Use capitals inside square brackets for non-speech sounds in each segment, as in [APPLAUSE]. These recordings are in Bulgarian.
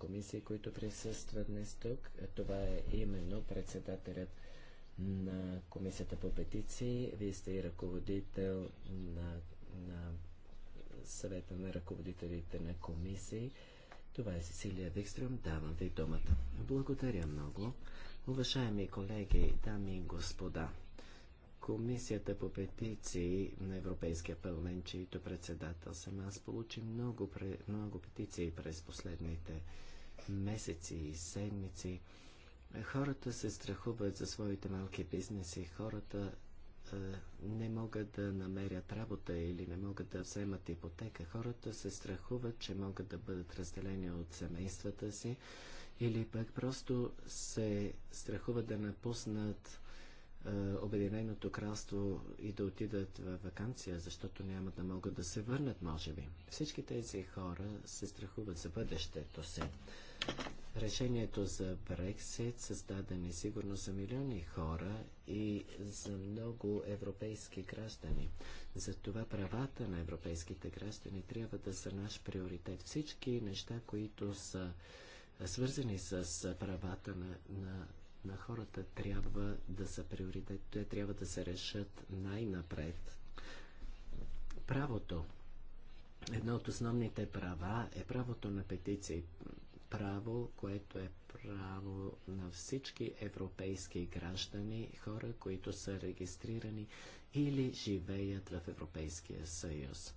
комисии, които присъстват днес тук. Това е именно председателят на Комисията по петиции. Вие сте и ръководител на, на съвета на ръководителите на комисии. Това е Сесилия Викстрюм. Давам ви думата. Благодаря много. Уважаеми колеги, дами и господа, Комисията по петиции на Европейския парламент, чието председател съм аз, получи много, много петиции през последните месеци и седмици. Хората се страхуват за своите малки бизнеси, хората е, не могат да намерят работа или не могат да вземат ипотека. Хората се страхуват, че могат да бъдат разделени от семействата си или пък просто се страхуват да напуснат е, Обединеното кралство и да отидат в вакансия, защото няма да могат да се върнат, може би. Всички тези хора се страхуват за бъдещето си. Решението за Брексит създаде несигурност за милиони хора и за много европейски граждани. Затова правата на европейските граждани трябва да са наш приоритет. Всички неща, които са свързани с правата на, на, на хората, трябва да са приоритет. Те трябва да се решат най-напред. Правото. Едно от основните права е правото на петиции право, което е право на всички европейски граждани, хора, които са регистрирани или живеят в Европейския съюз.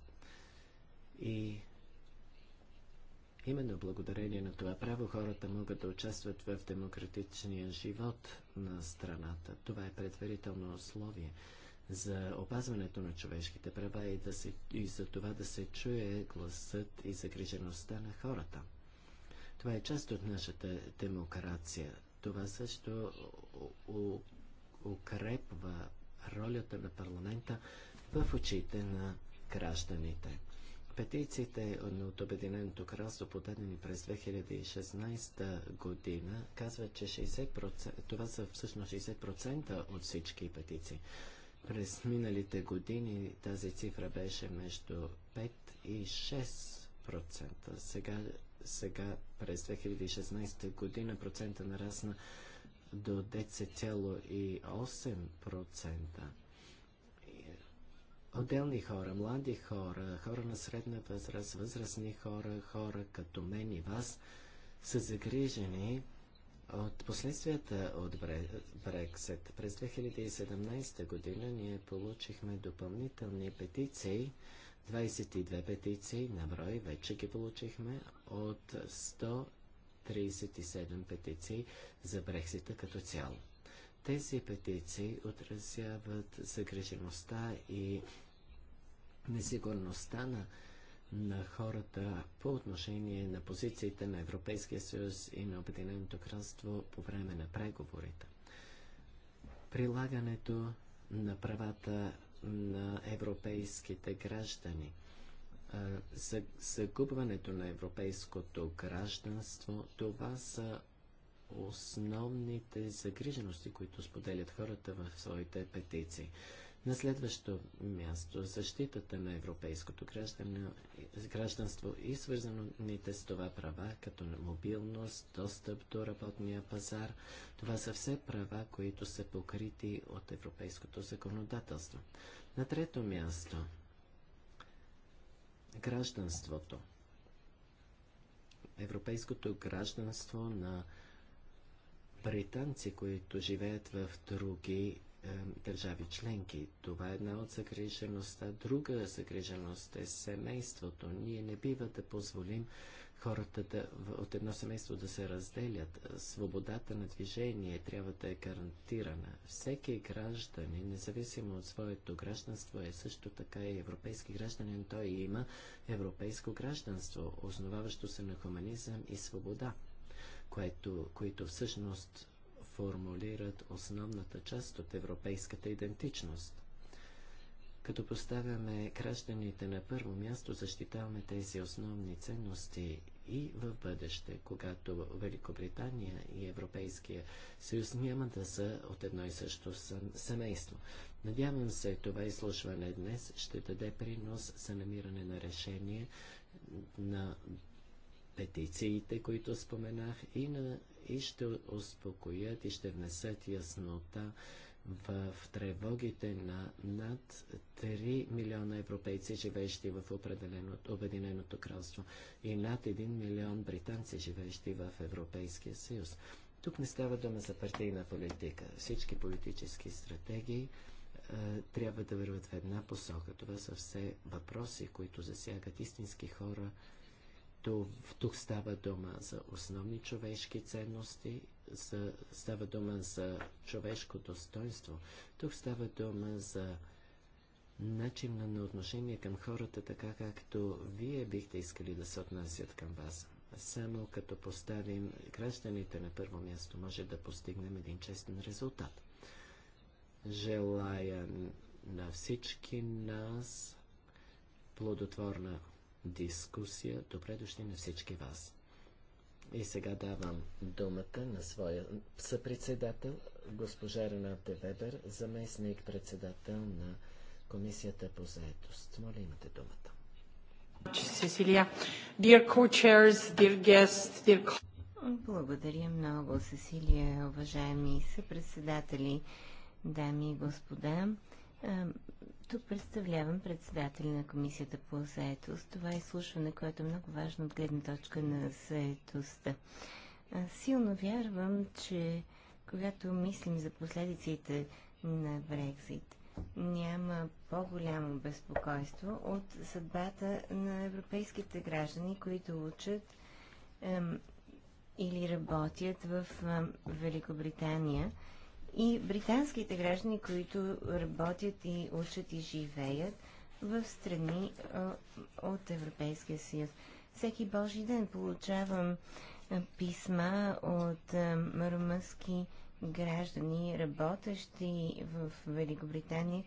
И именно благодарение на това право хората могат да участват в демократичния живот на страната. Това е предварително условие за опазването на човешките права и, да се, и за това да се чуе гласът и загрижеността на хората. Това е част от нашата демокрация. Това също укрепва ролята на парламента в очите на гражданите. Петициите от Обединеното кралство, подадени през 2016 година, казват, че 60%, това са всъщност 60% от всички петиции. През миналите години тази цифра беше между 5 и 6%. Сега сега през 2016 година процента нарасна до 10,8%. Отделни хора, млади хора, хора на средна възраст, възрастни хора, хора като мен и вас са загрижени от последствията от Брексит. През 2017 година ние получихме допълнителни петиции 22 петиции на брой вече ги получихме от 137 петиции за Брексита като цяло. Тези петиции отразяват загрежеността и несигурността на, на хората по отношение на позициите на Европейския съюз и на Обединеното кралство по време на преговорите. Прилагането на правата на европейските граждани. Загубването на европейското гражданство, това са основните загрижености, които споделят хората в своите петиции. На следващо място, защитата на европейското гражданство и свързаните с това права, като мобилност, достъп до работния пазар, това са все права, които са покрити от европейското законодателство. На трето място, гражданството. Европейското гражданство на британци, които живеят в други е, държави членки. Това е една от загрижеността. Друга загриженост е семейството. Ние не бива да позволим хората да, от едно семейство да се разделят. Свободата на движение трябва да е гарантирана. Всеки гражданин, независимо от своето гражданство, е също така и европейски гражданин. Той има европейско гражданство, основаващо се на хуманизъм и свобода, което, които всъщност формулират основната част от европейската идентичност. Като поставяме гражданите на първо място, защитаваме тези основни ценности и в бъдеще, когато Великобритания и Европейския съюз няма да са от едно и също семейство. Надявам се, това изслушване днес ще даде принос за намиране на решение на петициите, които споменах, и на и ще успокоят и ще внесат яснота в тревогите на над 3 милиона европейци, живеещи в Обединеното кралство и над 1 милион британци, живеещи в Европейския съюз. Тук не става дума за партийна политика. Всички политически стратегии е, трябва да върват в една посока. Това са все въпроси, които засягат истински хора – тук става дума за основни човешки ценности, за, става дума за човешко достоинство. Тук става дума за начин на отношение към хората, така както вие бихте искали да се отнасят към вас. Само като поставим гражданите на първо място, може да постигнем един честен резултат. Желая на всички нас плодотворна дискусия. Добре дошли на всички вас. И сега давам думата на своя съпредседател, госпожа Рената Вебер, заместник председател на Комисията по заедост. Моля, имате думата. Сесилия, dear co-chairs, dear guests, dear... Благодаря много, Сесилия, уважаеми съпредседатели, дами и господа. Тук представлявам председателя на Комисията по заетост. Това е изслушване, което е много важно от гледна точка на заетостта. Силно вярвам, че когато мислим за последиците на Брекзит, няма по-голямо безпокойство от съдбата на европейските граждани, които учат ем, или работят в ем, Великобритания – и британските граждани, които работят и учат и живеят в страни от Европейския съюз. Всеки Божи ден получавам писма от румънски граждани, работещи в Великобритания,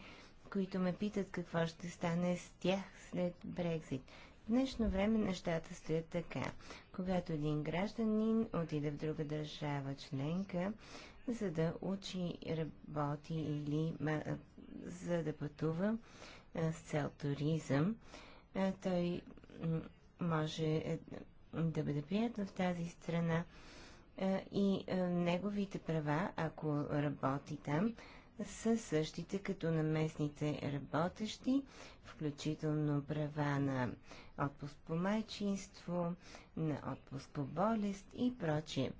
които ме питат какво ще стане с тях след Брекзит. В днешно време нещата стоят така. Когато един гражданин отиде в друга държава членка, за да учи, работи или за да пътува с цел туризъм. Той може е, да бъде прият в тази страна и неговите права, ако работи там, са същите като на местните работещи, включително права на отпуск по майчинство, на отпуск по болест и прочие.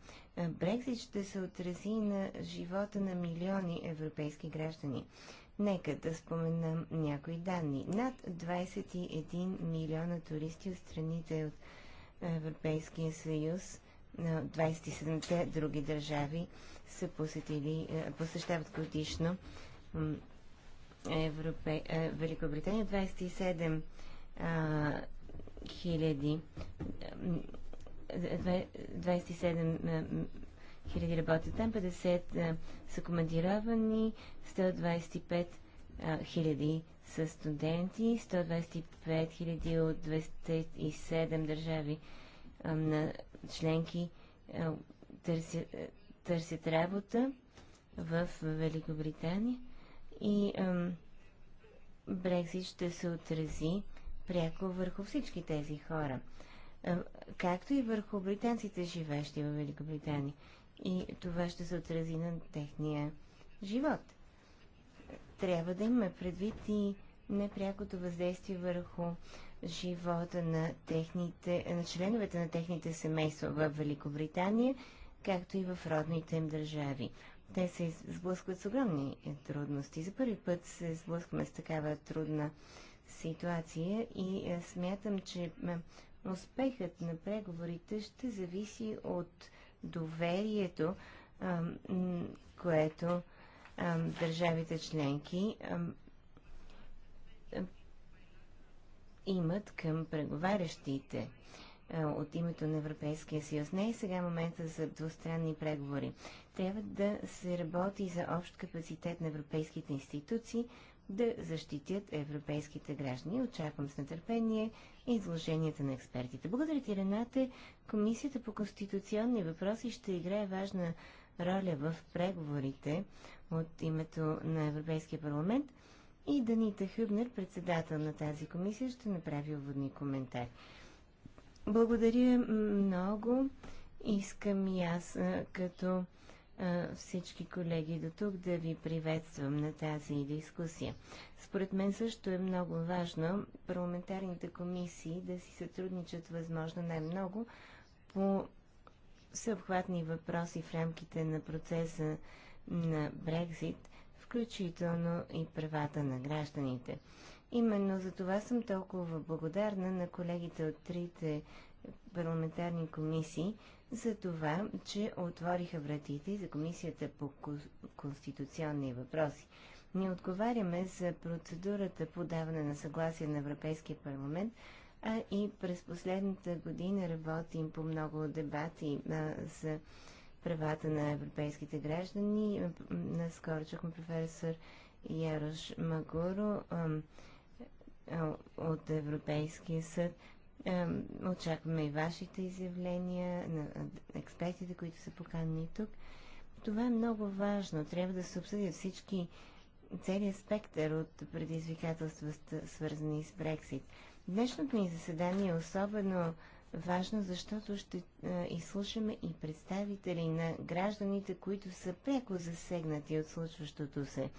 Брекзит ще се отрази на живота на милиони европейски граждани. Нека да споменам някои данни. Над 21 милиона туристи от страните от Европейския съюз, на 27-те други държави са посетили, посещават годишно Европе... Е, Великобритания 27 хиляди 27 хиляди работят там, 50 са командировани, 125 хиляди са студенти, 125 хиляди от 27 държави на членки търсят, търсят работа в Великобритания и Брекзит ще се отрази пряко върху всички тези хора, както и върху британците, живещи в Великобритания. И това ще се отрази на техния живот. Трябва да имаме предвид и непрякото въздействие върху живота на, техните, на членовете на техните семейства в Великобритания, както и в родните им държави те се сблъскват с огромни трудности. За първи път се сблъскваме с такава трудна ситуация и е, смятам, че успехът на преговорите ще зависи от доверието, което държавите членки имат към преговарящите. Е, от името на Европейския съюз. Не е сега момента за двустранни преговори. Трябва да се работи за общ капацитет на европейските институции да защитят европейските граждани. Очаквам с нетърпение изложенията на експертите. Благодаря ти, Рената. Комисията по конституционни въпроси ще играе важна роля в преговорите от името на Европейския парламент и Данита Хюбнер, председател на тази комисия, ще направи уводни коментари. Благодаря много. Искам и аз, като всички колеги до тук, да ви приветствам на тази дискусия. Според мен също е много важно парламентарните комисии да си сътрудничат възможно най-много по съобхватни въпроси в рамките на процеса на Брекзит, включително и правата на гражданите. Именно за това съм толкова благодарна на колегите от трите парламентарни комисии, за това, че отвориха вратите и за Комисията по конституционни въпроси. Ние отговаряме за процедурата по даване на съгласие на Европейския парламент, а и през последната година работим по много дебати а, за правата на европейските граждани. Наскоро чухме професор Ярош Магуро. А, от Европейския съд. Очакваме и вашите изявления на експертите, които са поканени тук. Това е много важно. Трябва да се обсъдят всички, целият спектър от предизвикателства, свързани с Брексит. Днешното ни заседание е особено важно, защото ще изслушаме и представители на гражданите, които са преко засегнати от случващото се.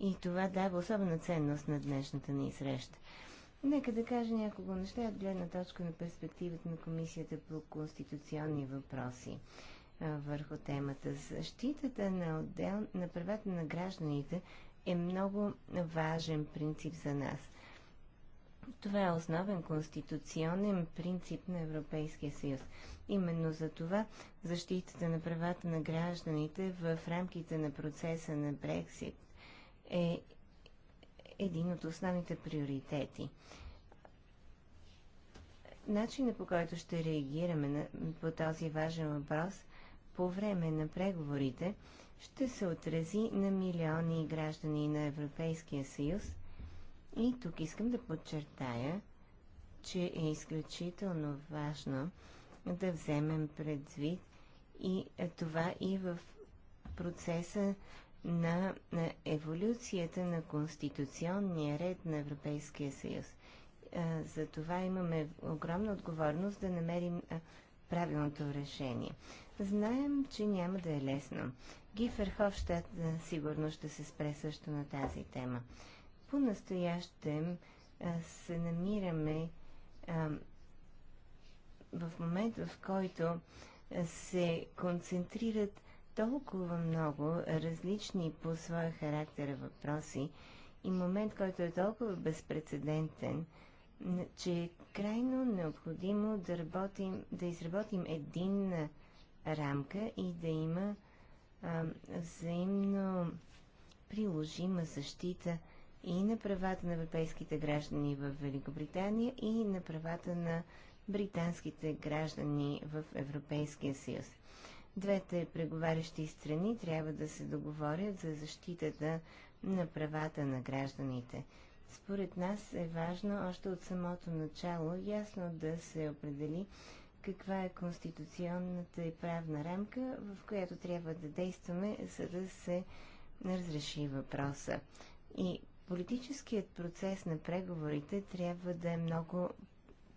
И това дава особена ценност на днешната ни среща. Нека да кажа няколко неща от гледна точка на перспективата на Комисията по конституционни въпроси върху темата. Защитата на, отдел, на правата на гражданите е много важен принцип за нас. Това е основен конституционен принцип на Европейския съюз. Именно за това защитата на правата на гражданите в рамките на процеса на Брексит – е един от основните приоритети. Начинът по който ще реагираме на, по този важен въпрос по време на преговорите ще се отрази на милиони граждани на Европейския съюз и тук искам да подчертая, че е изключително важно да вземем предвид и това и в процеса на, на еволюцията на конституционния ред на Европейския съюз. За това имаме огромна отговорност да намерим правилното решение. Знаем, че няма да е лесно. Гиферхов ще сигурно ще се спре също на тази тема. По-настоящем се намираме а, в момент, в който се концентрират толкова много различни по своя характер въпроси и момент, който е толкова безпредседентен, че е крайно необходимо да, работим, да изработим единна рамка и да има а, взаимно приложима защита и на правата на европейските граждани в Великобритания и на правата на британските граждани в Европейския съюз. Двете преговарящи страни трябва да се договорят за защитата на правата на гражданите. Според нас е важно още от самото начало ясно да се определи каква е конституционната и правна рамка, в която трябва да действаме, за да се разреши въпроса. И политическият процес на преговорите трябва да е много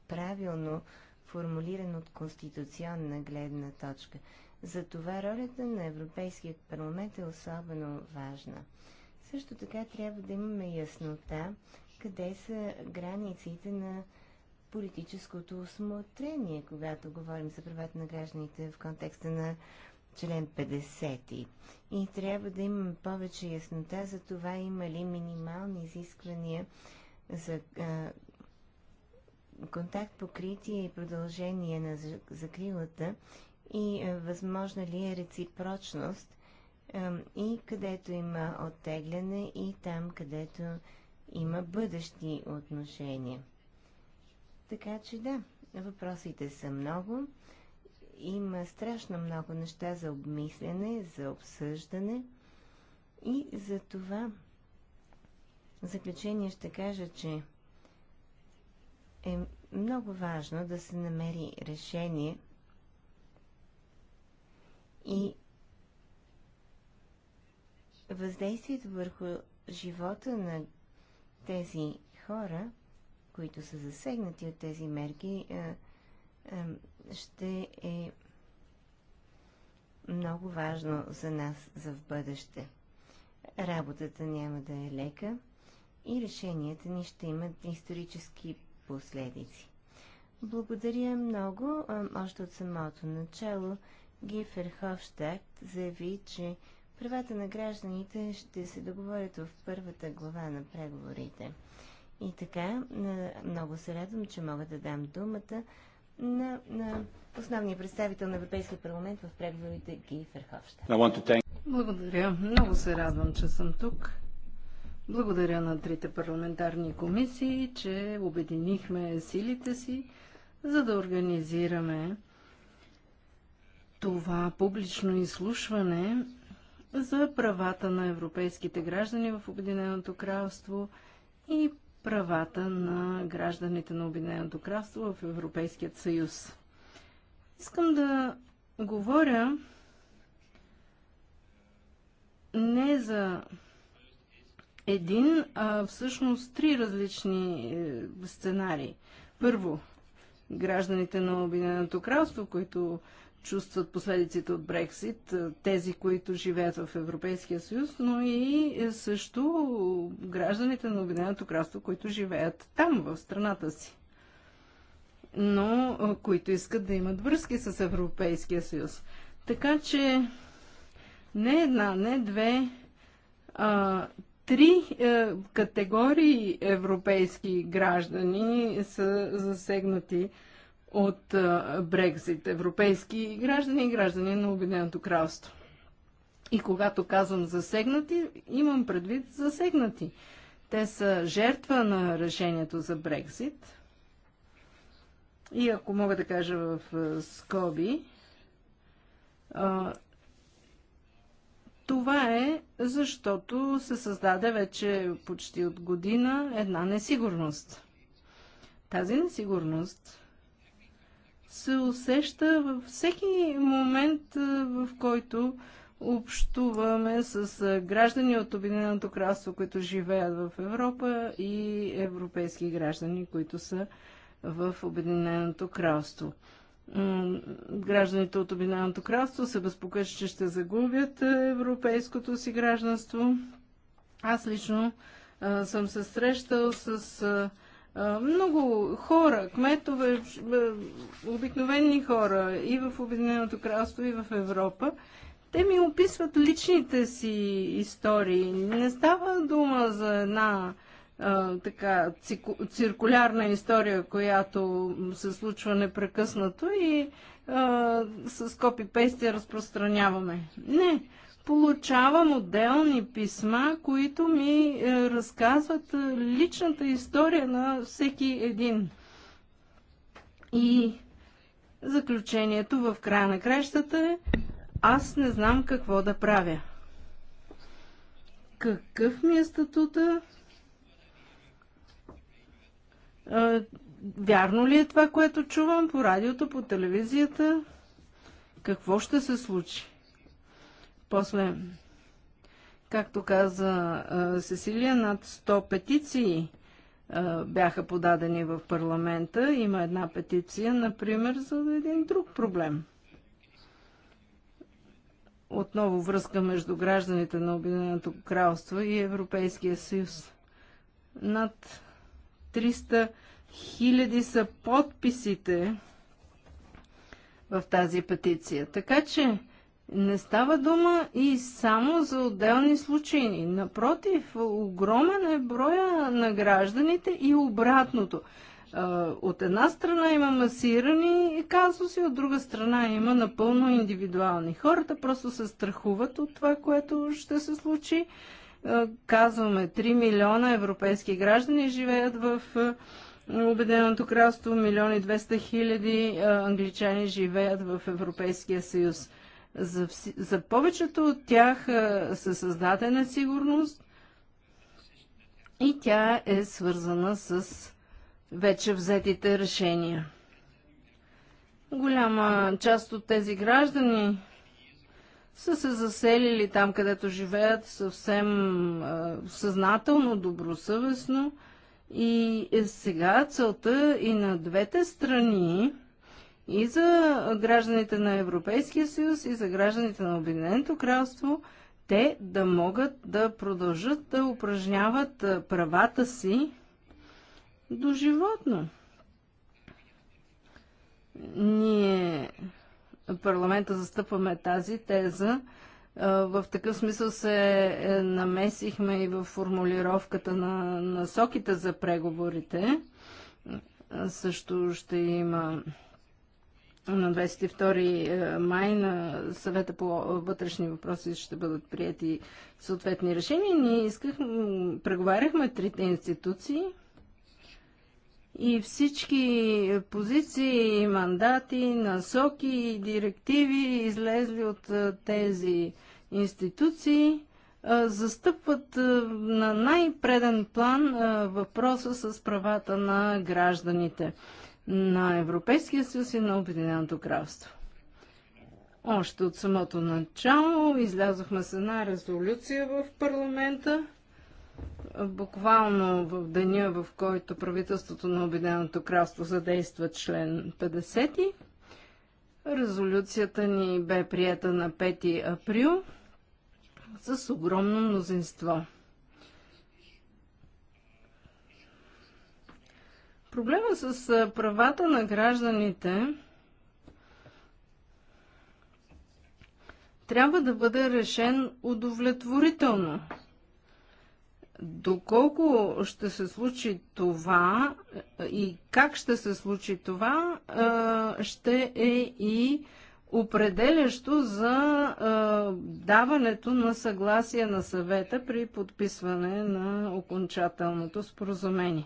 правилно формулиран от конституционна гледна точка. Затова ролята на Европейският парламент е особено важна. Също така трябва да имаме яснота къде са границите на политическото осмотрение, когато говорим за правата на гражданите в контекста на член 50. И трябва да имаме повече яснота за това има ли минимални изисквания за контакт, покритие и продължение на закрилата и е, възможна ли е реципрочност и където има оттегляне и там, където има бъдещи отношения. Така че да, въпросите са много. Има страшно много неща за обмислене, за обсъждане и за това в заключение ще кажа, че е много важно да се намери решение – и въздействието върху живота на тези хора, които са засегнати от тези мерки, е, е, ще е много важно за нас за в бъдеще. Работата няма да е лека и решенията ни ще имат исторически последици. Благодаря много, е, още от самото начало ги Ферховщад заяви, че правата на гражданите ще се договорят в първата глава на преговорите. И така, много се радвам, че мога да дам думата на, на основния представител на Европейския парламент в преговорите Ги Thank... Благодаря. Много се радвам, че съм тук. Благодаря на трите парламентарни комисии, че обединихме силите си, за да организираме това публично изслушване за правата на европейските граждани в Обединеното кралство и правата на гражданите на Обединеното кралство в Европейският съюз. Искам да говоря не за един, а всъщност три различни е, сценарии. Първо, гражданите на Обединеното кралство, които чувстват последиците от Брексит, тези, които живеят в Европейския съюз, но и е, също гражданите на Обединеното кралство, които живеят там, в страната си, но които искат да имат връзки с Европейския съюз. Така че не една, не две, а, три е, категории европейски граждани са засегнати от Брекзит, европейски граждани и граждани на Обединеното кралство. И когато казвам засегнати, имам предвид засегнати. Те са жертва на решението за Брекзит. И ако мога да кажа в скоби, това е защото се създаде вече почти от година една несигурност. Тази несигурност се усеща във всеки момент, в който общуваме с граждани от Обединеното кралство, които живеят в Европа и европейски граждани, които са в Обединеното кралство. Гражданите от Обединеното кралство се безпокоят, че ще загубят европейското си гражданство. Аз лично а, съм се срещал с а, много хора, кметове, е, обикновени хора и в Обединеното кралство, и в Европа, те ми описват личните си истории. Не става дума за една а, така циркулярна история, която се случва непрекъснато и а, с копипейсти разпространяваме. Не, получавам отделни писма, които ми е, разказват е, личната история на всеки един. И заключението в края на кращата е аз не знам какво да правя. Какъв ми е статута? Е, вярно ли е това, което чувам по радиото, по телевизията? Какво ще се случи? После, както каза Сесилия, над 100 петиции бяха подадени в парламента. Има една петиция, например, за един друг проблем. Отново връзка между гражданите на Обединеното кралство и Европейския съюз. Над 300 хиляди са подписите в тази петиция. Така че не става дума и само за отделни случаи. Напротив, огромен е броя на гражданите и обратното. От една страна има масирани казуси, от друга страна има напълно индивидуални. Хората просто се страхуват от това, което ще се случи. Казваме, 3 милиона европейски граждани живеят в Обеденото кралство, милиони 200 хиляди англичани живеят в Европейския съюз. За, за повечето от тях се създаде несигурност и тя е свързана с вече взетите решения. Голяма част от тези граждани са се заселили там, където живеят съвсем съзнателно, добросъвестно. И е сега целта и на двете страни и за гражданите на Европейския съюз, и за гражданите на Обединеното кралство, те да могат да продължат да упражняват правата си до животно. Ние парламента застъпваме тази теза. В такъв смисъл се е, намесихме и в формулировката на насоките за преговорите. Също ще има на 22 е, май на съвета по вътрешни въпроси ще бъдат прияти съответни решения. Ние исках, преговаряхме трите институции и всички позиции, мандати, насоки и директиви, излезли от е, тези институции, е, застъпват на най-преден план въпроса с правата на гражданите на Европейския съюз и на Обединеното кралство. Още от самото начало излязохме с една резолюция в парламента, буквално в деня, в който правителството на Обединеното кралство задейства член 50. Резолюцията ни бе прията на 5 април с огромно мнозинство. Проблема с правата на гражданите трябва да бъде решен удовлетворително. Доколко ще се случи това и как ще се случи това, ще е и определящо за даването на съгласие на съвета при подписване на окончателното споразумение.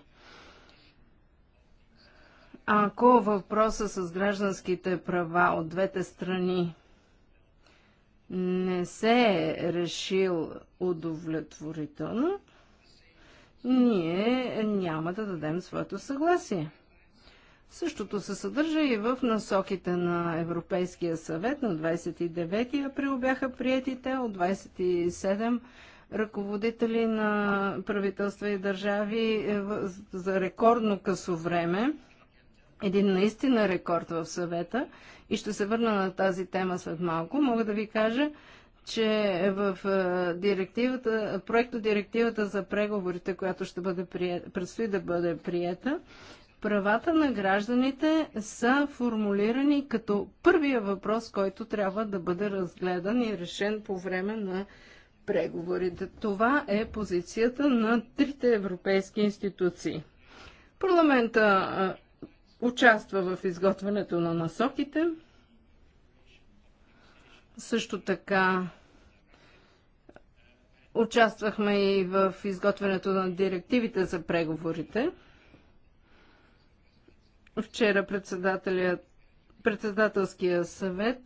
Ако въпроса с гражданските права от двете страни не се е решил удовлетворително, ние няма да дадем своето съгласие. Същото се съдържа и в насоките на Европейския съвет на 29 април бяха приетите от 27 ръководители на правителства и държави е, за рекордно късо време един наистина рекорд в съвета и ще се върна на тази тема след малко, мога да ви кажа, че в е, директивата, проекто директивата за преговорите, която ще бъде прият, предстои да бъде приета, правата на гражданите са формулирани като първия въпрос, който трябва да бъде разгледан и решен по време на преговорите. Това е позицията на трите европейски институции. Парламента е, участва в изготвянето на насоките. Също така участвахме и в изготвянето на директивите за преговорите. Вчера председателския съвет,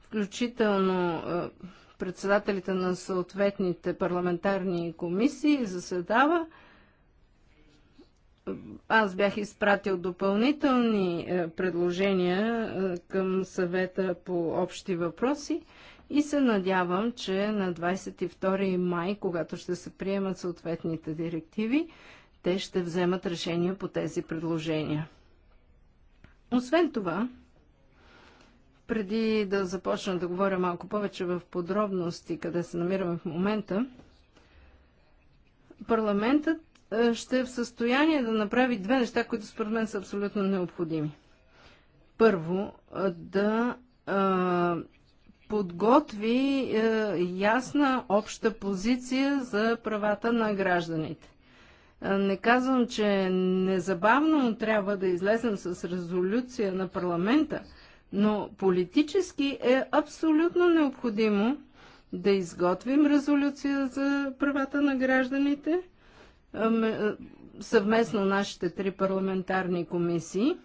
включително председателите на съответните парламентарни комисии, заседава аз бях изпратил допълнителни е, предложения е, към съвета по общи въпроси и се надявам, че на 22 май, когато ще се приемат съответните директиви, те ще вземат решение по тези предложения. Освен това, преди да започна да говоря малко повече в подробности, къде се намираме в момента, парламентът ще е в състояние да направи две неща, които според мен са абсолютно необходими. Първо, да подготви ясна обща позиция за правата на гражданите. Не казвам, че незабавно трябва да излезем с резолюция на парламента, но политически е абсолютно необходимо да изготвим резолюция за правата на гражданите – е, съвместно нашите три парламентарни комисии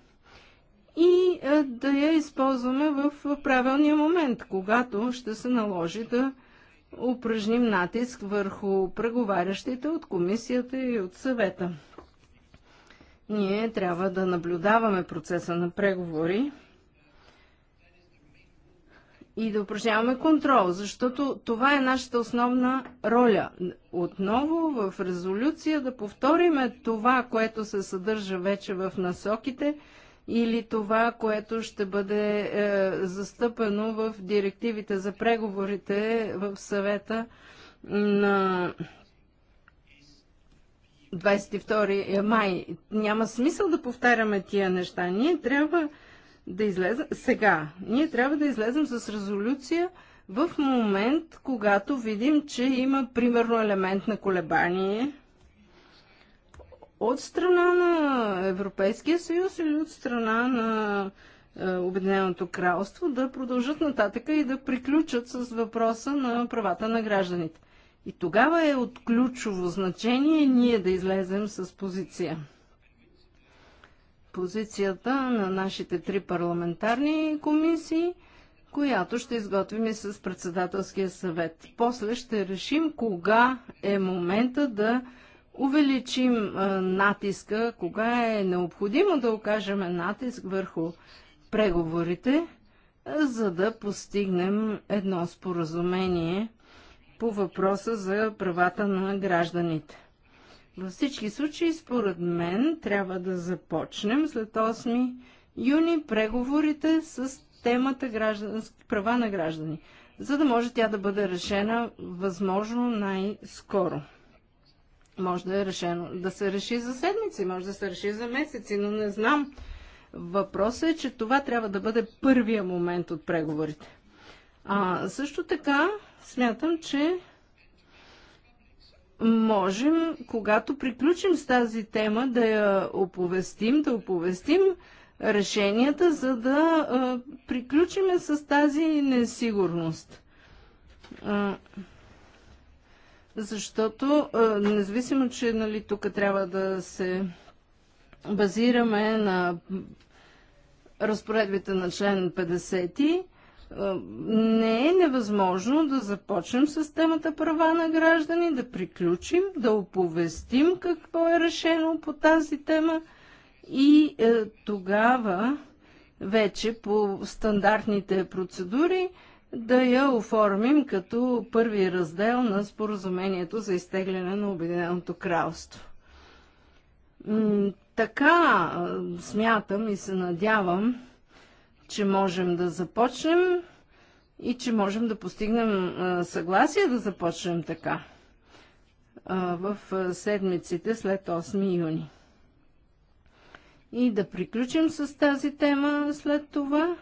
и е, да я използваме в правилния момент, когато ще се наложи да упражним натиск върху преговарящите от комисията и от съвета. Ние трябва да наблюдаваме процеса на преговори и да упражняваме контрол, защото това е нашата основна роля. Отново в резолюция да повториме това, което се съдържа вече в насоките или това, което ще бъде е, застъпено в директивите за преговорите в съвета на 22 май. Няма смисъл да повтаряме тия неща. Ние трябва да излезем сега. Ние трябва да излезем с резолюция в момент, когато видим, че има примерно елемент на колебание от страна на Европейския съюз или от страна на е, Обединеното кралство да продължат нататъка и да приключат с въпроса на правата на гражданите. И тогава е от ключово значение ние да излезем с позиция позицията на нашите три парламентарни комисии, която ще изготвим и с председателския съвет. После ще решим кога е момента да увеличим натиска, кога е необходимо да окажем натиск върху преговорите, за да постигнем едно споразумение по въпроса за правата на гражданите. Във всички случаи, според мен, трябва да започнем след 8 юни преговорите с темата граждански, права на граждани, за да може тя да бъде решена възможно най-скоро. Може да, е решено, да се реши за седмици, може да се реши за месеци, но не знам. Въпросът е, че това трябва да бъде първия момент от преговорите. А, също така смятам, че можем, когато приключим с тази тема, да я оповестим, да оповестим решенията, за да а, приключиме с тази несигурност. А, защото, а, независимо, че нали, тук трябва да се базираме на разпоредбите на член 50, е, не е невъзможно да започнем с темата права на граждани, да приключим, да оповестим какво е решено по тази тема и е, тогава вече по стандартните процедури да я оформим като първи раздел на споразумението за изтегляне на Обединеното кралство. М така е, смятам и се надявам, че можем да започнем и че можем да постигнем съгласие да започнем така в седмиците след 8 юни. И да приключим с тази тема след това.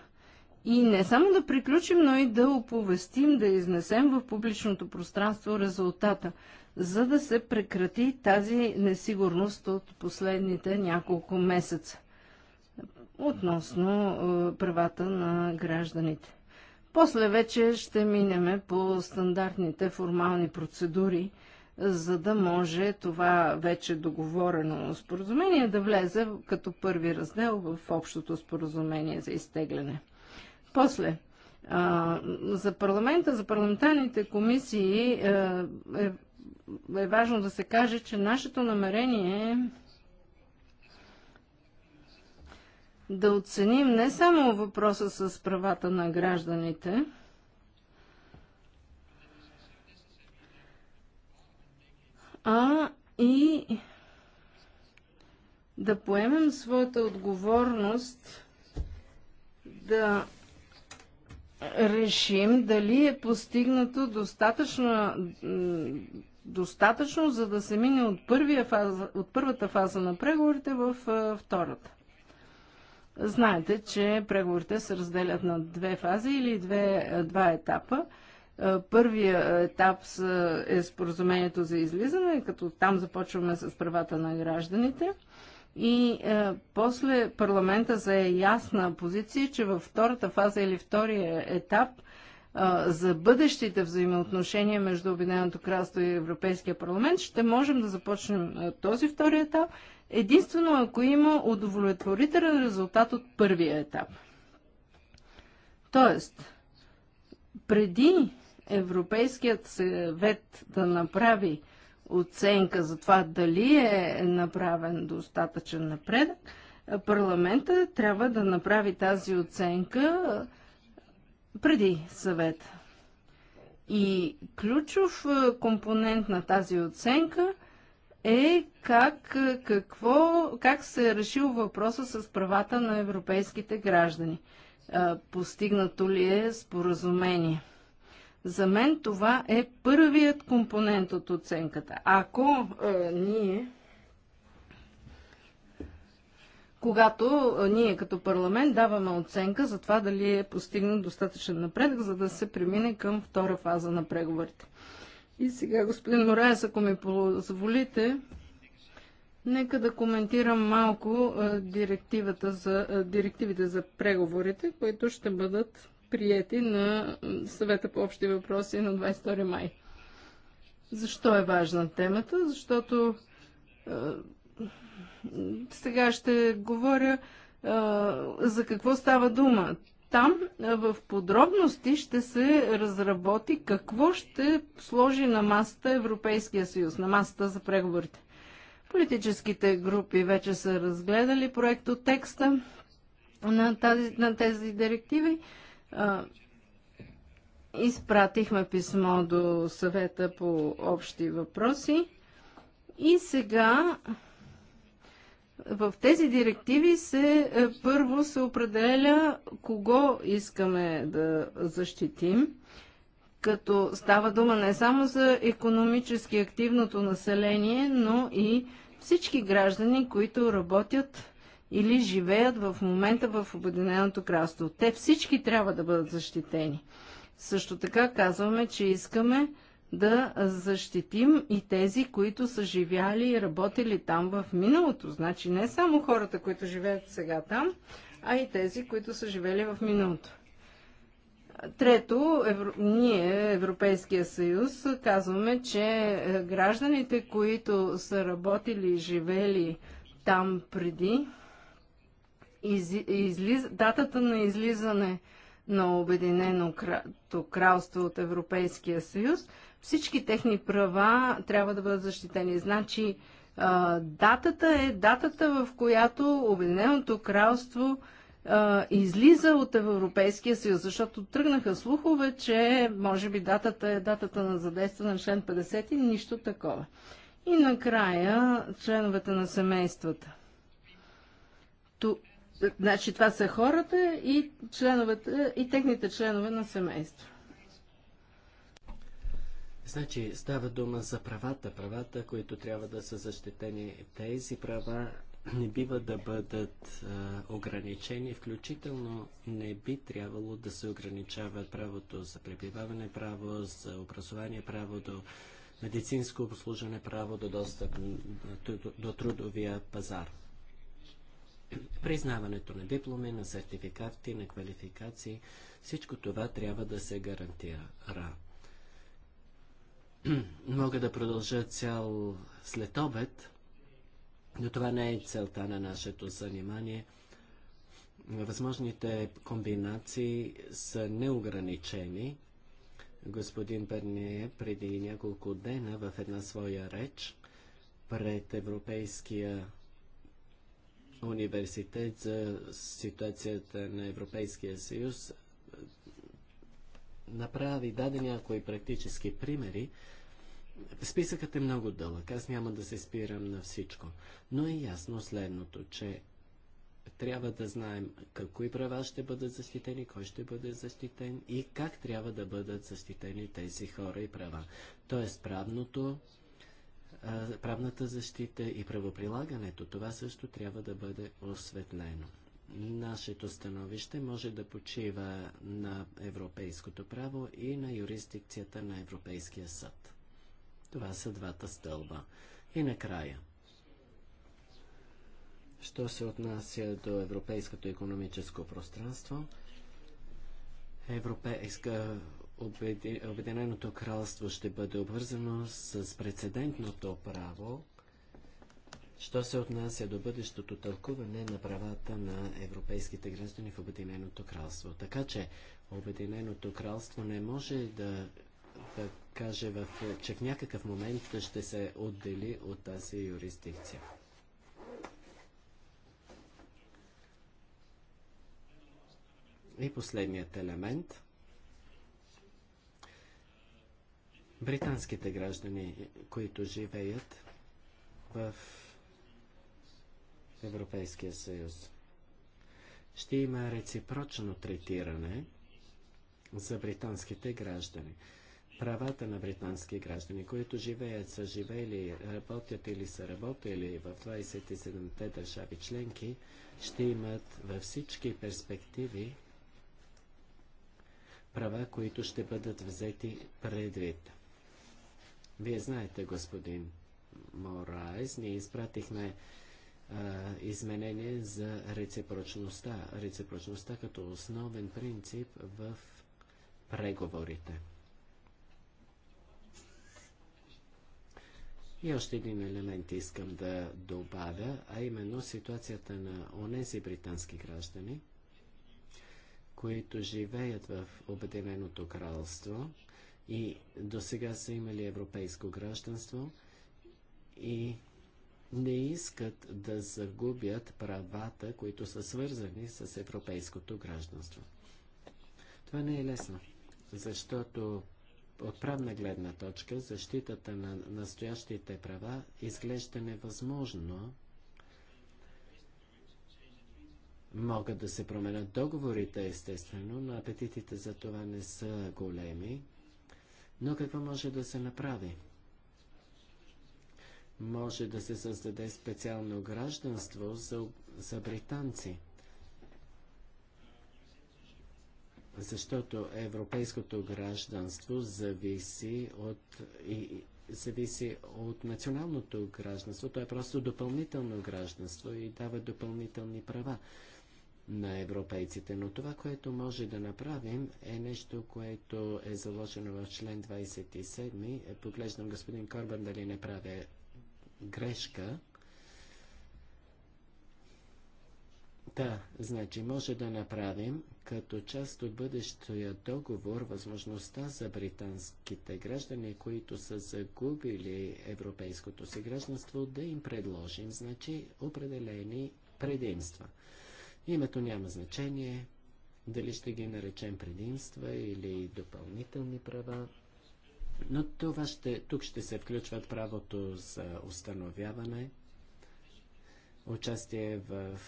И не само да приключим, но и да оповестим, да изнесем в публичното пространство резултата, за да се прекрати тази несигурност от последните няколко месеца относно е, правата на гражданите. После вече ще минеме по стандартните формални процедури, за да може това вече договорено споразумение да влезе като първи раздел в общото споразумение за изтегляне. После, а, за парламента, за парламентарните комисии е, е, е важно да се каже, че нашето намерение е да оценим не само въпроса с правата на гражданите, а и да поемем своята отговорност да решим дали е постигнато достатъчно, достатъчно за да се мине от, първия фаза, от първата фаза на преговорите в втората. Знаете, че преговорите се разделят на две фази или две, е, два етапа. Е, Първият етап е споразумението за излизане, като там започваме с правата на гражданите. И е, после парламента зае ясна позиция, че във втората фаза или втория етап – за бъдещите взаимоотношения между Обединеното кралство и Европейския парламент, ще можем да започнем този втори етап, единствено ако има удовлетворителен резултат от първия етап. Тоест, преди Европейският съвет да направи оценка за това дали е направен достатъчен напредък, парламента трябва да направи тази оценка преди съвет. И ключов компонент на тази оценка е как, какво, как се е решил въпроса с правата на европейските граждани. Постигнато ли е споразумение? За мен това е първият компонент от оценката. Ако е, ние когато ние като парламент даваме оценка за това дали е постигнат достатъчен напредък, за да се премине към втора фаза на преговорите. И сега, господин Мораес, ако ми позволите, нека да коментирам малко директивата за, директивите за преговорите, които ще бъдат приети на съвета по общи въпроси на 22 май. Защо е важна темата? Защото сега ще говоря за какво става дума. Там в подробности ще се разработи какво ще сложи на масата Европейския съюз, на масата за преговорите. Политическите групи вече са разгледали проект от текста на, тази, на тези директиви. Изпратихме писмо до съвета по общи въпроси. И сега в тези директиви се е, първо се определя кого искаме да защитим, като става дума не само за економически активното население, но и всички граждани, които работят или живеят в момента в Обединеното кралство. Те всички трябва да бъдат защитени. Също така казваме, че искаме да защитим и тези, които са живяли и работили там в миналото. Значи не само хората, които живеят сега там, а и тези, които са живели в миналото. Трето, евро... ние, Европейския съюз, казваме, че е, гражданите, които са работили и живели там преди, из... излиз... датата на излизане на Обединеното кралство от Европейския съюз – всички техни права трябва да бъдат защитени. Значи, а, датата е датата, в която Обединеното кралство а, излиза от Европейския съюз, защото тръгнаха слухове, че може би датата е датата на задействане на член 50 и нищо такова. И накрая членовете на семействата. Ту, значи това са хората и членовете и техните членове на семейство. Значи става дума за правата, правата, които трябва да са защитени. Тези права не бива да бъдат а, ограничени, включително не би трябвало да се ограничават правото за пребиваване, право за образование, право до медицинско обслужване, право до достъп до, до, до трудовия пазар. Признаването на дипломи, на сертификати, на квалификации, всичко това трябва да се гарантира. [CLEARS THROAT] Мога да продължа цял след обед, но това не е целта на нашето занимание. Възможните комбинации са неограничени. Господин Берне преди няколко дена в една своя реч пред Европейския университет за ситуацията на Европейския съюз направи, даде някои практически примери. Списъкът е много дълъг, аз няма да се спирам на всичко, но е ясно следното, че трябва да знаем какви права ще бъдат защитени, кой ще бъде защитен и как трябва да бъдат защитени тези хора и права. Тоест правното, правната защита и правоприлагането, това също трябва да бъде осветлено. Нашето становище може да почива на европейското право и на юрисдикцията на Европейския съд. Това са двата стълба. И накрая. Що се отнася до Европейското економическо пространство, Европейска Обединеното кралство ще бъде обвързано с прецедентното право Що се отнася до бъдещото тълкуване на правата на европейските граждани в Обединеното кралство? Така че Обединеното кралство не може да, да каже, в, че в някакъв момент ще се отдели от тази юрисдикция. И последният елемент. Британските граждани, които живеят в Европейския съюз. Ще има реципрочно третиране за британските граждани. Правата на британски граждани, които живеят, са живели, работят или са работили в 27-те държави членки, ще имат във всички перспективи права, които ще бъдат взети предвид. Вие знаете, господин Морайс, ние изпратихме изменение за реципрочността. Реципрочността като основен принцип в преговорите. И още един елемент искам да добавя, а именно ситуацията на онези британски граждани, които живеят в Обединеното кралство и до сега са имали европейско гражданство и не искат да загубят правата, които са свързани с европейското гражданство. Това не е лесно, защото от правна гледна точка защитата на настоящите права изглежда невъзможно. Могат да се променят договорите, естествено, но апетитите за това не са големи. Но какво може да се направи? може да се създаде специално гражданство за, за британци. Защото европейското гражданство зависи от, и, зависи от националното гражданство. То е просто допълнително гражданство и дава допълнителни права на европейците. Но това, което може да направим, е нещо, което е заложено в член 27. Поглеждам господин Корбан дали не правя грешка. Да, значи може да направим като част от бъдещия договор възможността за британските граждани, които са загубили европейското си гражданство, да им предложим, значи, определени предимства. Името няма значение, дали ще ги наречем предимства или допълнителни права. Но това ще, тук ще се включват правото за установяване, участие в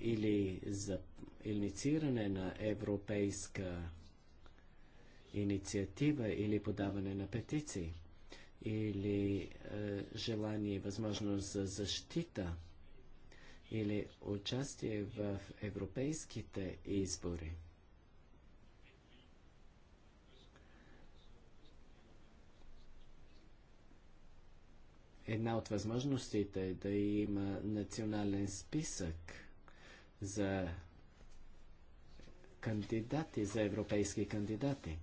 или за иницииране на европейска инициатива или подаване на петиции или е, желание и възможност за защита или участие в европейските избори. една от възможностите е да има национален списък за кандидати, за европейски кандидати.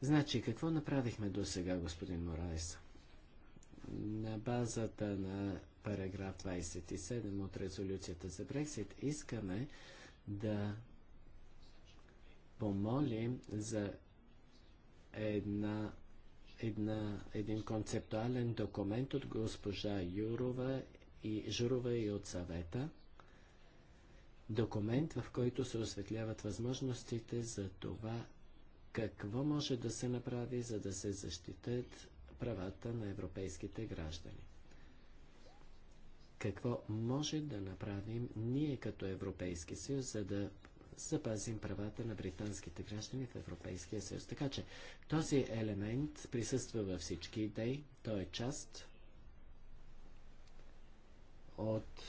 Значи, какво направихме до сега, господин Морайс? На базата на параграф 27 от резолюцията за Брексит искаме да помолим за една една, един концептуален документ от госпожа Юрова и Журова и от съвета. Документ, в който се осветляват възможностите за това какво може да се направи, за да се защитят правата на европейските граждани. Какво може да направим ние като Европейски съюз, за да запазим правата на британските граждани в Европейския съюз. Така че този елемент присъства във всички идеи. Той е част от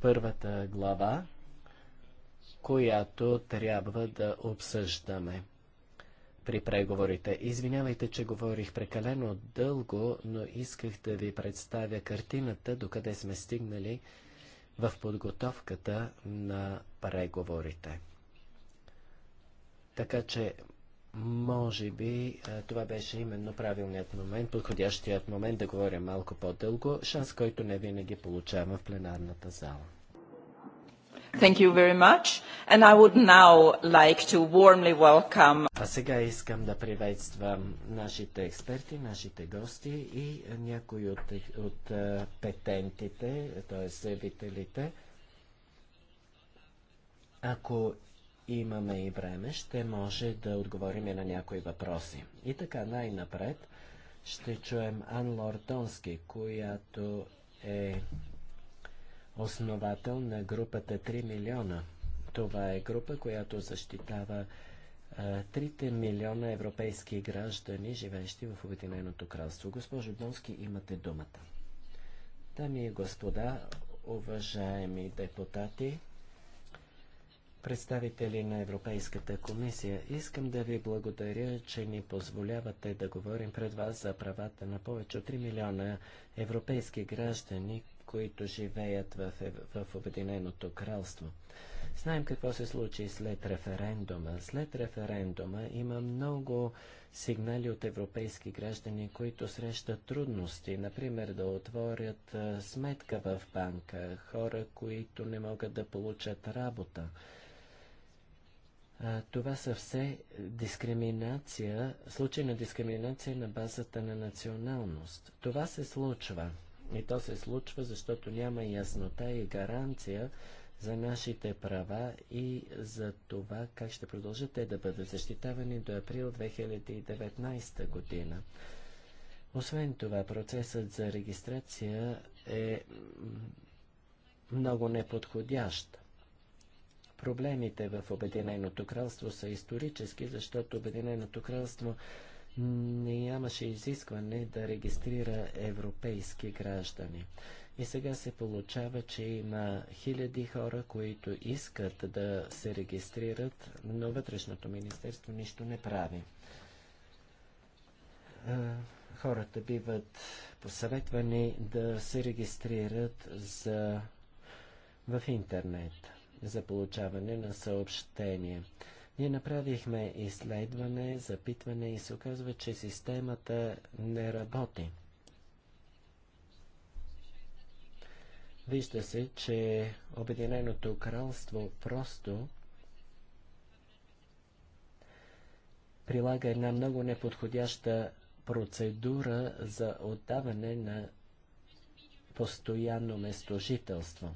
първата глава, която трябва да обсъждаме при преговорите. Извинявайте, че говорих прекалено дълго, но исках да ви представя картината, докъде сме стигнали в подготовката на преговорите. Така че, може би, това беше именно правилният момент, подходящият момент да говоря малко по-дълго, шанс, който не винаги получавам в пленарната зала. Thank you very much. And I would now like to warmly welcome... А сега искам да приветствам нашите експерти, нашите гости и някои от, от петентите, т.е. заявителите. Ако имаме и време, ще може да отговорим на някои въпроси. И така, най-напред ще чуем Ан Лордонски, която е основател на групата 3 милиона. Това е група, която защитава 3 милиона европейски граждани, живеещи в Обединеното кралство. Госпожо Донски, имате думата. Дами и господа, уважаеми депутати, представители на Европейската комисия, искам да ви благодаря, че ни позволявате да говорим пред вас за правата на повече от 3 милиона европейски граждани, които живеят в, в Обединеното кралство. Знаем какво се случи след референдума. След референдума има много сигнали от европейски граждани, които срещат трудности. Например, да отворят сметка в банка, хора, които не могат да получат работа. това са все дискриминация, случай на дискриминация на базата на националност. Това се случва. И то се случва, защото няма яснота и гаранция за нашите права и за това как ще продължат те да бъдат защитавани до април 2019 година. Освен това, процесът за регистрация е много неподходящ. Проблемите в Обединеното кралство са исторически, защото Обединеното кралство нямаше изискване да регистрира европейски граждани. И сега се получава, че има хиляди хора, които искат да се регистрират, но Вътрешното министерство нищо не прави. Хората биват посъветвани да се регистрират за... в интернет за получаване на съобщение. Ние направихме изследване, запитване и се оказва, че системата не работи. Вижда се, че Обединеното кралство просто прилага една много неподходяща процедура за отдаване на постоянно местожителство.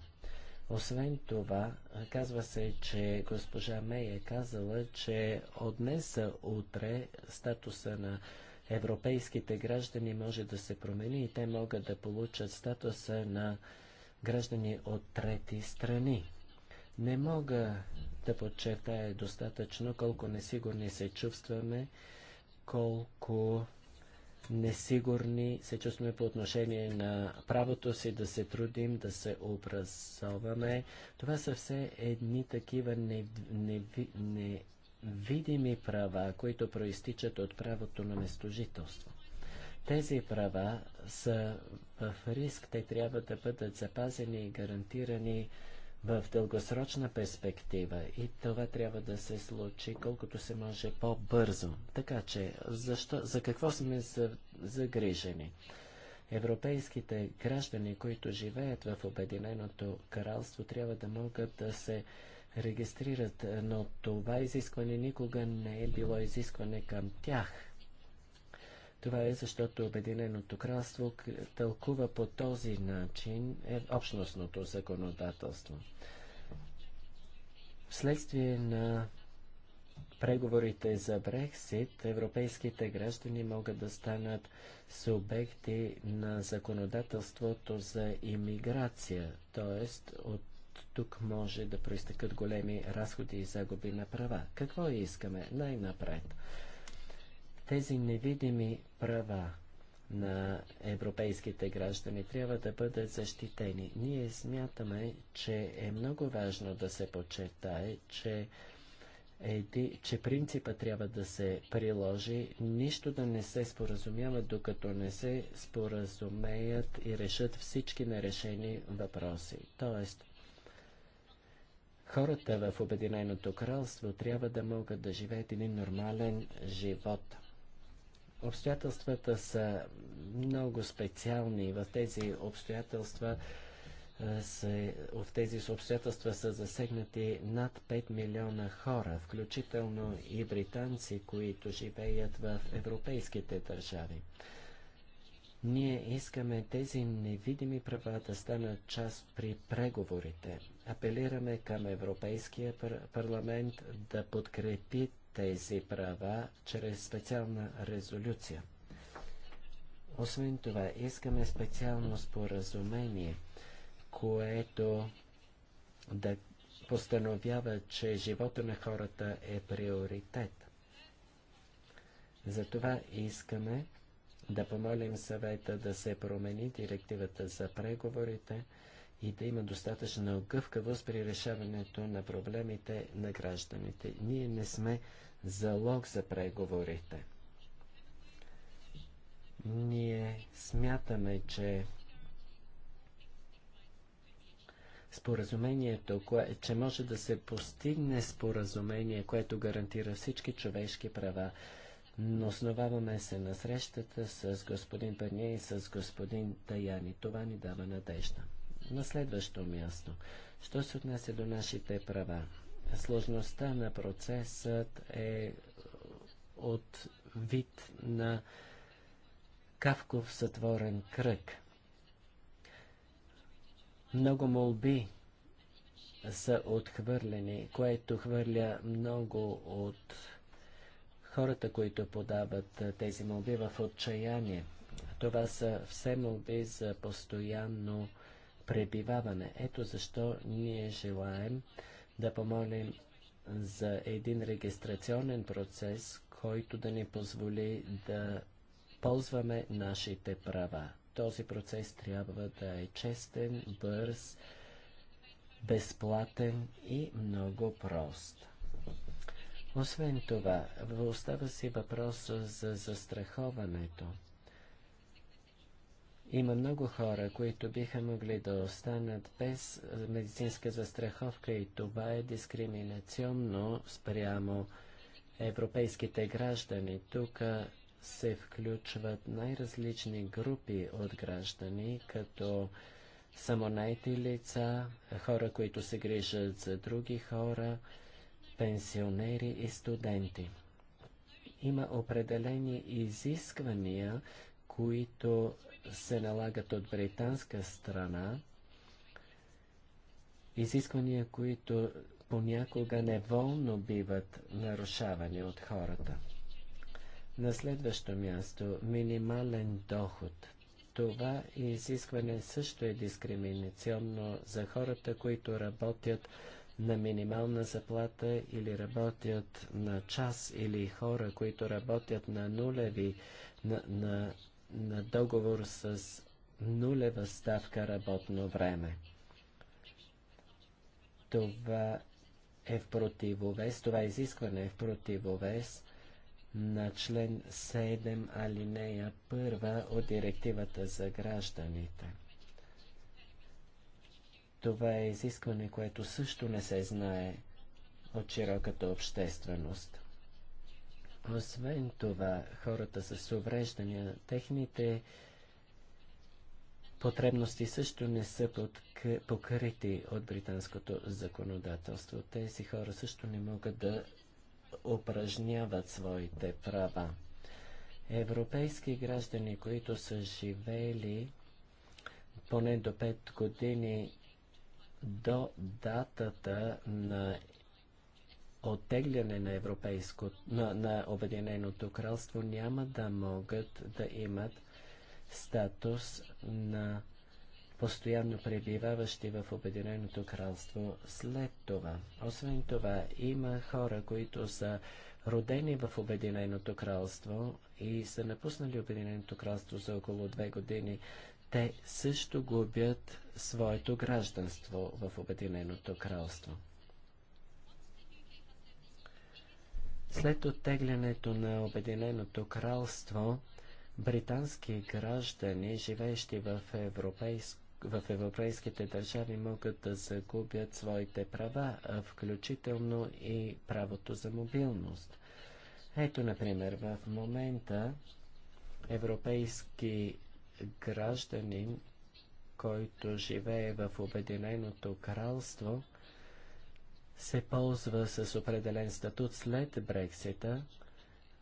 Освен това, казва се, че госпожа Мей е казала, че от днес утре статуса на европейските граждани може да се промени и те могат да получат статуса на граждани от трети страни. Не мога да подчертая достатъчно колко несигурни се чувстваме, колко несигурни се чувстваме по отношение на правото си да се трудим, да се образоваме. Това са все едни такива невидими не, не права, които проистичат от правото на местожителство. Тези права са в риск, те трябва да бъдат запазени и гарантирани в дългосрочна перспектива и това трябва да се случи колкото се може по-бързо. Така че, защо, за какво сме загрижени? Европейските граждани, които живеят в Обединеното кралство, трябва да могат да се регистрират, но това изискване никога не е било изискване към тях. Това е защото Обединеното кралство тълкува по този начин е общностното законодателство. Вследствие на преговорите за Брексит, европейските граждани могат да станат субекти на законодателството за иммиграция, т.е. от тук може да проистъкат големи разходи и загуби на права. Какво искаме най-напред? Тези невидими права на европейските граждани трябва да бъдат защитени. Ние смятаме, че е много важно да се почетае, че, еди, че принципа трябва да се приложи, нищо да не се споразумява, докато не се споразумеят и решат всички нерешени въпроси. Тоест, хората в Обединеното кралство трябва да могат да живеят един нормален живот – обстоятелствата са много специални. В тези обстоятелства е, се, в тези обстоятелства са засегнати над 5 милиона хора, включително и британци, които живеят в европейските държави. Ние искаме тези невидими права да станат част при преговорите. Апелираме към Европейския парламент да подкрепи тези права чрез специална резолюция. Освен това, искаме специално споразумение, което да постановява, че живота на хората е приоритет. Затова искаме да помолим съвета да се промени директивата за преговорите и да има достатъчна гъвкавост при решаването на проблемите на гражданите. Ние не сме залог за преговорите. Ние смятаме, че споразумението, кое, че може да се постигне споразумение, което гарантира всички човешки права, но основаваме се на срещата с господин Пърния и с господин Таяни. Това ни дава надежда. На следващо място, що се отнася до нашите права? Сложността на процесът е от вид на кавков сътворен кръг. Много молби са отхвърлени, което хвърля много от хората, които подават тези молби в отчаяние. Това са все молби за постоянно пребиваване. Ето защо ние желаем да помолим за един регистрационен процес, който да ни позволи да ползваме нашите права. Този процес трябва да е честен, бърз, безплатен и много прост. Освен това, остава си въпроса за застраховането. Има много хора, които биха могли да останат без медицинска застраховка и това е дискриминационно спрямо европейските граждани. Тук се включват най-различни групи от граждани, като самонайти лица, хора, които се грижат за други хора, пенсионери и студенти. Има определени изисквания, които се налагат от британска страна, изисквания, които понякога неволно биват нарушавани от хората. На следващо място – минимален доход. Това изискване също е дискриминационно за хората, които работят на минимална заплата или работят на час, или хора, които работят на нулеви, на, на на договор с нулева ставка работно време. Това е в противовес, това изискване е в противовес на член 7 алинея 1 от директивата за гражданите. Това е изискване, което също не се знае от широката общественост. Освен това, хората с увреждания, техните потребности също не са покрити от британското законодателство. Тези хора също не могат да упражняват своите права. Европейски граждани, които са живели поне до 5 години до датата на оттегляне на, европейско, на, на Обединеното кралство няма да могат да имат статус на постоянно пребиваващи в Обединеното кралство след това. Освен това, има хора, които са родени в Обединеното кралство и са напуснали Обединеното кралство за около две години. Те също губят своето гражданство в Обединеното кралство. След оттеглянето на Обединеното кралство, британски граждани, живеещи в, европейск... в европейските държави, могат да загубят своите права, включително и правото за мобилност. Ето, например, в момента европейски гражданин, който живее в Обединеното кралство, се ползва с определен статут след Брексита,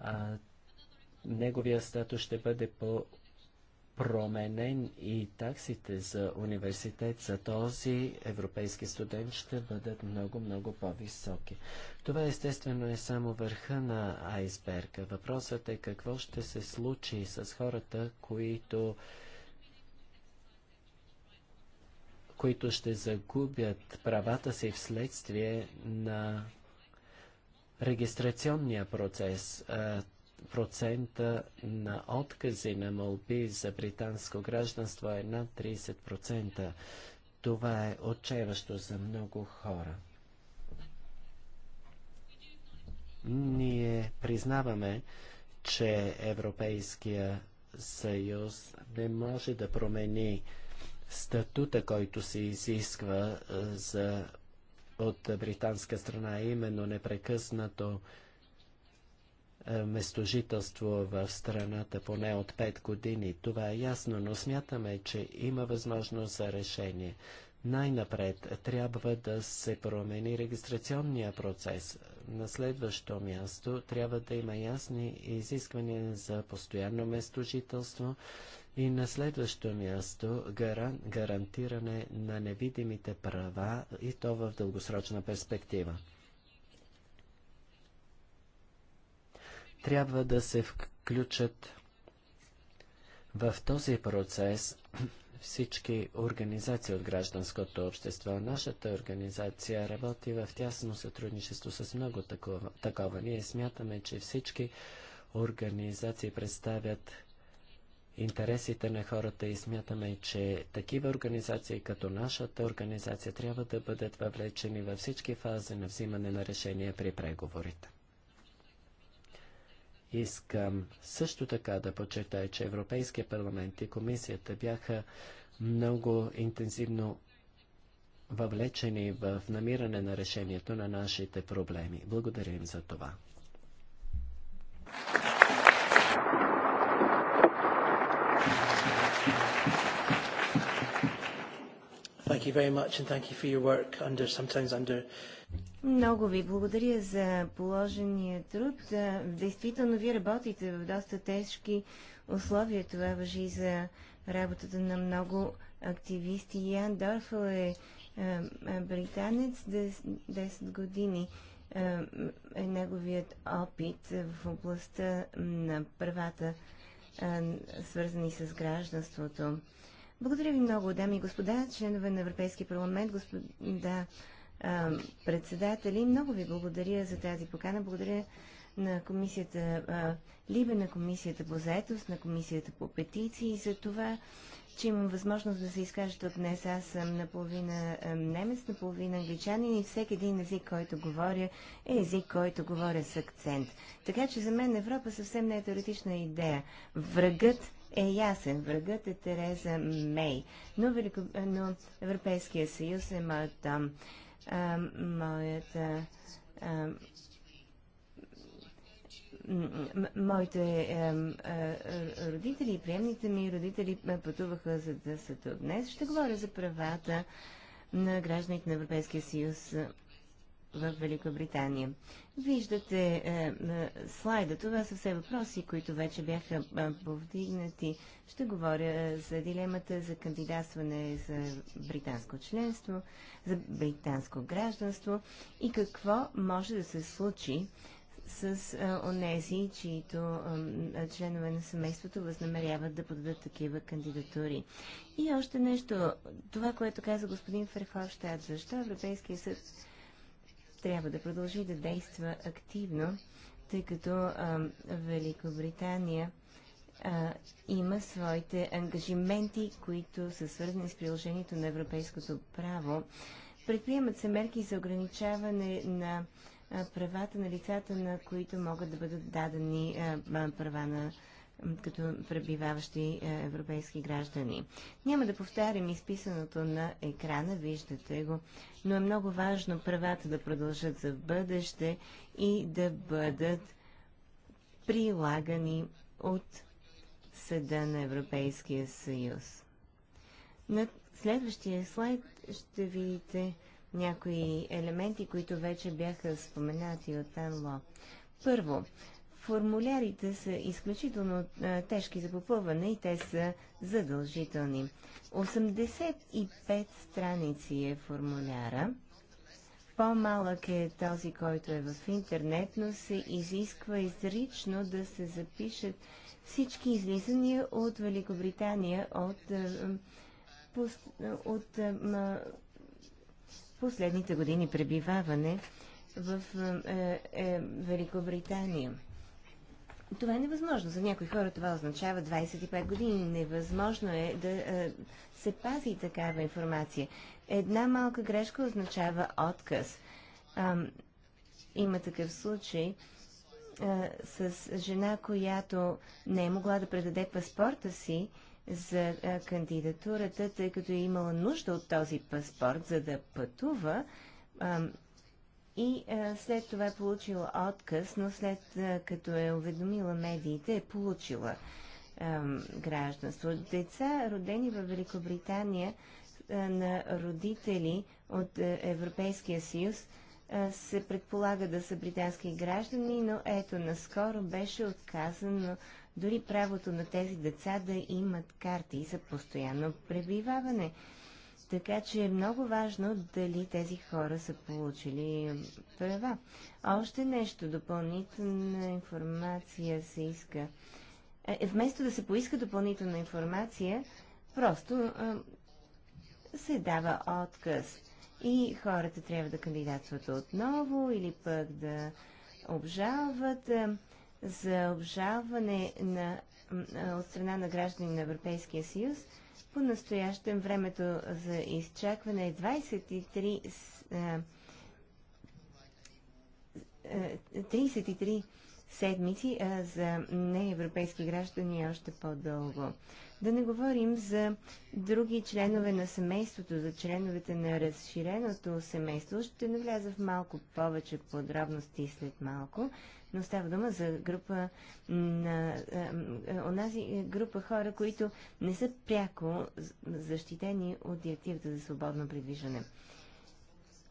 а неговия статус ще бъде по променен и таксите за университет за този европейски студент ще бъдат много, много по-високи. Това естествено е само върха на айсберга. Въпросът е какво ще се случи с хората, които които ще загубят правата си вследствие на регистрационния процес. процента на откази на молби за британско гражданство е над 30%. Това е отчаяващо за много хора. Ние признаваме, че Европейския съюз не може да промени статута, който се изисква е, за, от британска страна, именно непрекъснато е, местожителство в страната поне от 5 години. Това е ясно, но смятаме, че има възможност за решение. Най-напред трябва да се промени регистрационния процес. На следващо място трябва да има ясни изисквания за постоянно местожителство и на следващо място гаран, гарантиране на невидимите права и то в дългосрочна перспектива. Трябва да се включат в този процес всички организации от гражданското общество. Нашата организация работи в тясно сътрудничество с много такова. такова. Ние смятаме, че всички организации представят интересите на хората и смятаме, че такива организации като нашата организация трябва да бъдат въвлечени във всички фази на взимане на решения при преговорите. Искам също така да подчертая, че Европейския парламент и комисията бяха много интензивно въвлечени в намиране на решението на нашите проблеми. Благодаря им за това. Thank you very much and thank you for your work under sometimes under много ви благодаря за положения труд. Е, действително, вие работите в доста тежки условия. Това въжи за работата на много активисти. Ян Дорфъл е, е, е британец, 10, години е неговият опит в областта на правата, свързани с гражданството. Благодаря ви много, дами и господа, членове на Европейския парламент, господа а, председатели. Много ви благодаря за тази покана. Благодаря на комисията а, Либе, на комисията по заетост, на комисията по петиции за това, че имам възможност да се изкажа тук днес. Аз съм наполовина немец, наполовина англичанин и всеки един език, който говоря, е език, който говоря с акцент. Така че за мен Европа съвсем не е теоретична идея. Врагът е ясен. Врагът е Тереза Мей. Но, Велико... но Европейския съюз е моят А, моята... А, моите а, е, а, е, е, родители, приемните ми родители ме пътуваха за да са тук днес. Ще говоря за правата на гражданите на Европейския съюз в Великобритания. Виждате е, е, слайда. Това са все въпроси, които вече бяха е, повдигнати. Ще говоря е, за дилемата за кандидатстване за британско членство, за британско гражданство и какво може да се случи с е, онези, чието е, членове на семейството възнамеряват да подадат такива кандидатури. И още нещо, това, което каза господин Ферховщад, защо Европейския съд трябва да продължи да действа активно, тъй като а, Великобритания а, има своите ангажименти, които са свързани с приложението на европейското право. Предприемат се мерки за ограничаване на правата на лицата, на които могат да бъдат дадени а, права на като пребиваващи е, европейски граждани. Няма да повтарям изписаното на екрана, виждате го, но е много важно правата да продължат за бъдеще и да бъдат прилагани от Съда на Европейския съюз. На следващия слайд ще видите някои елементи, които вече бяха споменати от НЛО. Първо, Формулярите са изключително тежки за попълване и те са задължителни. 85 страници е формуляра. По-малък е този, който е в интернет, но се изисква изрично да се запишат всички излизания от Великобритания от, от, от последните години пребиваване в е, е, Великобритания това е невъзможно. За някои хора това означава 25 години. Невъзможно е да се пази такава информация. Една малка грешка означава отказ. има такъв случай с жена, която не е могла да предаде паспорта си за кандидатурата, тъй като е имала нужда от този паспорт, за да пътува и а, е, след това е получила отказ, но след а, е, като е уведомила медиите, е получила а, е, гражданство. Деца, родени в Великобритания а, на родители от а, Европейския съюз, а, се предполага да са британски граждани, но ето наскоро беше отказано дори правото на тези деца да имат карти за постоянно пребиваване. Така че е много важно дали тези хора са получили права. Още нещо, допълнителна информация се иска. Е, е вместо да се поиска допълнителна информация, просто е, се дава отказ. И хората трябва да кандидатстват отново или пък да обжалват. Е, за обжалване на, от страна на граждани на Европейския съюз – по-настоящем времето за изчакване е 23, 33 седмици, а за неевропейски граждани е още по-дълго. Да не говорим за други членове на семейството, за членовете на разширеното семейство. Ще навляза в малко повече подробности след малко но става дума за група на е, е, онази група хора, които не са пряко защитени от директивата за свободно придвижване.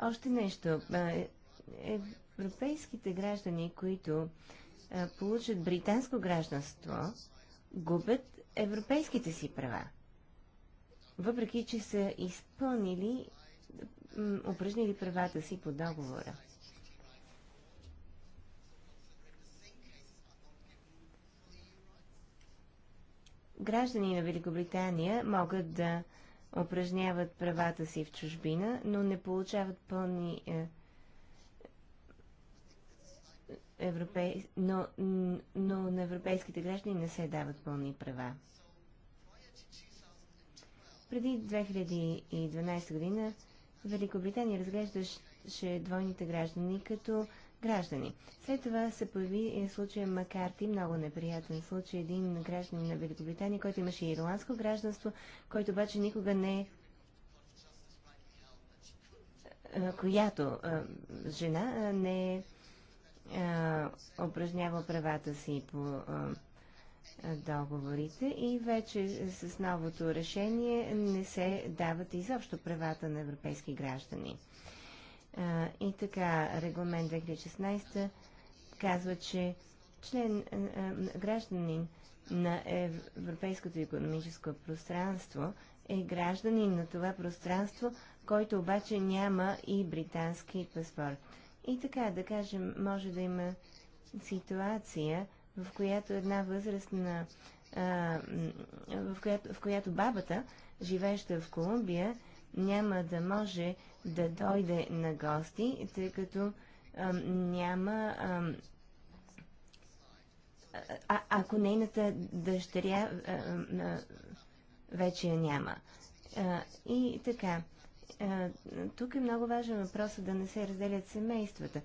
Още нещо. Е, европейските граждани, които получат британско гражданство, губят европейските си права. Въпреки, че са изпълнили, упражнили правата си по договора. граждани на Великобритания могат да упражняват правата си в чужбина, но не получават пълни е, европей... но, но на европейските граждани не се дават пълни права. Преди 2012 година Великобритания разглеждаше двойните граждани като граждани. След това се появи е, случая Макарти, много неприятен случай, един гражданин на Великобритания, който имаше ирландско гражданство, който обаче никога не е, е която е, жена не е упражнява правата си по договорите и вече с новото решение не се дават изобщо правата на европейски граждани и така, регламент 2016 казва, че член гражданин на Европейското економическо пространство е гражданин на това пространство, който обаче няма и британски паспорт. И така, да кажем, може да има ситуация, в която една възрастна, в, която, в която бабата, живееща в Колумбия, няма да може да дойде на гости, тъй като ам, няма. Ам, а, ако нейната дъщеря а, а, вече я няма. А, и така, а, тук е много важен въпрос да не се разделят семействата.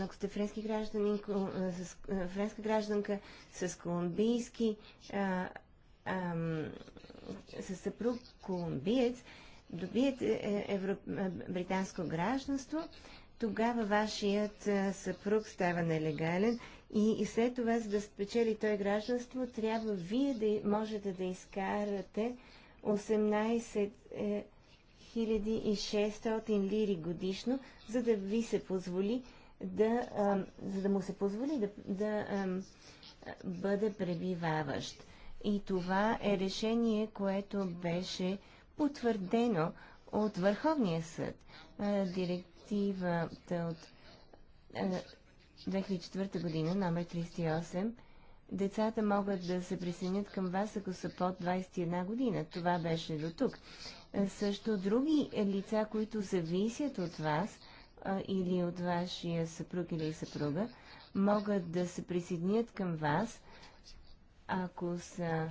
Ако сте френски гражданин, с, френска гражданка с колумбийски а, със съпруг колумбиец, добият е, е, евро... Е, британско гражданство, тогава вашият съпруг става нелегален и, и след това, за да спечели той гражданство, трябва вие да можете да изкарате 18 600 лири годишно, за да ви се позволи да, за да му се позволи да, да бъде пребиваващ. И това е решение, което беше потвърдено от Върховния съд. Директивата от 2004 година, номер 38, децата могат да се присъединят към вас, ако са под 21 година. Това беше до тук. Също други лица, които зависят от вас или от вашия съпруг или съпруга, могат да се присъединят към вас ако са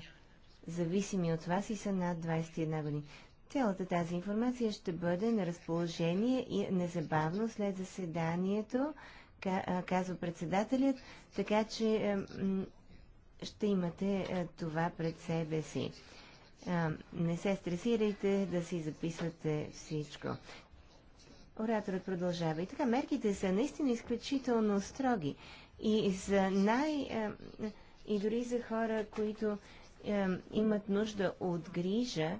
зависими от вас и са над 21 години. Цялата тази информация ще бъде на разположение и незабавно след заседанието, казва председателят, така че ще имате е, това пред себе си. Е, не се стресирайте да си записвате всичко. Ораторът продължава. И така, мерките са наистина изключително строги. И за най- и дори за хора, които е, имат нужда от грижа, е,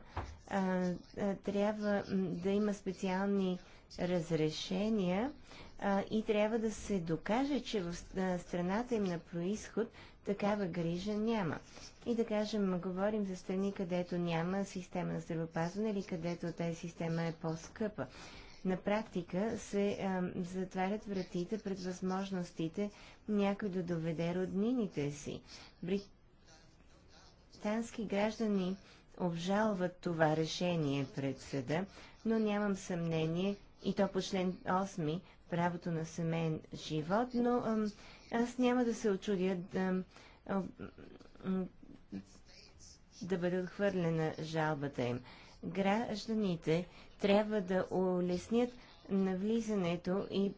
е, трябва да има специални разрешения е, и трябва да се докаже, че в страната им на происход такава грижа няма. И да кажем, говорим за страни, където няма система на здравеопазване или където тази система е по-скъпа. На практика се а, затварят вратите пред възможностите някой да доведе роднините си. Британски граждани обжалват това решение пред съда, но нямам съмнение, и то по член 8, правото на семейен живот, но а, аз няма да се очудя да, да бъде отхвърлена жалбата им. Гражданите трябва да улеснят навлизането и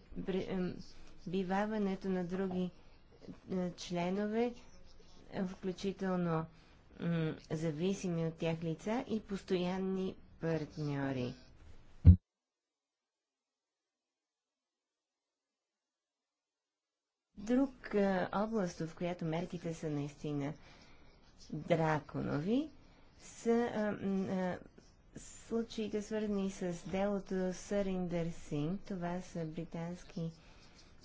биваването на други е, членове, включително зависими от тях лица и постоянни партньори. Друг е, област, в която мерките са наистина драконови, са а, а, е, случаите свързани с делото Сърендър Синг, това са британски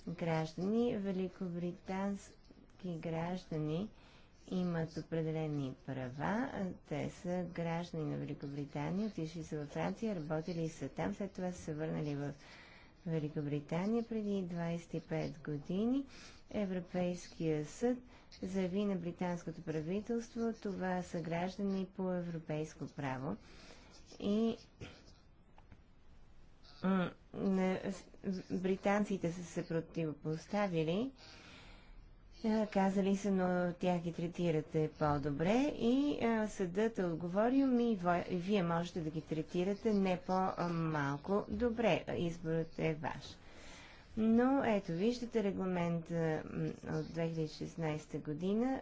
граждани, великобритански граждани имат определени права. Те са граждани на Великобритания, отишли са във Франция, работили са там, след това са се върнали в Великобритания преди 25 години. Европейския съд заяви на британското правителство, това са граждани по европейско право и британците са се противопоставили. Е, казали са, но тях ги третирате по-добре и е, съдът е отговорил ми, вие можете да ги третирате не по-малко добре. Изборът е ваш. Но ето, виждате регламент е, от 2016 година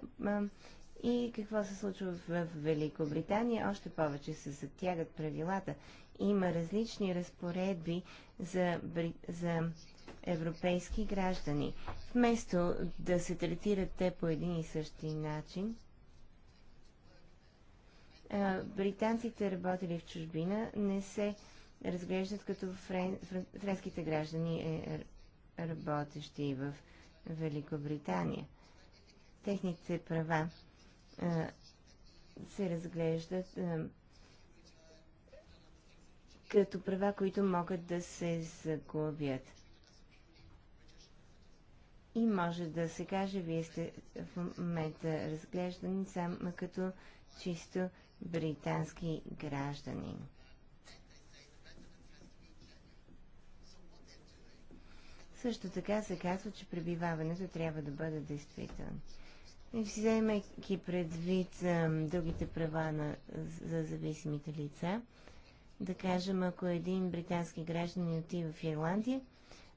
и какво се случва в Великобритания, още повече се затягат правилата. Има различни разпоредби за, за европейски граждани. Вместо да се третират те по един и същи начин, британците, работили в чужбина, не се разглеждат като френ... френските граждани, е, работещи в Великобритания. Техните права се разглеждат като права, които могат да се загубят. И може да се каже, вие сте в момента разглеждани само като чисто британски граждани. Също така се казва, че пребиваването трябва да бъде действително вземайки предвид другите права на, за зависимите лица, да кажем, ако един британски гражданин отива в Ирландия,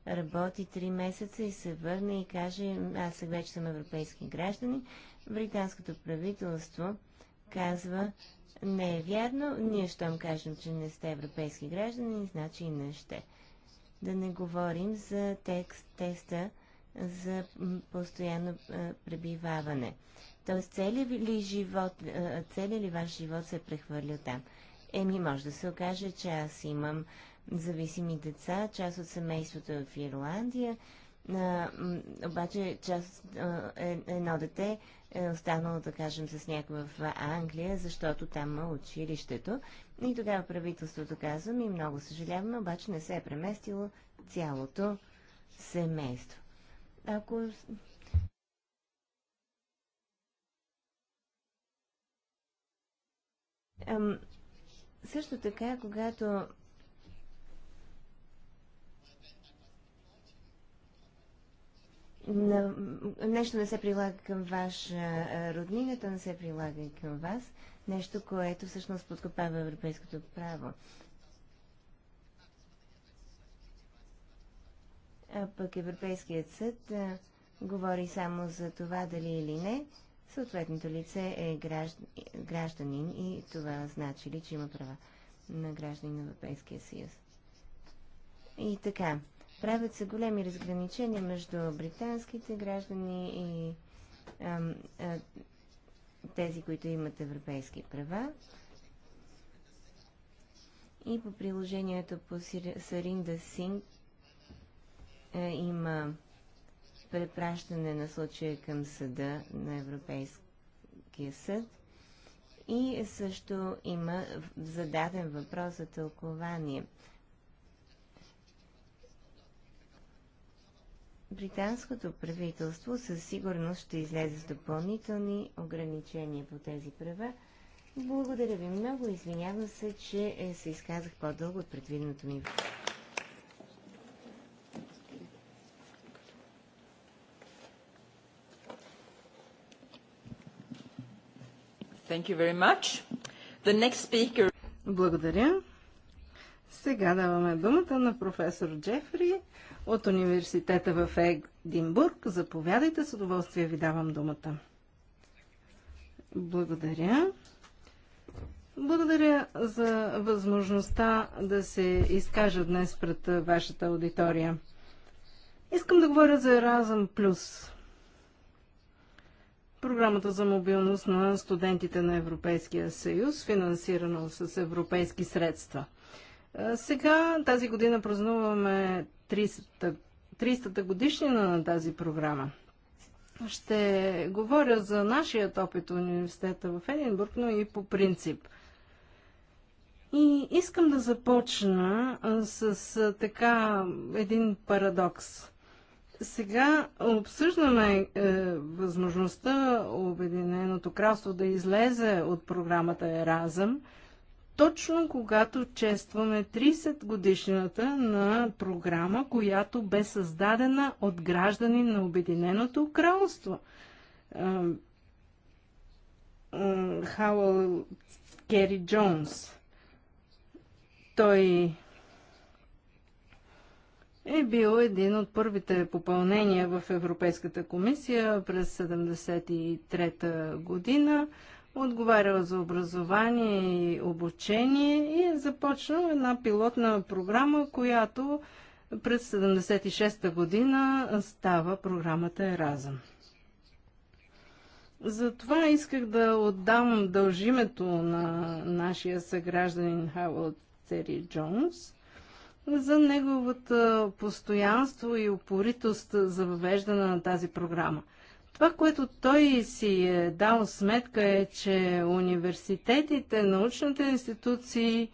работи 3 месеца и се върне и каже, аз вече съм европейски граждани, британското правителство казва, не е вярно, ние щом кажем, че не сте европейски граждани, значи не ще. Да не говорим за текст, теста за постоянно пребиваване. Тоест, целият ли, живот, целият ли ваш живот се е прехвърля там? Еми, може да се окаже, че аз имам зависими деца, част от семейството е в Ирландия, а, обаче част, а, е, едно дете е останало, да кажем, с някой в Англия, защото там е училището. И тогава правителството казва ми, много съжаляваме, обаче не се е преместило цялото семейство ако Ам, също така, когато на, нещо не се прилага към ваша роднината, то не се прилага и към вас. Нещо, което всъщност подкопава европейското право. а пък Европейският съд а, говори само за това дали или не, съответното лице е граждан, гражданин и това значи ли, че има права на граждани на Европейския съюз. И така, правят се големи разграничения между британските граждани и а, а, тези, които имат европейски права. И по приложението по Саринда Синг е, има препращане на случая към съда на Европейския съд и също има зададен въпрос за тълкование. британското правителство със сигурност ще излезе с допълнителни ограничения по тези права. Благодаря ви много. Извинявам се, че се изказах по-дълго от предвиденото ми. Thank you very much. The next speaker... Благодаря. Сега даваме думата на професор Джефри от университета в Единбург. Заповядайте, с удоволствие ви давам думата. Благодаря. Благодаря за възможността да се изкажа днес пред вашата аудитория. Искам да говоря за Еразъм Плюс. Програмата за мобилност на студентите на Европейския съюз, финансирано с европейски средства. Сега, тази година празнуваме 300-та 300 годишнина на тази програма. Ще говоря за нашият опит в университета в Единбург, но и по принцип. И искам да започна с така един парадокс сега обсъждаме е, възможността Обединеното кралство да излезе от програмата Еразъм, точно когато честваме 30 годишната на програма, която бе създадена от граждани на Обединеното кралство. Е, е Хауъл Кери Джонс. Той е бил един от първите попълнения в Европейската комисия през 1973 година. Отговарял за образование и обучение и е започнал една пилотна програма, която през 1976 година става програмата Еразъм. Затова исках да отдам дължимето на нашия съгражданин Хавел Тери Джонс – за неговото постоянство и упоритост за въвеждане на тази програма. Това, което той си е дал сметка е, че университетите, научните институции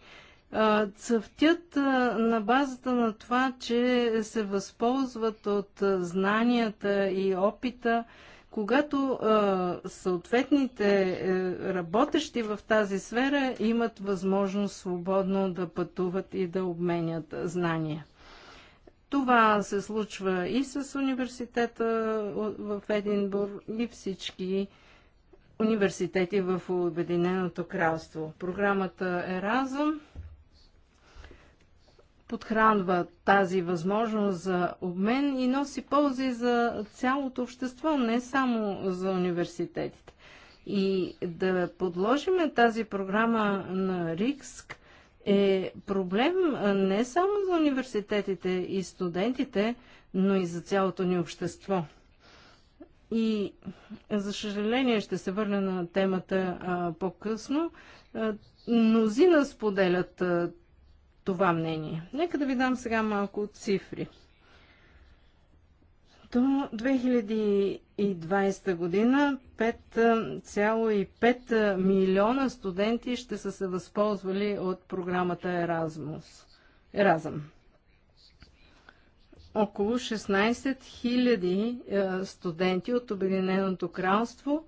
цъфтят на базата на това, че се възползват от знанията и опита когато а, съответните а, е, работещи в тази сфера имат възможност свободно да пътуват и да обменят знания. Това се случва и с университета в Единбург и всички университети в Обединеното кралство. Програмата Еразъм подхранва тази възможност за обмен и носи ползи за цялото общество, не само за университетите. И да подложиме тази програма на риск е проблем не само за университетите и студентите, но и за цялото ни общество. И за съжаление ще се върна на темата по-късно. Мнозина споделят а, това мнение. Нека да ви дам сега малко цифри. До 2020 година 5,5 милиона студенти ще са се възползвали от програмата Erasmus. Еразъм. Около 16 000 е, студенти от Обединеното кралство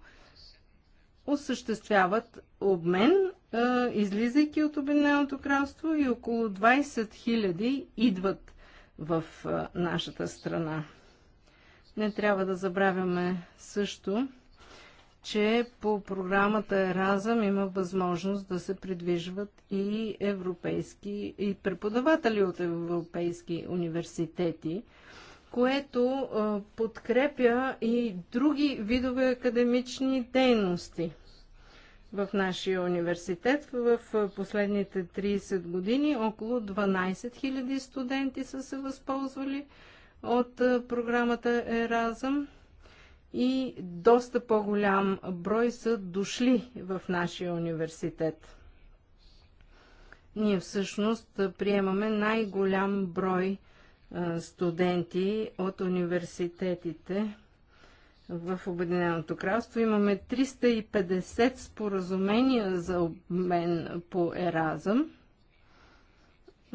осъществяват обмен е, излизайки от Обединеното кралство и около 20 000 идват в е, нашата страна. Не трябва да забравяме също, че по програмата Еразъм има възможност да се придвижват и европейски и преподаватели от европейски университети, което е, подкрепя и други видове академични дейности – в нашия университет. В последните 30 години около 12 000 студенти са се възползвали от програмата Еразъм и доста по-голям брой са дошли в нашия университет. Ние всъщност приемаме най-голям брой студенти от университетите в Обединеното кралство. Имаме 350 споразумения за обмен по Еразъм,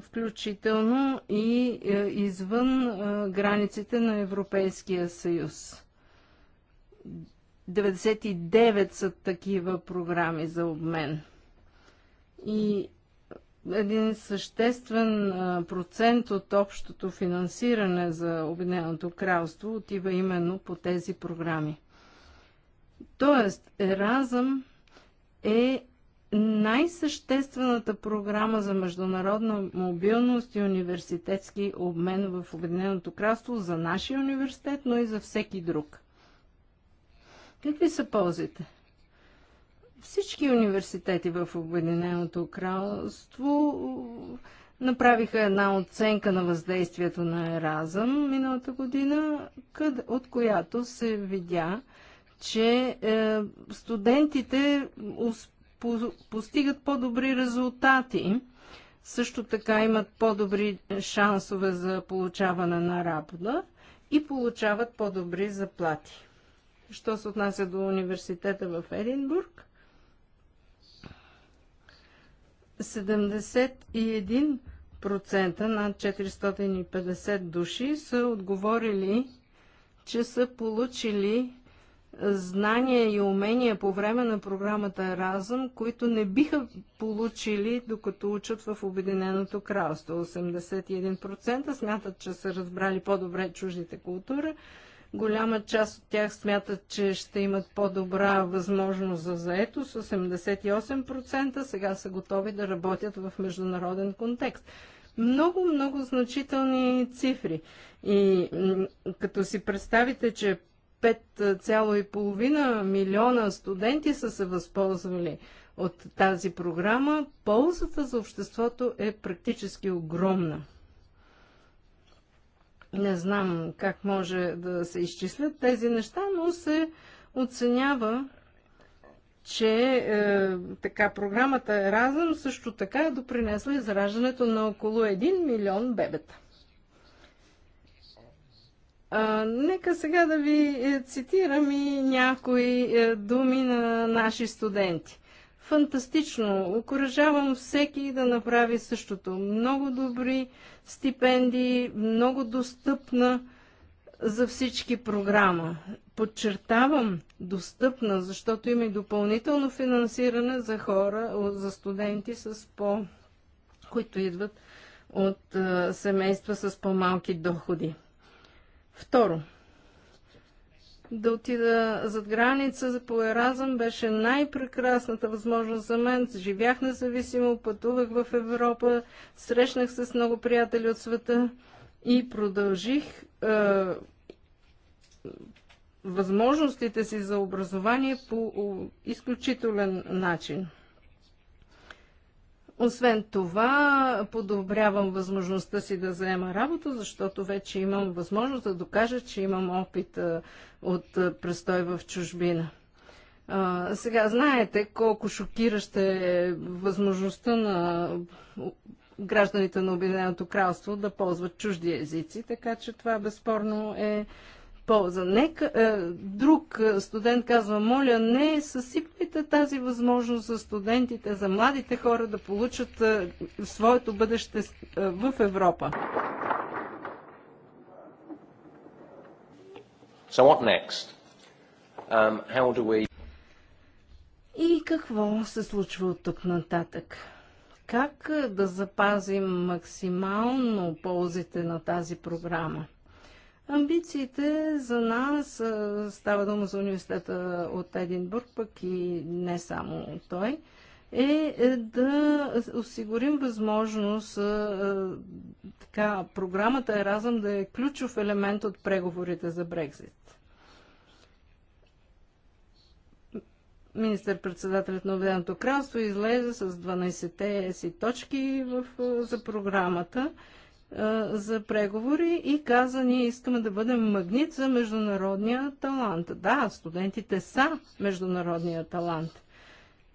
включително и е, извън е, границите на Европейския съюз. 99 са такива програми за обмен. И един съществен процент от общото финансиране за Обединеното кралство отива именно по тези програми. Тоест, Еразъм е най-съществената програма за международна мобилност и университетски обмен в Обединеното кралство за нашия университет, но и за всеки друг. Какви са ползите? Всички университети в Обединеното кралство направиха една оценка на въздействието на Еразъм миналата година, от която се видя, че е, студентите постигат по-добри резултати, също така имат по-добри шансове за получаване на работа и получават по-добри заплати. Що се отнася до университета в Единбург, 71% над 450 души са отговорили, че са получили знания и умения по време на програмата Разъм, които не биха получили докато учат в Обединеното кралство. 81% смятат, че са разбрали по-добре чуждите култури Голяма част от тях смятат, че ще имат по-добра възможност за заето с 88%, сега са готови да работят в международен контекст. Много, много значителни цифри. И като си представите, че 5,5 милиона студенти са се възползвали от тази програма, ползата за обществото е практически огромна. Не знам как може да се изчислят тези неща, но се оценява, че е, така програмата Разъм също така е допринесла и зараждането на около 1 милион бебета. А, нека сега да ви е, цитирам и някои е, думи на наши студенти. Фантастично! Окоръжавам всеки да направи същото. Много добри стипендии, много достъпна за всички програма. Подчертавам достъпна, защото има и допълнително финансиране за хора, за студенти с по... които идват от семейства с по-малки доходи. Второ, да отида зад граница за поеразъм беше най-прекрасната възможност за мен. Живях независимо, пътувах в Европа, срещнах се с много приятели от света и продължих е, възможностите си за образование по изключителен начин. Освен това, подобрявам възможността си да заема работа, защото вече имам възможност да докажа, че имам опит от престой в чужбина. А, сега знаете колко шокираща е възможността на гражданите на Обединеното кралство да ползват чужди езици, така че това безспорно е полза. Нека, е, друг е, студент казва, моля, не съсипвайте тази възможност за студентите, за младите хора да получат е, своето бъдеще е, в Европа. So what next? Um, how do we... И какво се случва от тук нататък? Как е, да запазим максимално ползите на тази програма? Амбициите за нас става дума за университета от Единбург, пък и не само той, е, е да осигурим възможност така, програмата Еразъм да е ключов елемент от преговорите за Брекзит. Министър-председателят на Обеденото кралство излезе с 12-те си точки в, за програмата за преговори и каза, ние искаме да бъдем магнит за международния талант. Да, студентите са международния талант.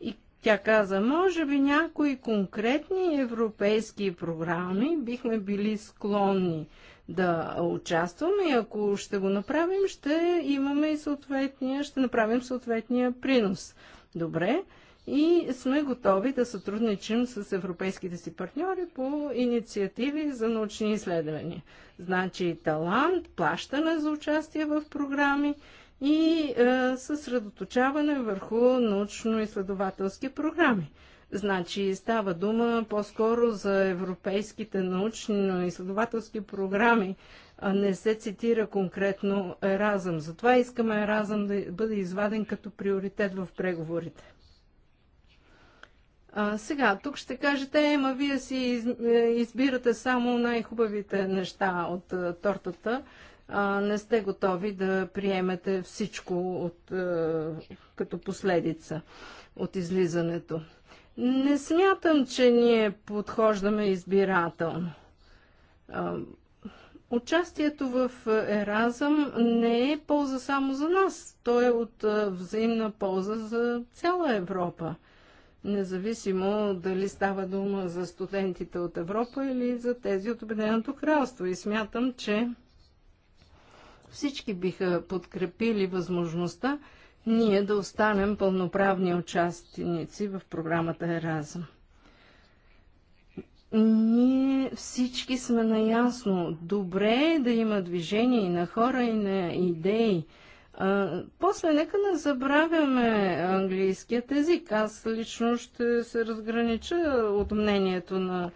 И тя каза, може би някои конкретни европейски програми бихме били склонни да участваме и ако ще го направим, ще имаме и съответния, ще направим съответния принос. Добре, и сме готови да сътрудничим с европейските си партньори по инициативи за научни изследвания. Значи талант, плащане за участие в програми и е, съсредоточаване върху научно-изследователски програми. Значи става дума по-скоро за европейските научно-изследователски програми, а не се цитира конкретно Еразъм. Затова искаме Еразъм да бъде изваден като приоритет в преговорите. А, сега, тук ще кажете, ема вие си е, избирате само най-хубавите неща от а, е, тортата. А, не сте готови да приемете всичко от, а, е, като последица от излизането. Не смятам, че ние подхождаме избирателно. А, участието в Еразъм не е полза само за нас. То е от а, взаимна полза за цяла Европа независимо дали става дума за студентите от Европа или за тези от Обединеното кралство. И смятам, че всички биха подкрепили възможността ние да останем пълноправни участници в програмата Еразъм. Ние всички сме наясно. Добре е да има движение и на хора, и на идеи – после нека не забравяме английският език. Аз лично ще се разгранича от мнението на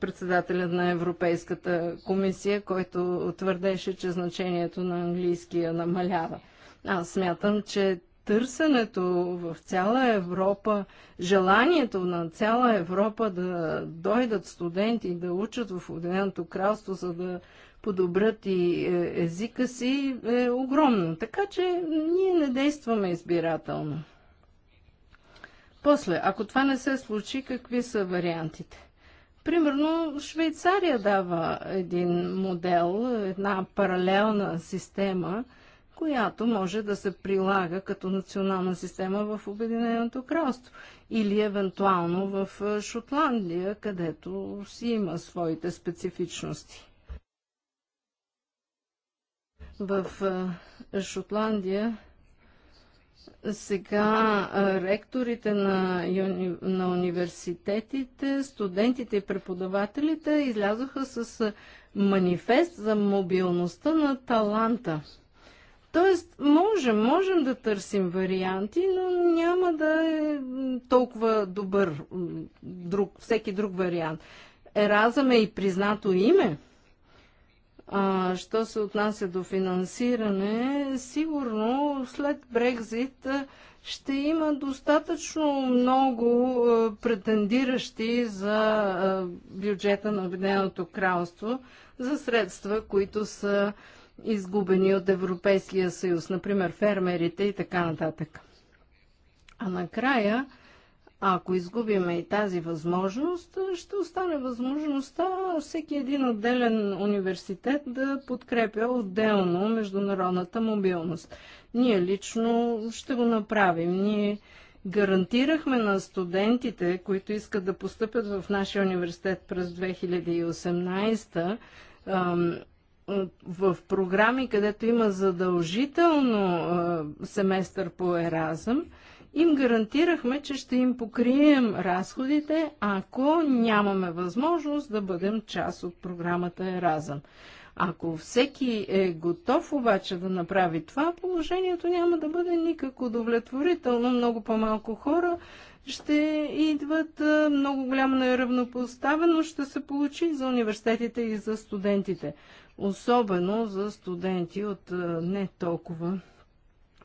председателя на Европейската комисия, който твърдеше, че значението на английския намалява. Аз смятам, че търсенето в цяла Европа, желанието на цяла Европа да дойдат студенти и да учат в Обединеното кралство, за да подобрат и е, езика си, е огромно. Така че ние не действаме избирателно. После, ако това не се случи, какви са вариантите? Примерно Швейцария дава един модел, една паралелна система, която може да се прилага като национална система в Обединеното кралство или евентуално в е, Шотландия, където си има своите специфичности в Шотландия сега ректорите на, юни... на университетите, студентите и преподавателите излязоха с манифест за мобилността на таланта. Тоест, можем, можем да търсим варианти, но няма да е толкова добър друг, всеки друг вариант. Еразъм е и признато име, а, що се отнася до финансиране, сигурно след Брекзит ще има достатъчно много претендиращи за бюджета на Обединеното кралство за средства, които са изгубени от Европейския съюз, например фермерите и така нататък. А накрая а ако изгубиме и тази възможност, ще остане възможността всеки един отделен университет да подкрепя отделно международната мобилност. Ние лично ще го направим. Ние гарантирахме на студентите, които искат да поступят в нашия университет през 2018 в програми, където има задължително семестър по еразъм, им гарантирахме, че ще им покрием разходите, ако нямаме възможност да бъдем част от програмата Еразъм. Ако всеки е готов обаче да направи това, положението няма да бъде никак удовлетворително. Много по-малко хора ще идват, много голямо неравнопоставеност ще се получи за университетите и за студентите. Особено за студенти от не толкова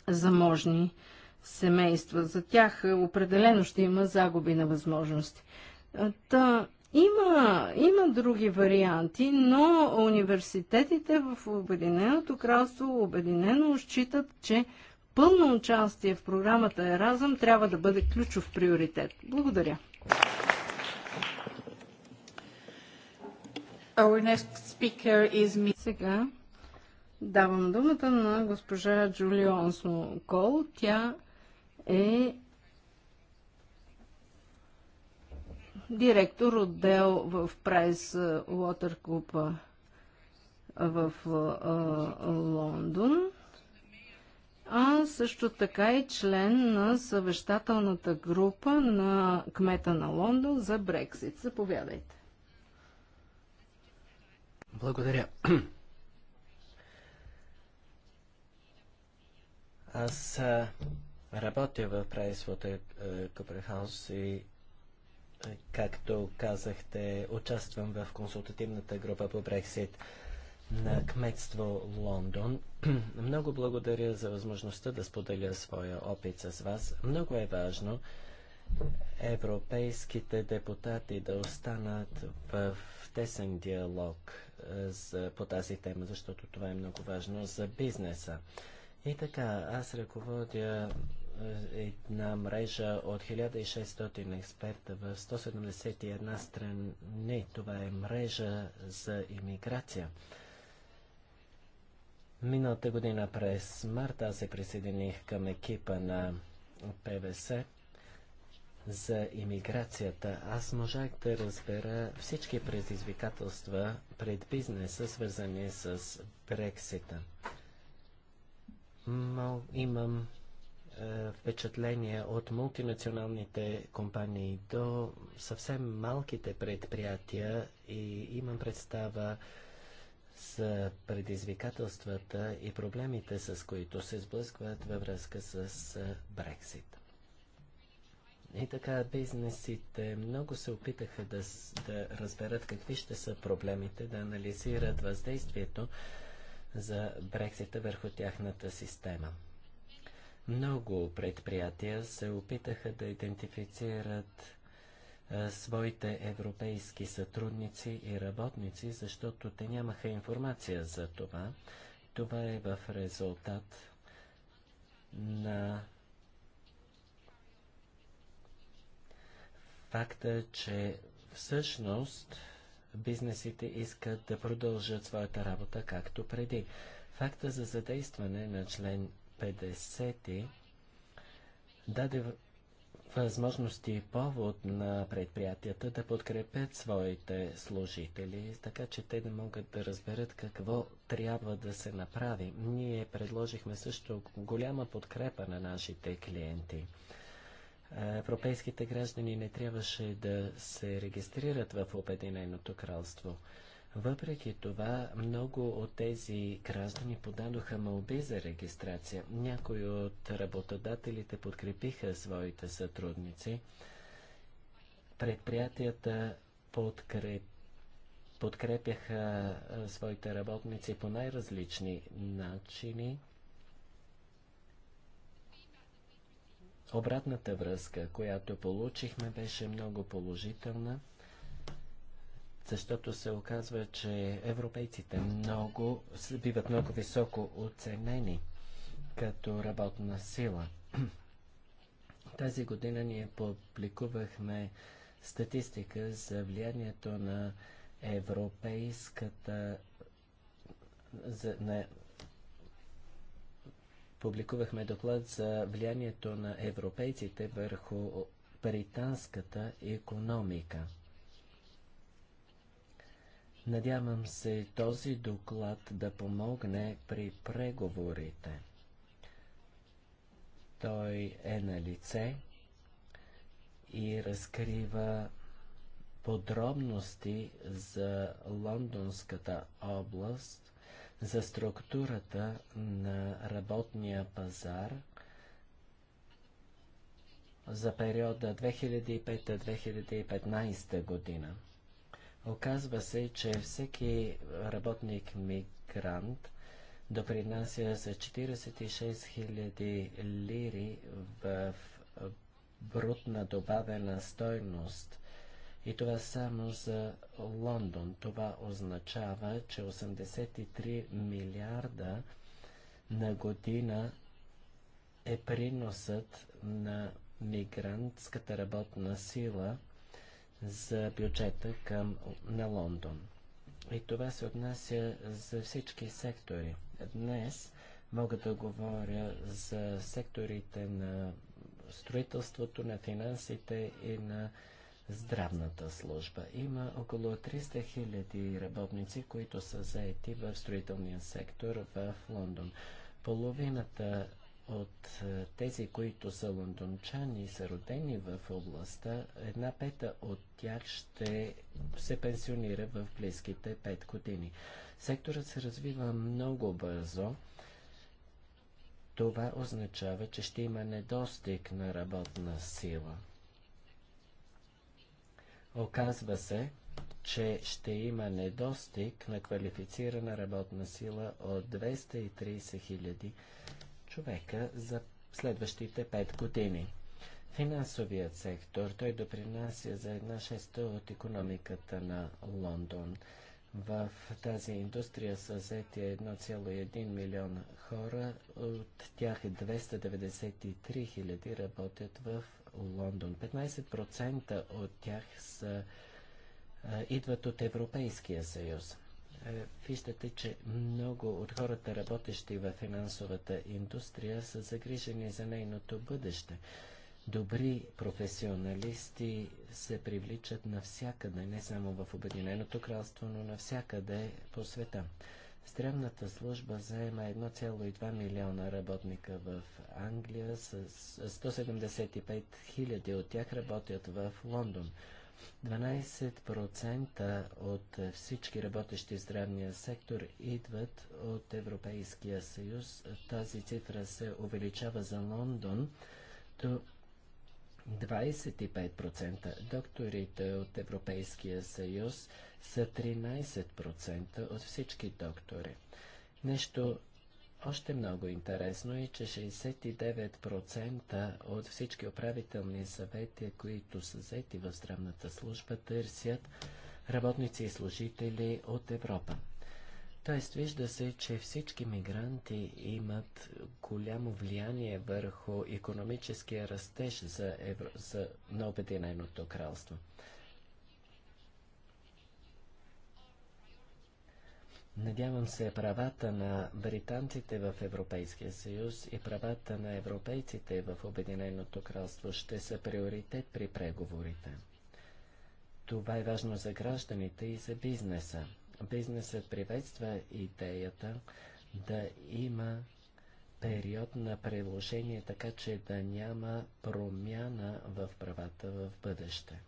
заможни семейства. За тях е, определено ще има загуби на възможности. Та, има, има други варианти, но университетите в Обединеното кралство обединено считат, че пълно участие в програмата Еразъм трябва да бъде ключов приоритет. Благодаря. Is... Сега давам думата на госпожа Джулионсо Кол. Тя е директор отдел в Прайс Water Купа в а, Лондон, а също така и е член на съвещателната група на кмета на Лондон за Брексит. Заповядайте. Благодаря. Аз Работя в Прайсвота е, Купрехаус и е, както казахте, участвам в консултативната група по Брексит на кметство Лондон. [CLEARS THROAT] Много благодаря за възможността да споделя своя опит с вас. Много е важно европейските депутати да останат в тесен диалог е, по тази тема, защото това е много важно за бизнеса. И така, аз ръководя една мрежа от 1600 експерта в 171 страни. Това е мрежа за иммиграция. Миналата година през март аз се присъединих към екипа на ПВС за иммиграцията. Аз можах да разбера всички предизвикателства пред бизнеса, свързани с Брексита. имам впечатление от мултинационалните компании до съвсем малките предприятия и имам представа с предизвикателствата и проблемите, с които се сблъскват във връзка с Брексит. И така бизнесите много се опитаха да, да разберат какви ще са проблемите, да анализират въздействието за Брексита върху тяхната система. Много предприятия се опитаха да идентифицират а, своите европейски сътрудници и работници, защото те нямаха информация за това. Това е в резултат на факта, че всъщност бизнесите искат да продължат своята работа както преди. Факта за задействане на член 50 даде възможности и повод на предприятията да подкрепят своите служители, така че те да могат да разберат какво трябва да се направи. Ние предложихме също голяма подкрепа на нашите клиенти. Европейските граждани не трябваше да се регистрират в Обединеното кралство. Въпреки това, много от тези граждани подадоха молби за регистрация. Някои от работодателите подкрепиха своите сътрудници. Предприятията подкреп... подкрепяха своите работници по най-различни начини. Обратната връзка, която получихме, беше много положителна защото се оказва, че европейците много, биват много високо оценени като работна сила. [CLEARS THROAT] Тази година ние публикувахме статистика за влиянието на европейската за, на, публикувахме доклад за влиянието на европейците върху британската економика. Надявам се този доклад да помогне при преговорите. Той е на лице и разкрива подробности за лондонската област, за структурата на работния пазар за периода 2005-2015 година. Оказва се, че всеки работник мигрант допринася за 46 000 лири в брутна добавена стойност. И това само за Лондон. Това означава, че 83 милиарда на година е приносът на мигрантската работна сила за бюджета към, на Лондон. И това се отнася за всички сектори. Днес мога да говоря за секторите на строителството, на финансите и на здравната служба. Има около 300 000 работници, които са заети в строителния сектор в Лондон. Половината от е, тези, които са лондончани, са родени в областта, една пета от тях ще се пенсионира в близките 5 години. Секторът се развива много бързо. Това означава, че ще има недостиг на работна сила. Оказва се, че ще има недостиг на квалифицирана работна сила от 230 хиляди човека за следващите 5 години. Финансовият сектор, той допринася за една шеста от економиката на Лондон. В тази индустрия са взети 1,1 милион хора, от тях 293 е хиляди работят в Лондон. 15% от тях са, идват от Европейския съюз. Е, виждате, че много от хората, работещи в финансовата индустрия, са загрижени за нейното бъдеще. Добри професионалисти се привличат навсякъде, не само в Обединеното кралство, но навсякъде по света. Стремната служба заема 1,2 милиона работника в Англия, с 175 хиляди от тях работят в Лондон. 12% от всички работещи в здравния сектор идват от Европейския съюз. Тази цифра се увеличава за Лондон до 25%. Докторите от Европейския съюз са 13% от всички доктори. Нещо още много интересно е, че 69% от всички управителни съвети, които са взети в здравната служба, търсят работници и служители от Европа. Тоест, вижда се, че всички мигранти имат голямо влияние върху економическия растеж за, евро... за... на Обединеното кралство. Надявам се правата на британците в Европейския съюз и правата на европейците в Обединеното кралство ще са приоритет при преговорите. Това е важно за гражданите и за бизнеса. Бизнесът приветства идеята да има период на приложение, така че да няма промяна в правата в бъдеще.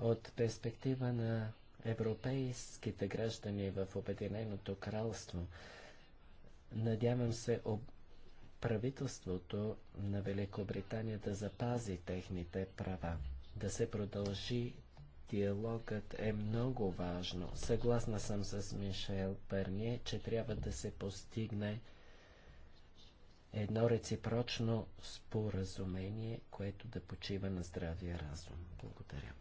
От перспектива на европейските граждани в Обединеното кралство. Надявам се об... правителството на Великобритания да запази техните права, да се продължи диалогът е много важно. Съгласна съм с Мишел Перние, че трябва да се постигне едно реципрочно споразумение, което да почива на здравия разум. Благодаря.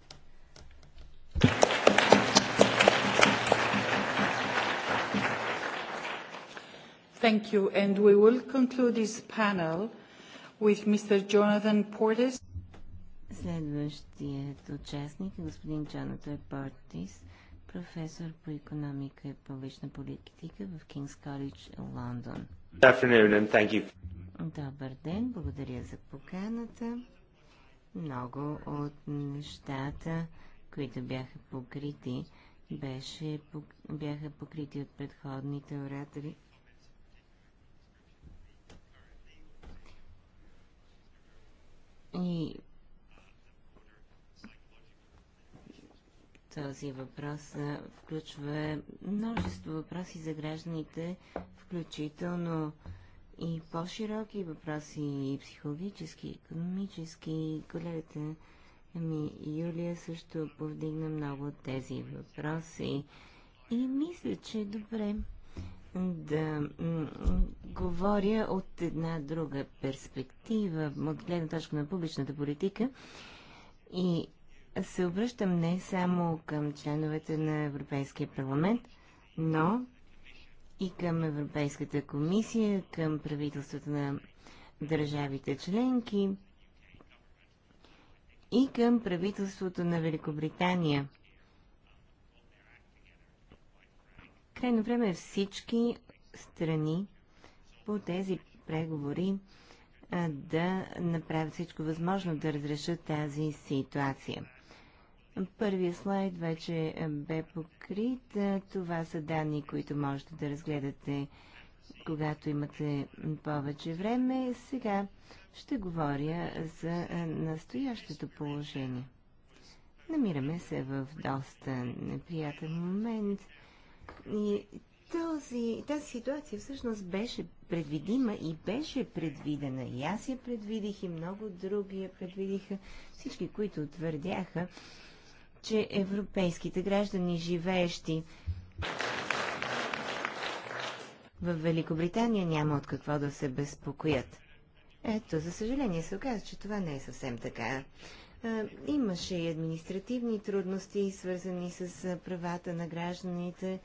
Thank you. And we will conclude this panel with Mr. Jonathan Portis. Следващият участник е господин Джонатан Портис, професор по економика и публична политика в Кингс Колледж, Лондон. Добър ден, благодаря за поканата. Много от нещата, които бяха покрити, беше, бяха покрити от предходните оратори. И този въпрос включва множество въпроси за гражданите, включително и по-широки въпроси, и психологически, и економически. Колегата Ами, Юлия също повдигна много от тези въпроси и мисля, че е добре да говоря от една друга перспектива, от гледна точка на публичната политика и се обръщам не само към членовете на Европейския парламент, но и към Европейската комисия, към правителството на държавите членки, и към правителството на Великобритания. Крайно време е всички страни по тези преговори да направят всичко възможно да разрешат тази ситуация. Първият слайд вече бе покрит. Това са данни, които можете да разгледате, когато имате повече време. Сега ще говоря за е, настоящото положение. Намираме се в доста неприятен момент и този, тази ситуация всъщност беше предвидима и беше предвидена. И аз я предвидих, и много други я предвидиха. Всички, които твърдяха, че европейските граждани, живеещи в Великобритания, няма от какво да се безпокоят. Ето, за съжаление се оказа, че това не е съвсем така. Имаше и административни трудности, свързани с правата на гражданите,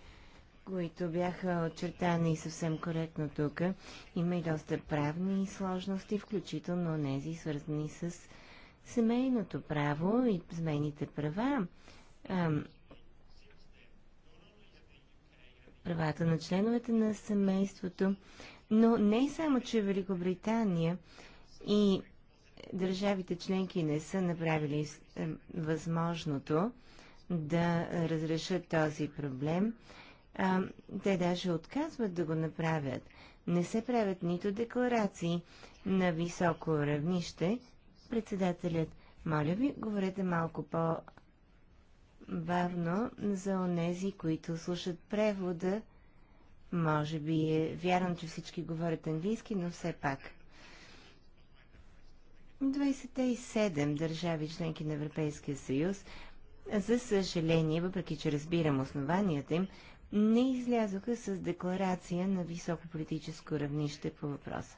които бяха очертани съвсем коректно тук. Има и доста правни сложности, включително нези, свързани с семейното право и змените права. Правата на членовете на семейството но не само, че Великобритания и държавите членки не са направили е, възможното да разрешат този проблем, а, те даже отказват да го направят. Не се правят нито декларации на високо равнище. Председателят, моля ви, говорете малко по-бавно за онези, които слушат превода може би е вярно, че всички говорят английски, но все пак. 27 държави членки на Европейския съюз, за съжаление, въпреки че разбирам основанията им, не излязоха с декларация на високо политическо равнище по въпроса.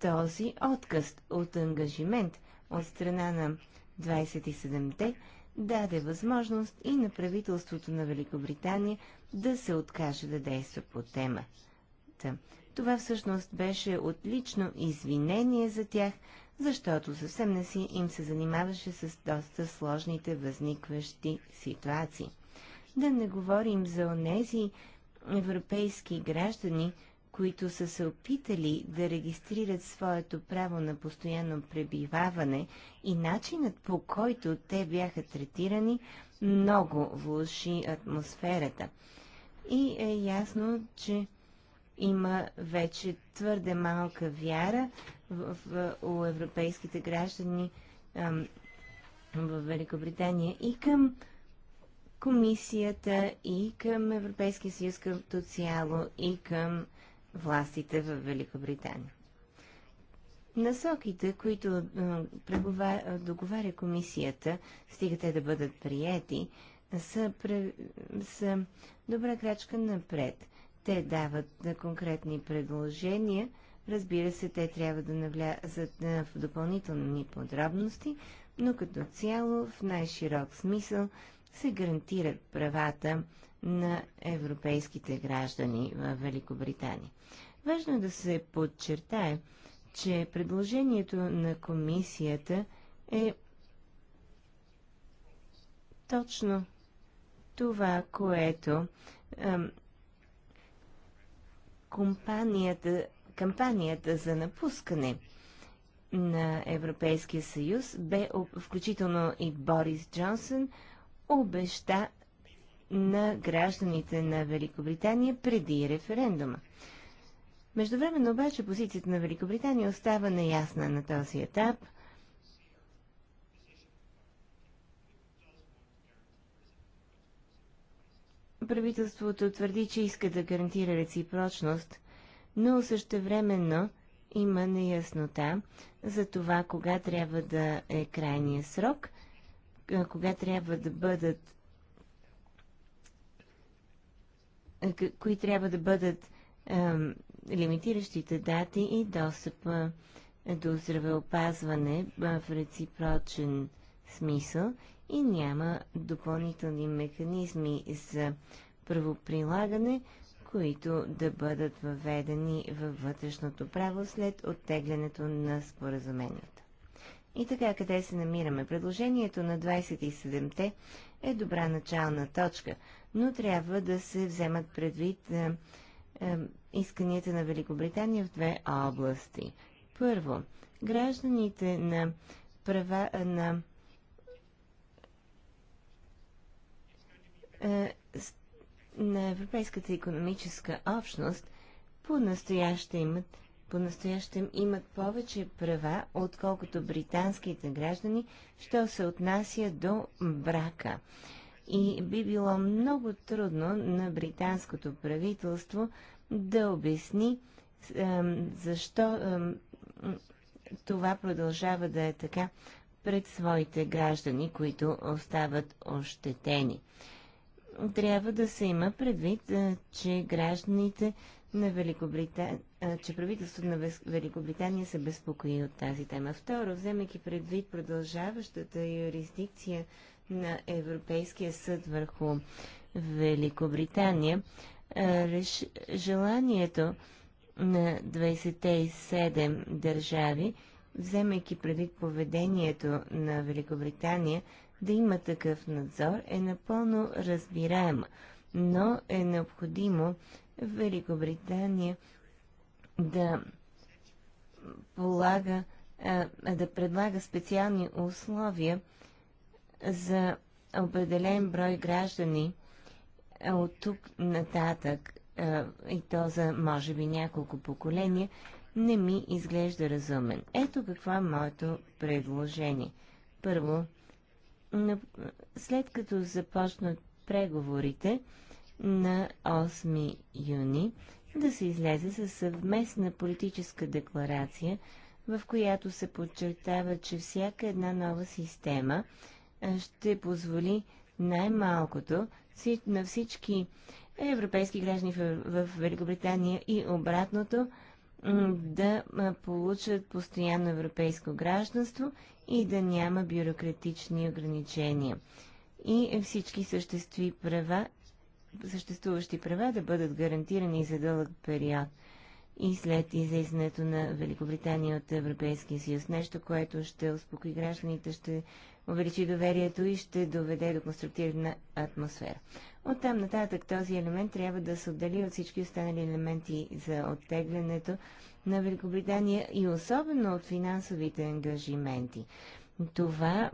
Този отказ от ангажимент от страна на 27-те даде възможност и на правителството на Великобритания да се откаже да действа по темата. Това всъщност беше отлично извинение за тях, защото съвсем не си им се занимаваше с доста сложните възникващи ситуации. Да не говорим за онези европейски граждани, които са се опитали да регистрират своето право на постоянно пребиваване и начинът по който те бяха третирани много влуши атмосферата. И е ясно, че има вече твърде малка вяра в, в, у европейските граждани ам, в Великобритания и към комисията, и към Европейския съюз като цяло, и към властите в Великобритания. Насоките, които договаря комисията, стига те да бъдат приети, са, пре... са добра крачка напред. Те дават конкретни предложения. Разбира се, те трябва да навлязат в допълнителни подробности, но като цяло в най-широк смисъл се гарантират правата на европейските граждани в Великобритания. Важно е да се подчертае, че предложението на комисията е точно това, което ам, компанията, кампанията за напускане на Европейския съюз бе, включително и Борис Джонсън, обеща на гражданите на Великобритания преди референдума. Междувременно обаче позицията на Великобритания остава неясна на този етап. Правителството твърди, че иска да гарантира реципрочност, но същевременно има неяснота за това кога трябва да е крайния срок, кога трябва да бъдат кои трябва да бъдат лимитиращите дати и достъпа до здравеопазване в реципрочен смисъл и няма допълнителни механизми за правоприлагане, които да бъдат въведени във вътрешното право след оттеглянето на споразумението. И така, къде се намираме? Предложението на 27-те е добра начална точка – но трябва да се вземат предвид е, е, исканията на Великобритания в две области. Първо, гражданите на права е, на е, на Европейската економическа общност по-настояще имат по-настоящем имат повече права, отколкото британските граждани, що се отнася до брака и би било много трудно на британското правителство да обясни е, защо е, това продължава да е така пред своите граждани, които остават ощетени. Трябва да се има предвид, е, че гражданите на Великобритания, е, че правителството на Великобритания се безпокои от тази тема. Второ, вземайки предвид продължаващата юрисдикция на Европейския съд върху Великобритания, реш... желанието на 27 държави, вземайки предвид поведението на Великобритания, да има такъв надзор е напълно разбираема, но е необходимо Великобритания да полага, да предлага специални условия за определен брой граждани от тук нататък и то за, може би, няколко поколения, не ми изглежда разумен. Ето какво е моето предложение. Първо, след като започнат преговорите на 8 юни, да се излезе със съвместна политическа декларация, в която се подчертава, че всяка една нова система – ще позволи най-малкото на всички европейски граждани в Великобритания и обратното да получат постоянно европейско гражданство и да няма бюрократични ограничения. И всички съществи права, съществуващи права да бъдат гарантирани за дълъг период и след излизането на Великобритания от Европейския съюз. Нещо, което ще успокои гражданите, ще увеличи доверието и ще доведе до конструктивна атмосфера. От там нататък този елемент трябва да се отдели от всички останали елементи за оттеглянето на Великобритания и особено от финансовите ангажименти. Това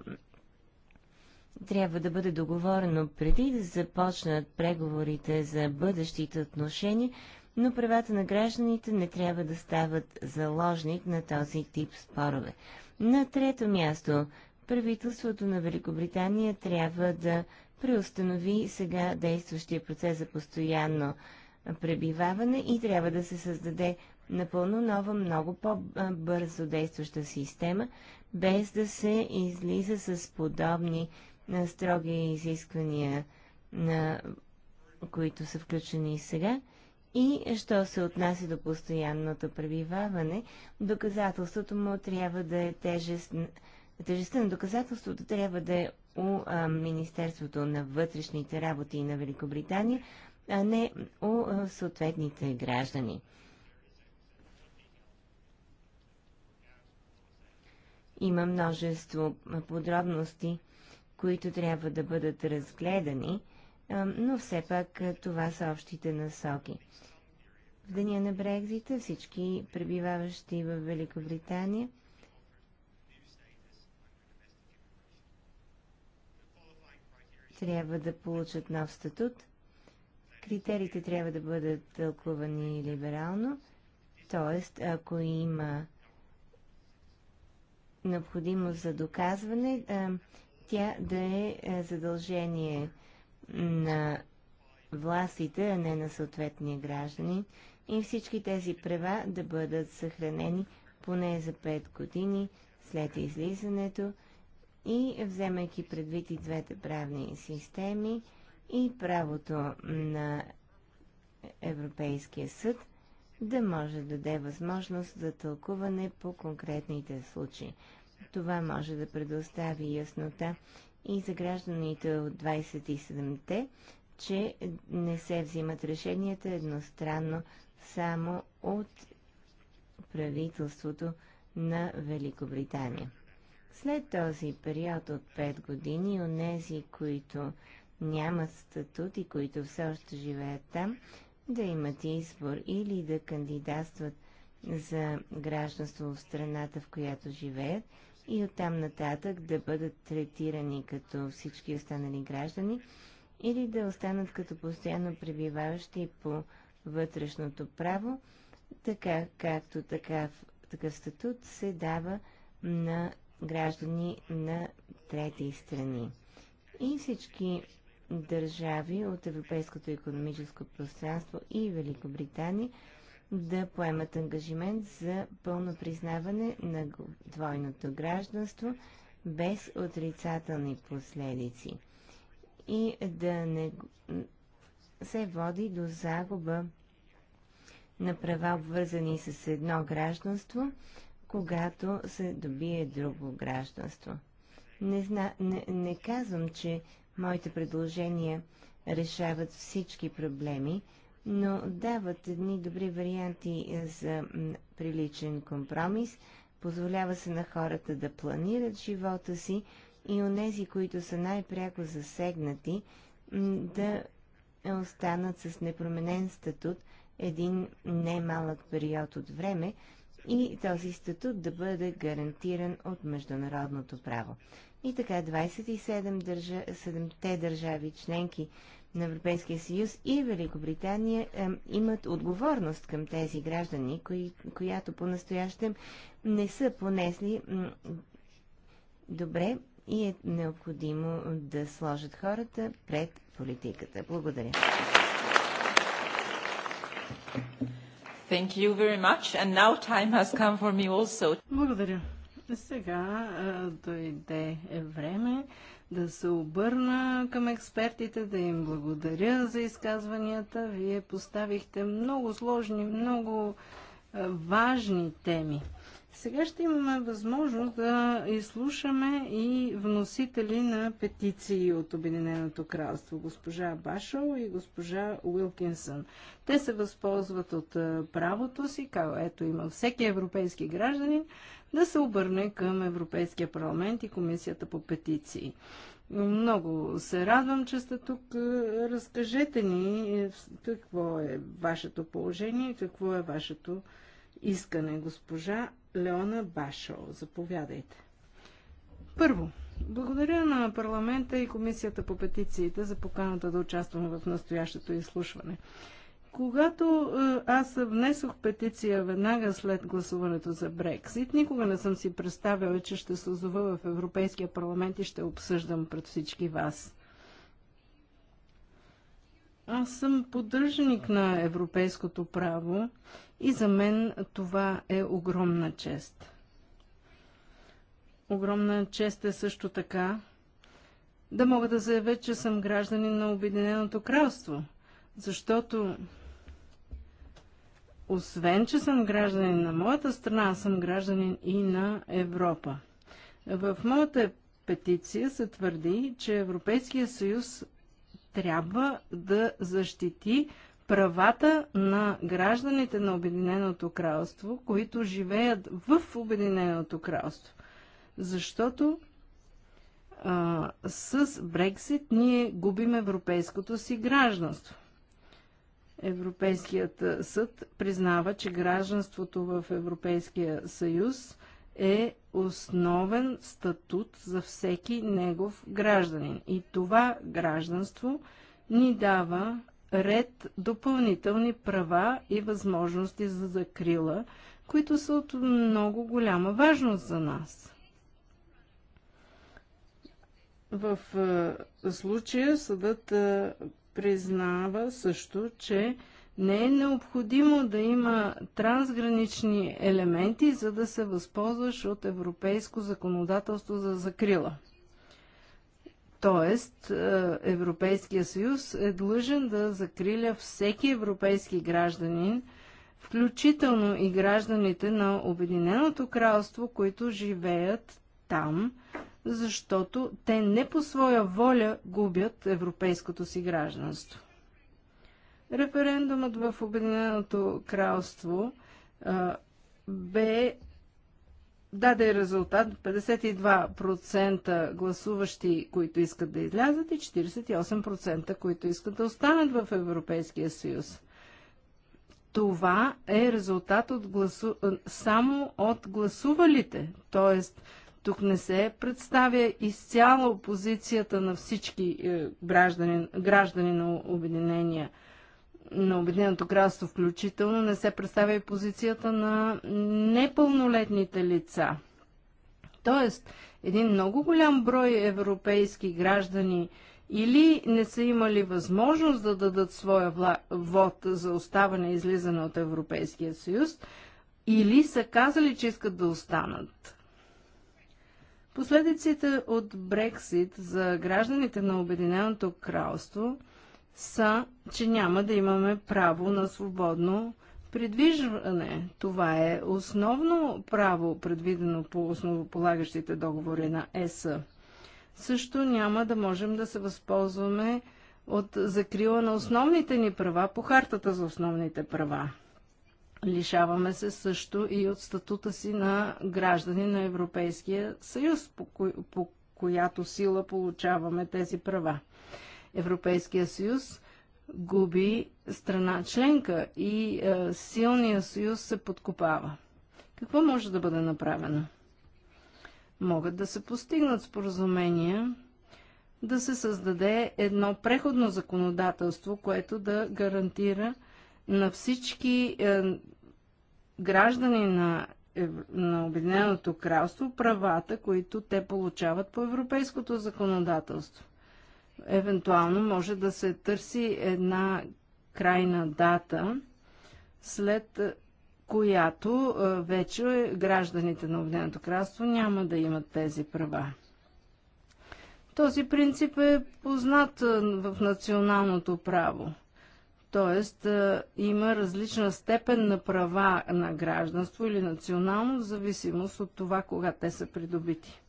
трябва да бъде договорено преди да започнат преговорите за бъдещите отношения, но правата на гражданите не трябва да стават заложник на този тип спорове. На трето място, правителството на Великобритания трябва да преустанови сега действащия процес за постоянно пребиваване и трябва да се създаде напълно нова, много по-бързо действаща система, без да се излиза с подобни строги изисквания, на които са включени сега. И, що се отнася до постоянното пребиваване, доказателството му трябва да е тежест тежестта на доказателството трябва да е у а, Министерството на вътрешните работи на Великобритания, а не у а, съответните граждани. Има множество подробности, които трябва да бъдат разгледани, а, но все пак това са общите насоки. В деня на Брекзита всички пребиваващи в Великобритания – трябва да получат нов статут. Критериите трябва да бъдат тълкувани либерално, т.е. ако има необходимост за доказване, тя да е задължение на властите, а не на съответния граждани и всички тези права да бъдат съхранени поне за 5 години след излизането и вземайки предвид и двете правни системи и правото на Европейския съд да може да даде възможност за тълкуване по конкретните случаи. Това може да предостави яснота и за гражданите от 27-те, че не се взимат решенията едностранно само от правителството на Великобритания. След този период от 5 години, онези, които нямат статут и които все още живеят там, да имат избор или да кандидатстват за гражданство в страната, в която живеят, и оттам нататък да бъдат третирани като всички останали граждани или да останат като постоянно пребиваващи по вътрешното право, така както такъв, такъв статут се дава на граждани на трети страни. И всички държави от Европейското економическо пространство и Великобритания да поемат ангажимент за пълно признаване на двойното гражданство без отрицателни последици и да не се води до загуба на права, обвързани с едно гражданство, когато се добие друго гражданство. Не, зна, не, не казвам, че моите предложения решават всички проблеми, но дават едни добри варианти е, за приличен компромис, позволява се на хората да планират живота си и у нези, които са най-пряко засегнати, да е, останат с непроменен статут един немалък период от време, и този статут да бъде гарантиран от международното право. И така 27 държа, 7-те държави членки на Европейския съюз и Великобритания е, имат отговорност към тези граждани, кои, която по-настоящем не са понесли добре и е необходимо да сложат хората пред политиката. Благодаря. Thank you very much. And now time has come for me also. Благодаря. Сега а, дойде е време да се обърна към експертите, да им благодаря за изказванията. Вие поставихте много сложни, много а, важни теми. Сега ще имаме възможност да изслушаме и вносители на петиции от Обединеното кралство, госпожа Башо и госпожа Уилкинсън. Те се възползват от правото си, което има всеки европейски гражданин, да се обърне към Европейския парламент и Комисията по петиции. Много се радвам, че сте тук. Разкажете ни е, какво е вашето положение и какво е вашето искане, госпожа Леона Башо. Заповядайте. Първо, благодаря на парламента и комисията по петициите за поканата да участвам в настоящото изслушване. Когато е, аз внесох петиция веднага след гласуването за Брексит, никога не съм си представила, че ще се озова в Европейския парламент и ще обсъждам пред всички вас. Аз съм поддръжник на европейското право и за мен това е огромна чест. Огромна чест е също така да мога да заявя, че съм гражданин на Обединеното кралство, защото освен, че съм гражданин на моята страна, съм гражданин и на Европа. В моята петиция се твърди, че Европейския съюз трябва да защити правата на гражданите на Обединеното кралство, които живеят в Обединеното кралство. Защото а, с Брексит ние губим европейското си гражданство. Европейският съд признава, че гражданството в Европейския съюз е основен статут за всеки негов гражданин. И това гражданство ни дава ред допълнителни права и възможности за закрила, които са от много голяма важност за нас. В е, случая съдът е, признава също, че не е необходимо да има трансгранични елементи, за да се възползваш от европейско законодателство за закрила. Тоест, е, Европейския съюз е длъжен да закриля всеки европейски гражданин, включително и гражданите на Обединеното кралство, които живеят там, защото те не по своя воля губят европейското си гражданство. Референдумът в Обединеното кралство а, е, бе даде резултат 52% гласуващи, които искат да излязат и 48%, които искат да останат в Европейския съюз. Това е резултат от гласу... Е, само от гласувалите. Тоест, тук не се представя изцяло позицията на всички е, граждани, граждани на Обединения на Обединеното кралство включително не се представя и позицията на непълнолетните лица. Тоест, един много голям брой европейски граждани или не са имали възможност да дадат своя вла... вод за оставане и излизане от Европейския съюз, или са казали, че искат да останат. Последиците от Брексит за гражданите на Обединеното кралство – са, че няма да имаме право на свободно придвижване. Това е основно право, предвидено по основополагащите договори на ЕС. Също няма да можем да се възползваме от закрила на основните ни права по хартата за основните права. Лишаваме се също и от статута си на граждани на Европейския съюз, по, ко... по която сила получаваме тези права. Европейския съюз губи страна членка и е, силния съюз се подкопава. Какво може да бъде направено? Могат да се постигнат споразумения, да се създаде едно преходно законодателство, което да гарантира на всички е, граждани на, е, на Обединеното кралство правата, които те получават по европейското законодателство. Евентуално може да се търси една крайна дата, след която е, вече гражданите на Обединеното кралство няма да имат тези права. Този принцип е познат е, в националното право. Тоест е, има различна степен на права на гражданство или национално, в зависимост от това кога те са придобити.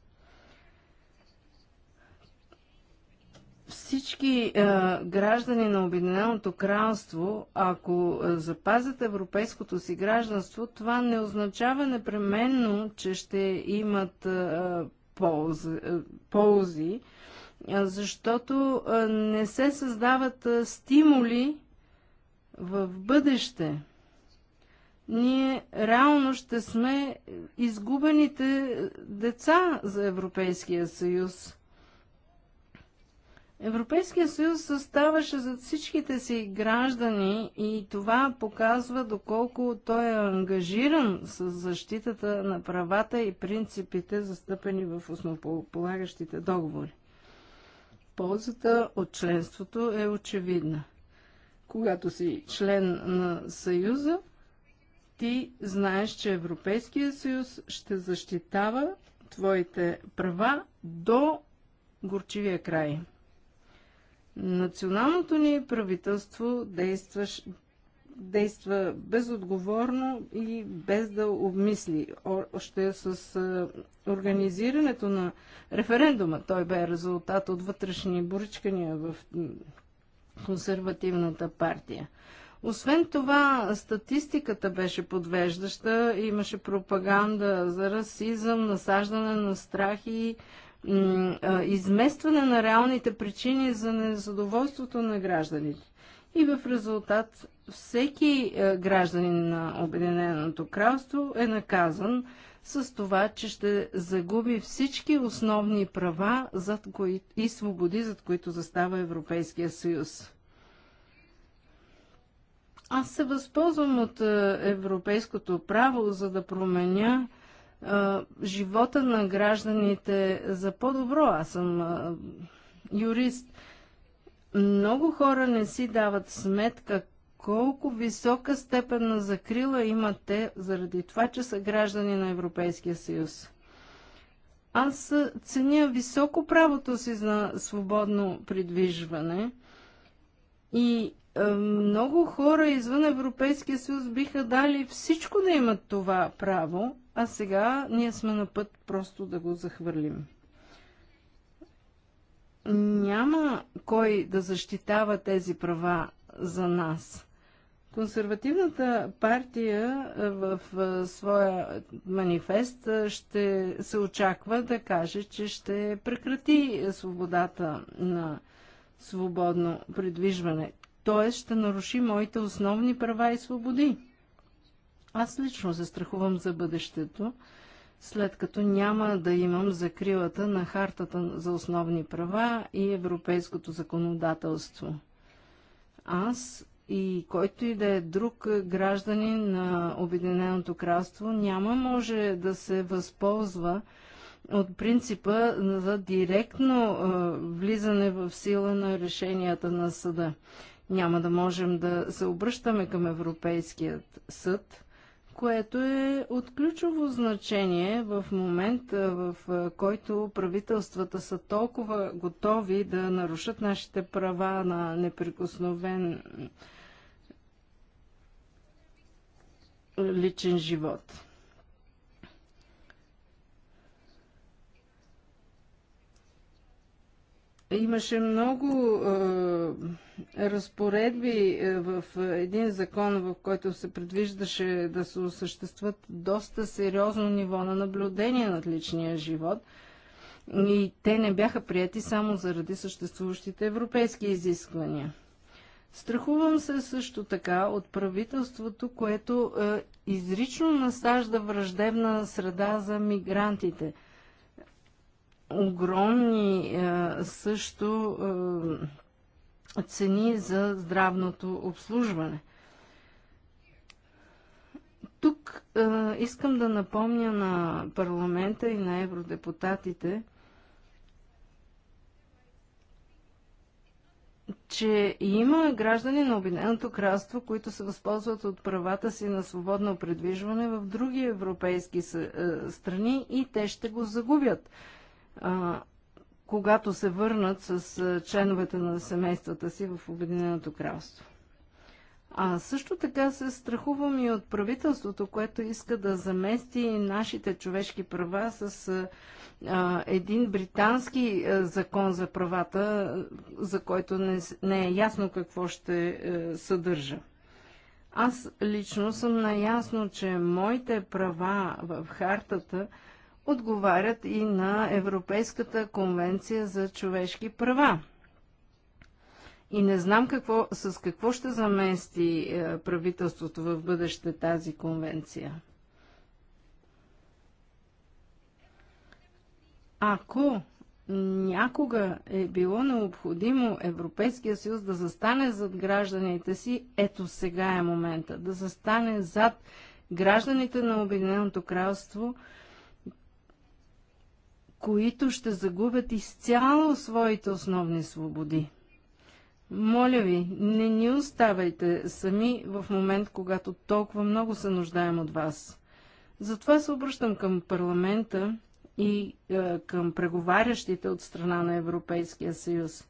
всички а, е, граждани на Обединеното кралство, ако е, запазят европейското си гражданство, това не означава непременно, че ще имат а, е, ползи, а, ползи защото а, не се създават а, стимули в бъдеще. Ние реално ще сме изгубените деца за Европейския съюз Европейския съюз съставаше за всичките си граждани и това показва доколко той е ангажиран с защитата на правата и принципите, застъпени в основополагащите договори. Ползата от членството е очевидна. Когато си член на Съюза, ти знаеш, че Европейския съюз ще защитава твоите права до горчивия край. Националното ни правителство действа, действа безотговорно и без да обмисли. Още с организирането на референдума той бе резултат от вътрешни боричкания в консервативната партия. Освен това, статистиката беше подвеждаща, имаше пропаганда за расизъм, насаждане на страх и изместване на реалните причини за незадоволството на гражданите. И в резултат всеки гражданин на Обединеното кралство е наказан с това, че ще загуби всички основни права и свободи, зад които застава Европейския съюз. Аз се възползвам от европейското право, за да променя живота на гражданите за по-добро. Аз съм а, юрист. Много хора не си дават сметка колко висока степен на закрила имат те заради това, че са граждани на Европейския съюз. Аз ценя високо правото си на свободно придвижване и много хора извън Европейския съюз биха дали всичко да имат това право, а сега ние сме на път просто да го захвърлим. Няма кой да защитава тези права за нас. Консервативната партия е, в е, своя манифест е, ще се очаква да каже, че ще прекрати свободата на свободно придвижване. Т.е. ще наруши моите основни права и свободи. Аз лично се страхувам за бъдещето, след като няма да имам закрилата на Хартата за основни права и европейското законодателство. Аз и който и да е друг гражданин на Обединеното кралство няма може да се възползва от принципа за директно влизане в сила на решенията на съда. Няма да можем да се обръщаме към Европейският съд, което е от ключово значение в момента, в който правителствата са толкова готови да нарушат нашите права на неприкосновен личен живот. Имаше много е, разпоредби в един закон, в който се предвиждаше да се осъществят доста сериозно ниво на наблюдение над личния живот. И те не бяха прияти само заради съществуващите европейски изисквания. Страхувам се също така от правителството, което е, изрично насажда враждебна среда за мигрантите – огромни е, също е, цени за здравното обслужване. Тук е, искам да напомня на парламента и на евродепутатите, че има граждани на Обединеното кралство, които се възползват от правата си на свободно предвижване в други европейски страни и те ще го загубят когато се върнат с членовете на семействата си в Обединеното кралство. А също така се страхувам и от правителството, което иска да замести нашите човешки права с а, един британски закон за правата, за който не, не е ясно какво ще а, съдържа. Аз лично съм наясно, че моите права в хартата а, отговарят и на Европейската конвенция за човешки права. И не знам какво, с какво ще замести е, правителството в бъдеще тази конвенция. Ако някога е било необходимо Европейския съюз да застане зад гражданите си, ето сега е момента. Да застане зад гражданите на Обединеното кралство – които ще загубят изцяло своите основни свободи. Моля ви, не ни оставайте сами в момент, когато толкова много се нуждаем от вас. Затова се обръщам към парламента и е, към преговарящите от страна на Европейския съюз.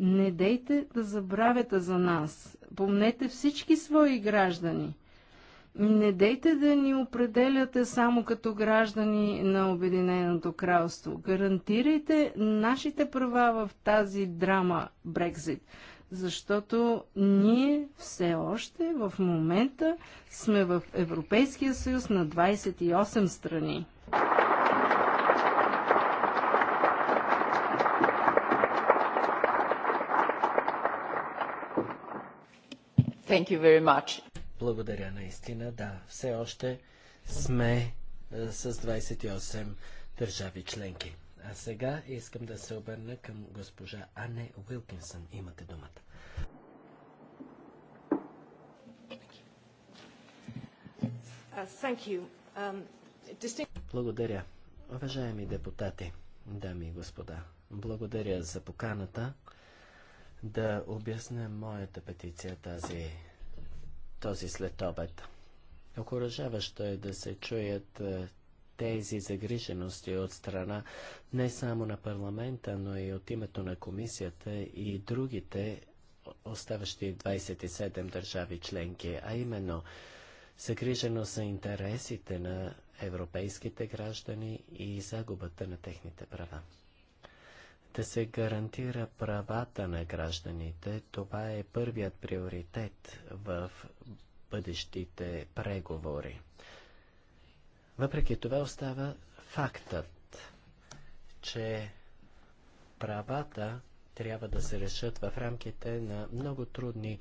Не дейте да забравяте за нас. Помнете всички свои граждани – не дейте да ни определяте само като граждани на Обединеното кралство. Гарантирайте нашите права в тази драма Брекзит, защото ние все още в момента сме в Европейския съюз на 28 страни. Thank you very much. Благодаря наистина, да. Все още сме е, с 28 държави членки. А сега искам да се обърна към госпожа Ане Уилкинсън. Имате думата. Uh, um, благодаря. Уважаеми депутати, дами и господа, благодаря за поканата да обясня моята петиция тази този следобед. Окоръжаващо е да се чуят е, тези загрижености от страна не само на парламента, но и от името на комисията и другите оставащи 27 държави членки, а именно загрижено са интересите на европейските граждани и загубата на техните права да се гарантира правата на гражданите. Това е първият приоритет в бъдещите преговори. Въпреки това остава фактът, че правата трябва да се решат в рамките на много трудни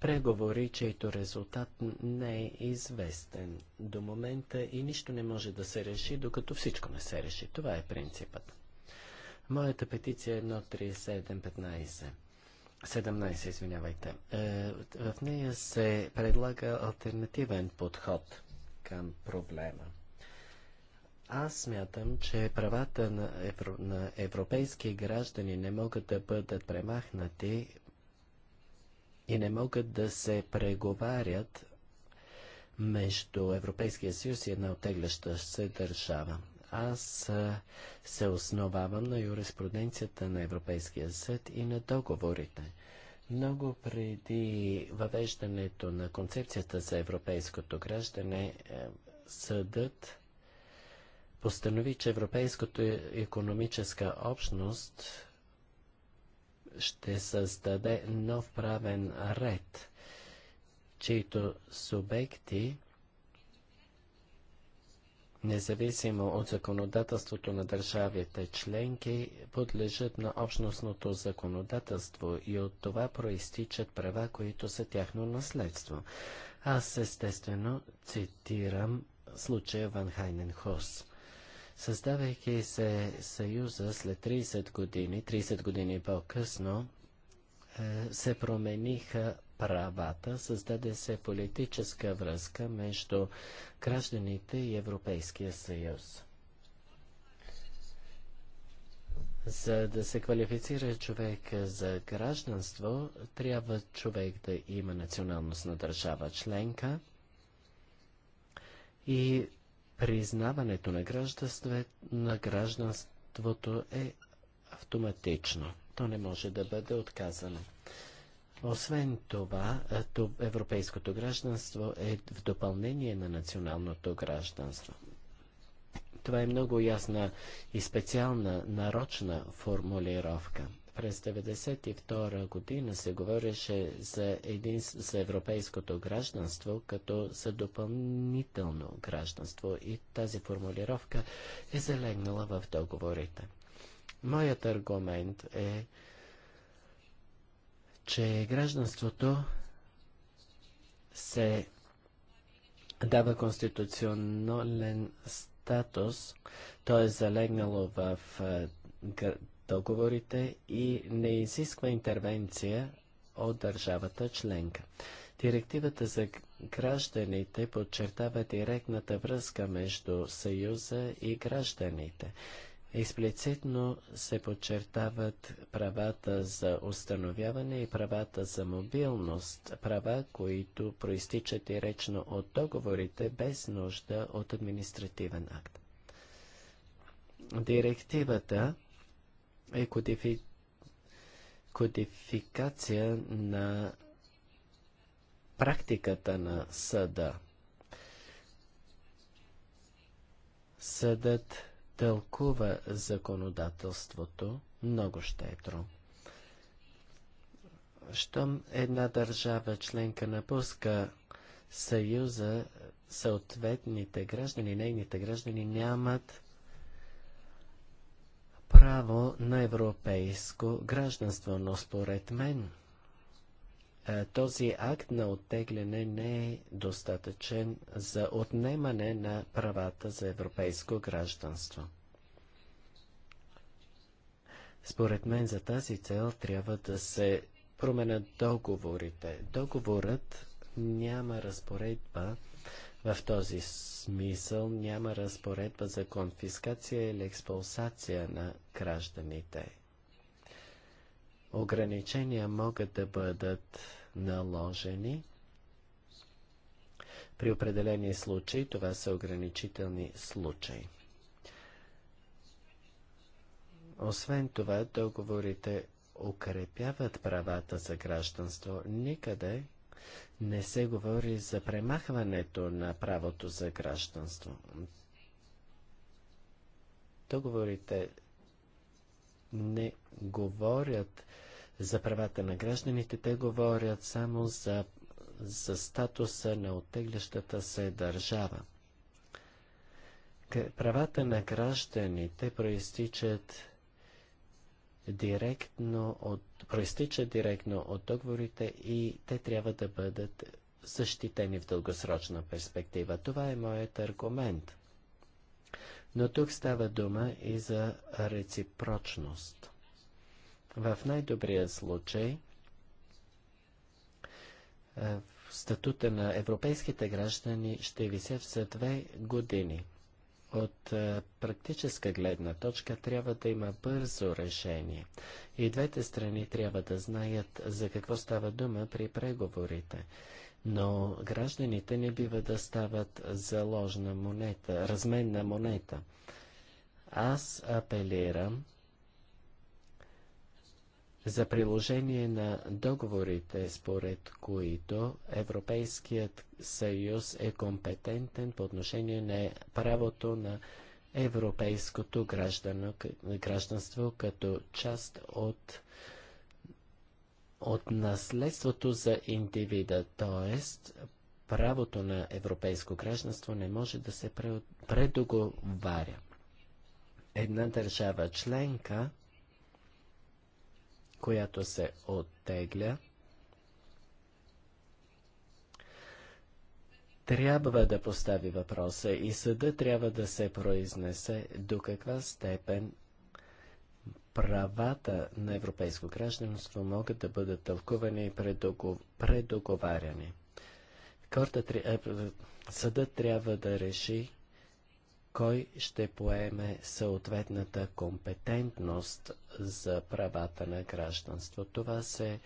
преговори, чието резултат не е известен до момента и нищо не може да се реши, докато всичко не се реши. Това е принципът. Моята петиция е 13715. 17, извинявайте. Е, в нея се предлага альтернативен подход към проблема. Аз смятам, че правата на, евро, на европейски граждани не могат да бъдат премахнати и не могат да се преговарят между Европейския съюз и една отегляща се държава аз се основавам на юриспруденцията на Европейския съд и на договорите. Много преди въвеждането на концепцията за европейското граждане, е, съдът постанови, че Европейското економическа общност ще създаде нов правен ред, чието субекти независимо от законодателството на държавите членки, подлежат на общностното законодателство и от това проистичат права, които са тяхно наследство. Аз естествено цитирам случая Ван Хайненхос. Създавайки се Съюза след 30 години, 30 години по-късно, е, се промениха правата създаде се политическа връзка между гражданите и Европейския съюз. За да се квалифицира човек за гражданство, трябва човек да има националност на държава членка и признаването на, на гражданството е автоматично. То не може да бъде отказано. Освен това, е, европейското гражданство е в допълнение на националното гражданство. Това е много ясна и специална нарочна формулировка. През 1992 година се говореше за, един, за европейското гражданство като за допълнително гражданство и тази формулировка е залегнала в договорите. Моят аргумент е, че гражданството се дава конституционален статус, то е залегнало в е, договорите и не изисква интервенция от държавата членка. Директивата за гражданите подчертава директната връзка между Съюза и гражданите. Експлицитно се подчертават правата за установяване и правата за мобилност, права, които проистичат речно от договорите без нужда от административен акт. Директивата е кодифи... кодификация на практиката на съда. Съдът тълкува законодателството, много щедро. Щом една държава членка напуска Съюза, съответните граждани, нейните граждани нямат право на европейско гражданство, но според мен е, този акт на оттегляне не е достатъчен за отнемане на правата за европейско гражданство. Според мен за тази цел трябва да се променят договорите. Договорът няма разпоредба в този смисъл, няма разпоредба за конфискация или експулсация на гражданите. Ограничения могат да бъдат наложени. При определени случаи това са ограничителни случаи. Освен това, договорите укрепяват правата за гражданство. Никъде не се говори за премахването на правото за гражданство. Договорите не говорят за правата на гражданите, те говорят само за, за статуса на оттеглящата се държава. Правата на гражданите проистичат директно от, проистичат директно от договорите и те трябва да бъдат защитени в дългосрочна перспектива. Това е моят аргумент. Но тук става дума и за реципрочност. В най-добрия случай е, статута на европейските граждани ще висят за две години. От е, практическа гледна точка трябва да има бързо решение. И двете страни трябва да знаят за какво става дума при преговорите. Но гражданите не бива да стават заложна монета, разменна монета. Аз апелирам за приложение на договорите, според които Европейският съюз е компетентен по отношение на правото на европейското гражданство като част от, от наследството за индивида, т.е. правото на европейско гражданство не може да се предоговаря. Една държава членка която се оттегля. Трябва да постави въпроса и съда трябва да се произнесе до каква степен правата на европейско гражданство могат да бъдат тълкувани и предоговаряни. Е, съдът трябва да реши кой ще поеме съответната компетентност за правата на гражданство. Това се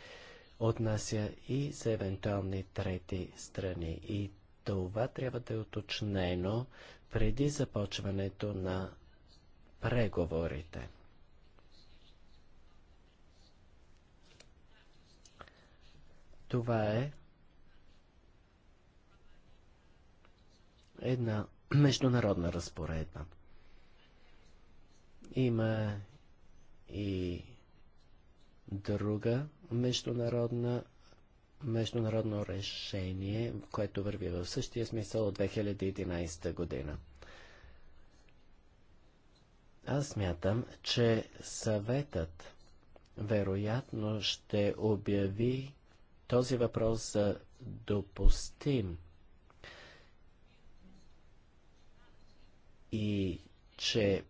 отнася и за евентуални трети страни. И това трябва да е уточнено преди започването на преговорите. Това е една международна разпоредба. Има и друга международна международно решение, което върви в същия смисъл от 2011 година. Аз мятам, че съветът вероятно ще обяви този въпрос за допустим и че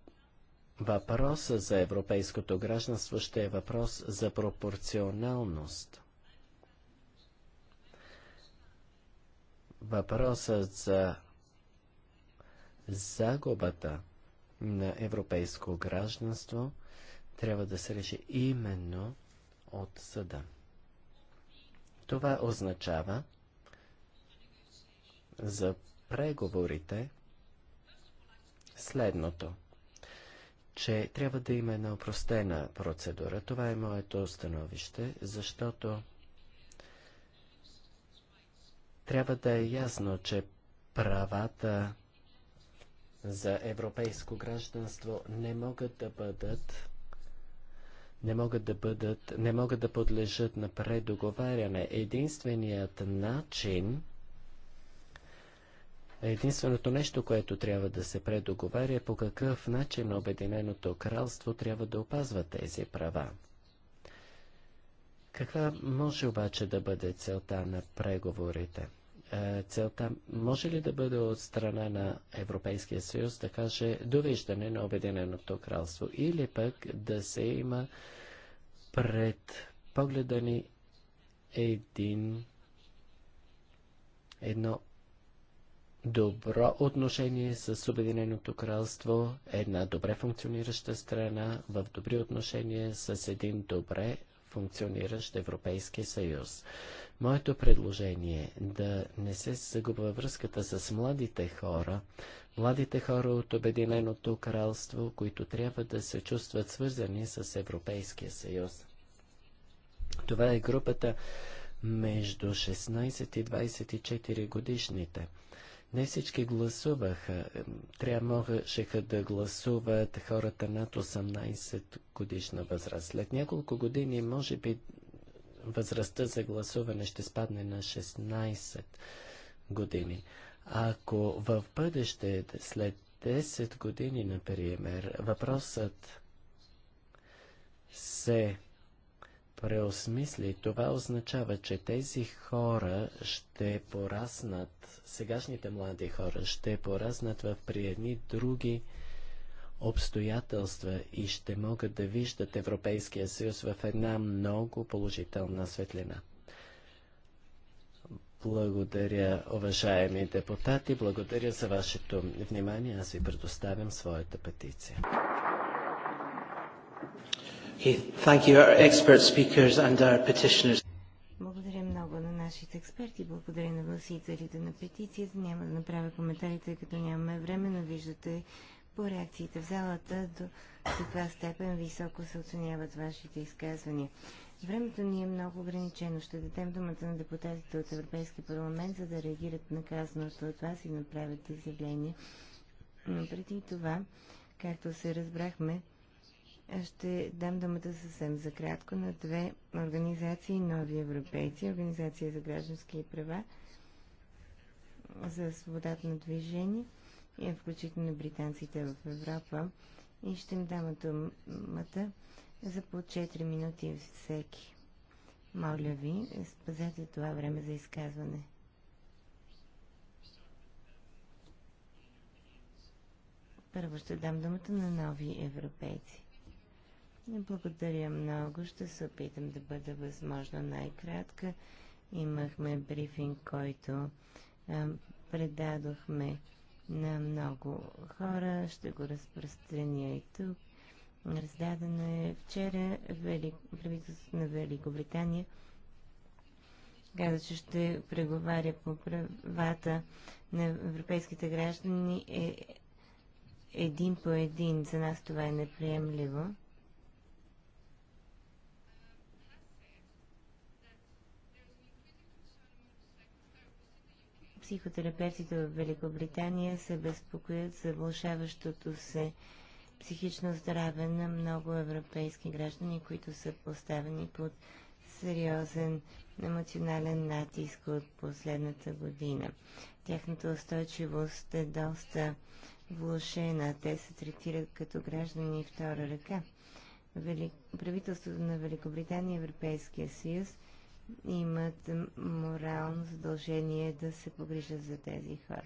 въпроса за европейското гражданство ще е въпрос за пропорционалност. Въпросът за загубата на европейско гражданство трябва да се реши именно от съда. Това означава за преговорите следното че трябва да има една упростена процедура. Това е моето установище, защото трябва да е ясно, че правата за европейско гражданство не могат да бъдат не могат да бъдат, не могат да подлежат на предоговаряне. Единственият начин Единственото нещо, което трябва да се предоговаря е по какъв начин на Обединеното кралство трябва да опазва тези права. Каква може обаче да бъде целта на преговорите? Е, целта може ли да бъде от страна на Европейския съюз да каже довиждане на Обединеното кралство или пък да се има пред погледани един едно добро отношение с Обединеното кралство, една добре функционираща страна, в добри отношения с един добре функциониращ Европейски съюз. Моето предложение е да не се загубва връзката с младите хора, младите хора от Обединеното кралство, които трябва да се чувстват свързани с Европейския съюз. Това е групата между 16 и 24 годишните. Не всички гласуваха. Трябваше да гласуват хората над 18 годишна възраст. След няколко години, може би, възрастта за гласуване ще спадне на 16 години. Ако в бъдеще, след 10 години, например, въпросът се преосмисли. Това означава, че тези хора ще пораснат, сегашните млади хора ще пораснат в при едни други обстоятелства и ще могат да виждат Европейския съюз в една много положителна светлина. Благодаря, уважаеми депутати, благодаря за вашето внимание. Аз ви предоставям своята петиция благодаря много на нашите експерти, благодаря на гласителите на петицията. Няма да направя коментарите, като нямаме време, но виждате по реакциите в залата до каква степен високо се оценяват вашите изказвания. Времето ни е много ограничено. Ще дадем думата на депутатите от Европейския парламент, за да реагират на казаното от вас и направят изявление. Но преди това, както се разбрахме, ще дам думата съвсем за кратко на две организации Нови европейци, Организация за граждански права, за свободата на движение, и включително британците в Европа. И ще им дам думата за по 4 минути всеки. Моля ви, спазете това време за изказване. Първо ще дам думата на нови европейци. Благодаря много. Ще се опитам да бъда възможно най-кратка. Имахме брифинг, който а, предадохме на много хора. Ще го разпространя и тук. Раздадено е вчера правителството на Великобритания каза, че ще преговаря по правата на европейските граждани е един по един. За нас това е неприемливо. психотерапевтите в Великобритания се безпокоят за влушаващото се психично здраве на много европейски граждани, които са поставени под сериозен емоционален натиск от последната година. Тяхната устойчивост е доста влушена. Те се третират като граждани втора ръка. Вели... Правителството на Великобритания и Европейския съюз – имат морално задължение да се погрижат за тези хора.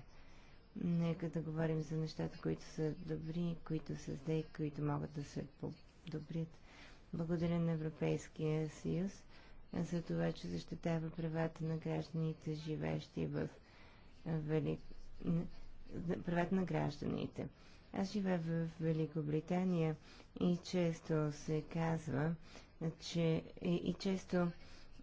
Нека да говорим за нещата, които са добри, които са зле, които могат да се подобрят. Благодаря на Европейския съюз за това, че защитава правата на гражданите, живеещи в Велик... правата на гражданите. Аз живея в Великобритания и често се казва, че и често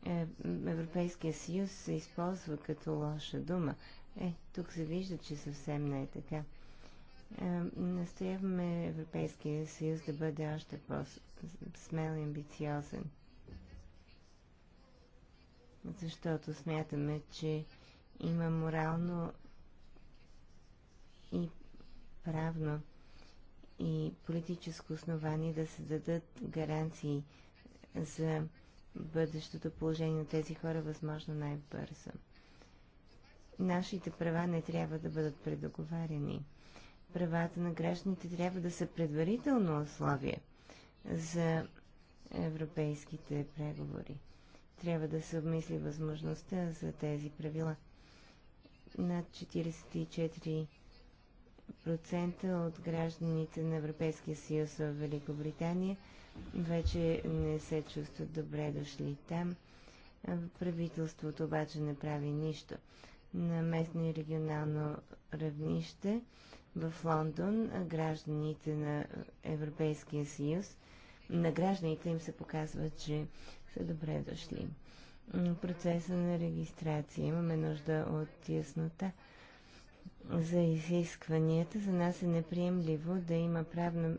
е, Европейския съюз се използва като лоша дума. Е, тук се вижда, че съвсем не е така. Е, настояваме Европейския съюз да бъде още по-смел и амбициозен. Защото смятаме, че има морално и правно и политическо основание да се дадат гаранции за бъдещото положение на тези хора възможно най-бързо. Нашите права не трябва да бъдат предоговаряни. Правата на гражданите трябва да са предварително условие за европейските преговори. Трябва да се обмисли възможността за тези правила. Над 44% от гражданите на Европейския съюз в Великобритания – вече не се чувстват добре дошли там. Правителството обаче не прави нищо. На местно и регионално равнище в Лондон гражданите на Европейския съюз, на гражданите им се показва, че са добре дошли. Процеса на регистрация имаме нужда от яснота за изискванията. За нас е неприемливо да има правна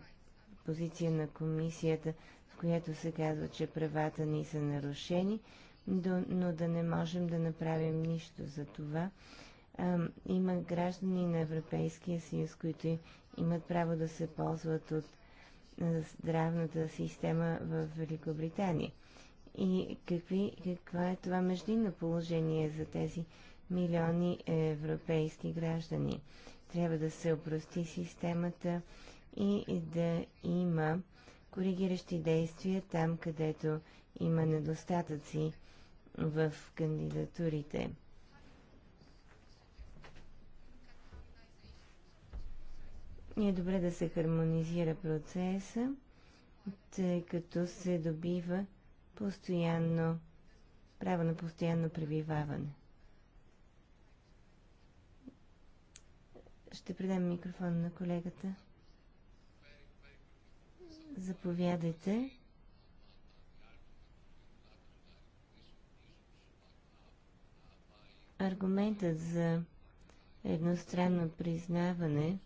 позиция на комисията, в която се казва, че правата ни са нарушени, но да не можем да направим нищо за това. има граждани на Европейския съюз, които имат право да се ползват от здравната система в Великобритания. И какви, каква е това междинно положение за тези милиони европейски граждани? Трябва да се опрости системата, и да има коригиращи действия там, където има недостатъци в кандидатурите. И е добре да се хармонизира процеса, тъй като се добива постоянно право на постоянно пребиваване. Ще предам микрофон на колегата. Заповядайте. Аргументът за едностранно признаване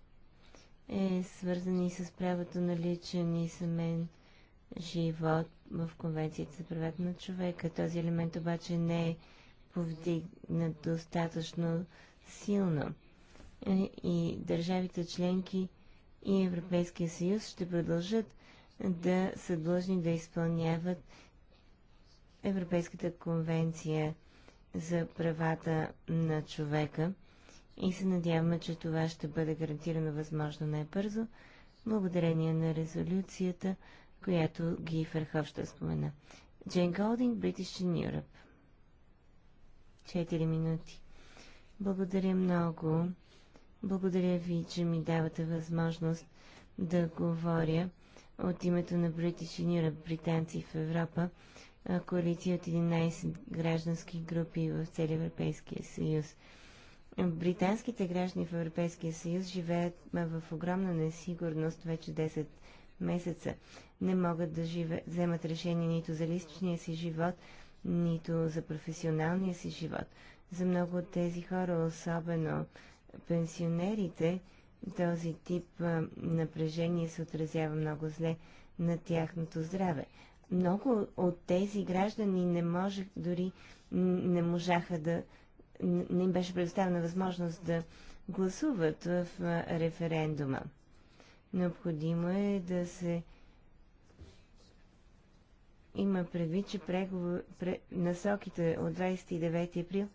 е свързан и с правото на личен и семен живот в Конвенцията за правата на човека. Този елемент обаче не е повдигнат достатъчно силно. Е, и държавите членки и Европейския съюз ще продължат да са длъжни да изпълняват Европейската конвенция за правата на човека и се надяваме, че това ще бъде гарантирано възможно най-бързо, благодарение на резолюцията, която ги ще спомена. Джейн Голдинг, British in Europe. Четири минути. Благодаря много. Благодаря ви, че ми давате възможност да говоря от името на British Union, британци в Европа, коалиция от 11 граждански групи в целия Европейския съюз. Британските граждани в Европейския съюз живеят в огромна несигурност вече 10 месеца. Не могат да живе, вземат решение нито за личния си живот, нито за професионалния си живот. За много от тези хора, особено пенсионерите, този тип напрежение се отразява много зле на тяхното здраве. Много от тези граждани не може, дори не можаха да, не им беше предоставена възможност да гласуват в референдума. Необходимо е да се има предвид, че преговор... пре... насоките от 29 април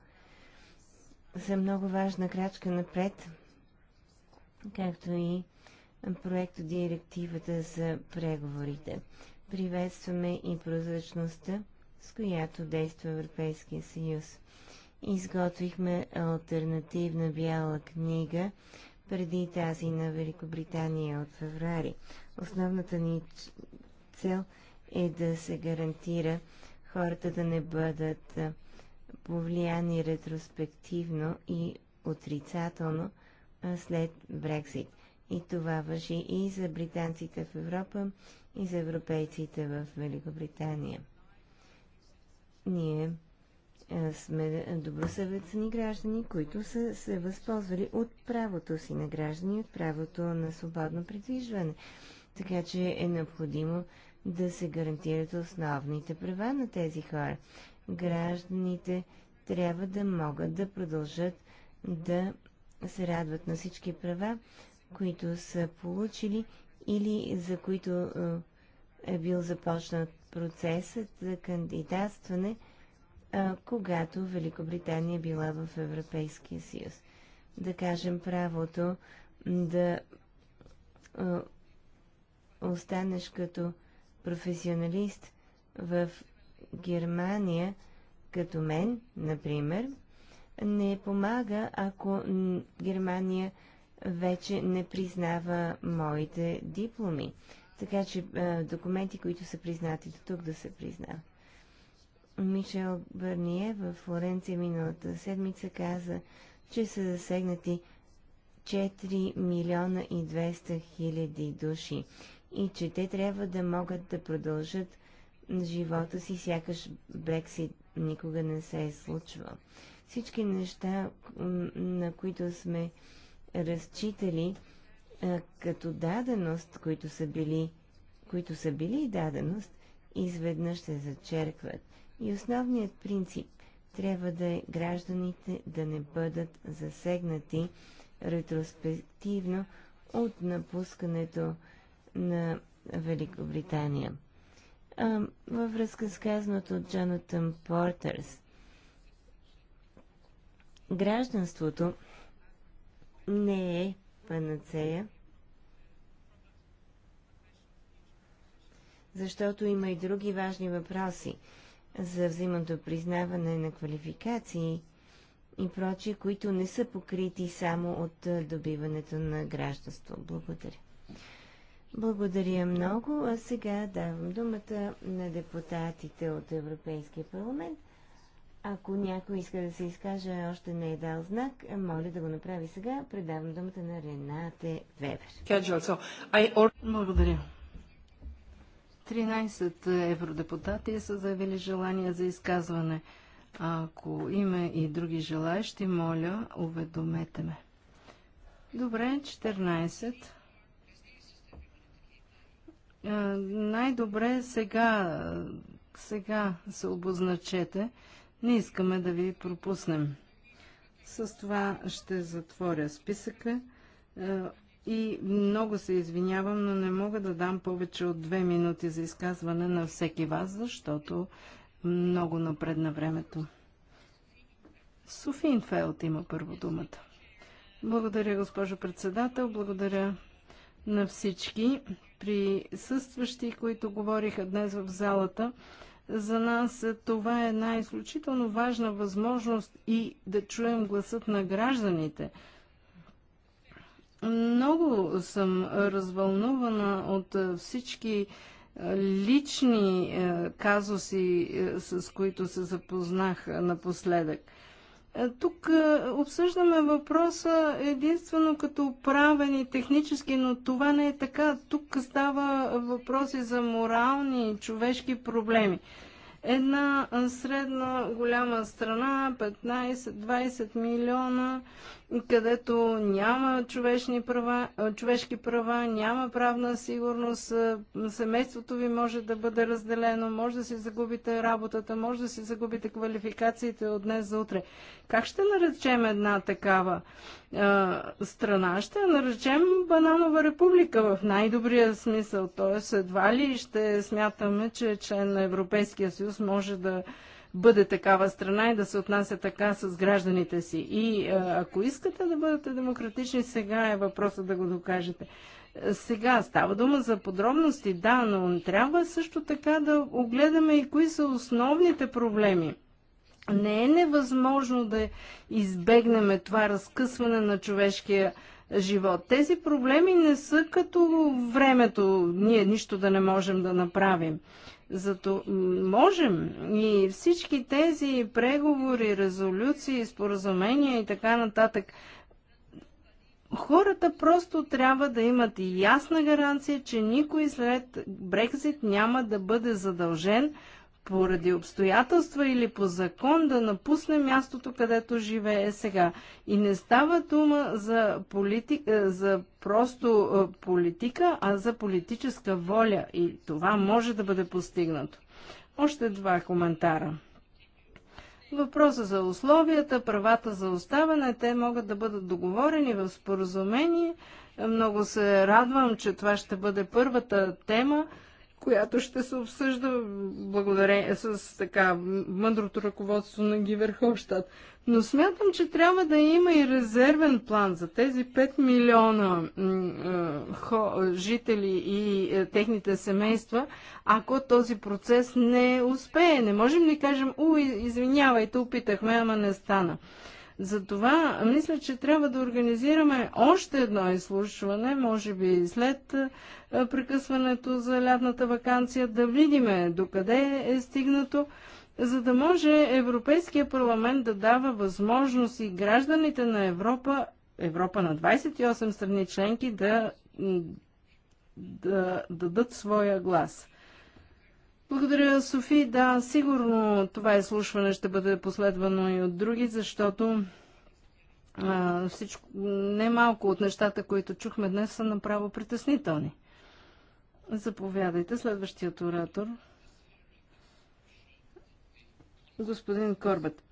са много важна крачка напред – както и проекто директивата за преговорите. Приветстваме и прозрачността, с която действа Европейския съюз. Изготвихме альтернативна бяла книга преди тази на Великобритания от феврари. Основната ни цел е да се гарантира хората да не бъдат повлияни ретроспективно и отрицателно след Брекзит. И това въжи и за британците в Европа, и за европейците в Великобритания. Ние сме добросъветни граждани, които са се възползвали от правото си на граждани, от правото на свободно придвижване. Така че е необходимо да се гарантират основните права на тези хора. Гражданите трябва да могат да продължат да се радват на всички права, които са получили или за които е, е бил започнат процесът за кандидатстване, е, когато Великобритания е била в Европейския съюз. Да кажем правото да останеш като професионалист в Германия, като мен, например, не помага, ако Германия вече не признава моите дипломи. Така че документи, които са признати до тук, да се признават. Мишел Бърние в Флоренция миналата седмица каза, че са засегнати 4 милиона и 200 хиляди души и че те трябва да могат да продължат живота си, сякаш Брексит никога не се е случвал всички неща, на които сме разчитали като даденост, които са били, които са били даденост, изведнъж се зачеркват. И основният принцип трябва да е гражданите да не бъдат засегнати ретроспективно от напускането на Великобритания. А, във връзка с казаното от Джонатан Портърс, Гражданството не е панацея, защото има и други важни въпроси за взаимното признаване на квалификации и прочие, които не са покрити само от добиването на гражданство. Благодаря. Благодаря много. А сега давам думата на депутатите от Европейския парламент. Ако някой иска да се изкаже, още не е дал знак, моля да го направи сега. Предавам думата на Ренате Вебер. Благодаря. 13 евродепутати са заявили желание за изказване. ако има и други желаящи, моля, уведомете ме. Добре, 14. Е, най-добре сега, сега се обозначете. Не искаме да ви пропуснем. С това ще затворя списъка е, и много се извинявам, но не мога да дам повече от две минути за изказване на всеки вас, защото много напред на времето. Софин Фелт има първо думата. Благодаря, госпожо председател. Благодаря на всички присъстващи, които говориха днес в залата. За нас това е една изключително важна възможност и да чуем гласът на гражданите. Много съм развълнувана от всички лични е, казуси, е, с които се запознах е, напоследък. Тук е, обсъждаме въпроса единствено като правен и технически, но това не е така. Тук става въпроси за морални и човешки проблеми. Една средна голяма страна, 15-20 милиона където няма човешни права, човешки права, няма правна сигурност, семейството ви може да бъде разделено, може да си загубите работата, може да си загубите квалификациите от днес за утре. Как ще наречем една такава а, страна? Ще наречем бананова република в най-добрия смисъл. Тоест, едва ли ще смятаме, че член на Европейския съюз може да бъде такава страна и да се отнася така с гражданите си. И е, ако искате да бъдете демократични, сега е въпросът да го докажете. Сега става дума за подробности, да, но трябва също така да огледаме и кои са основните проблеми. Не е невъзможно да избегнем това разкъсване на човешкия живот. Тези проблеми не са като времето, ние нищо да не можем да направим. Зато можем и всички тези преговори, резолюции, споразумения и така нататък, хората просто трябва да имат ясна гаранция, че никой след Брекзит няма да бъде задължен поради обстоятелства или по закон да напусне мястото, където живее сега. И не става дума за, политик, е, за просто е, политика, а за политическа воля. И това може да бъде постигнато. Още два коментара. Въпроса за условията, правата за оставане, те могат да бъдат договорени в споразумение. Много се радвам, че това ще бъде първата тема, която ще се обсъжда благодарение с така мъдрото ръководство на Гиверхолштадт. Но смятам, че трябва да има и резервен план за тези 5 милиона хо, жители и е, техните семейства, ако този процес не успее. Не можем да кажем, у, извинявайте, опитахме, ама не стана. Затова мисля, че трябва да организираме още едно изслушване, може би след е, прекъсването за лятната вакансия, да видиме докъде е стигнато, за да може Европейския парламент да дава възможност и гражданите на Европа, Европа на 28 страни членки, да, да, да дадат своя глас. Благодаря, Софи. Да, сигурно това изслушване ще бъде последвано и от други, защото а, всичко, немалко от нещата, които чухме днес, са направо притеснителни. Заповядайте, следващият оратор. Господин Корбет.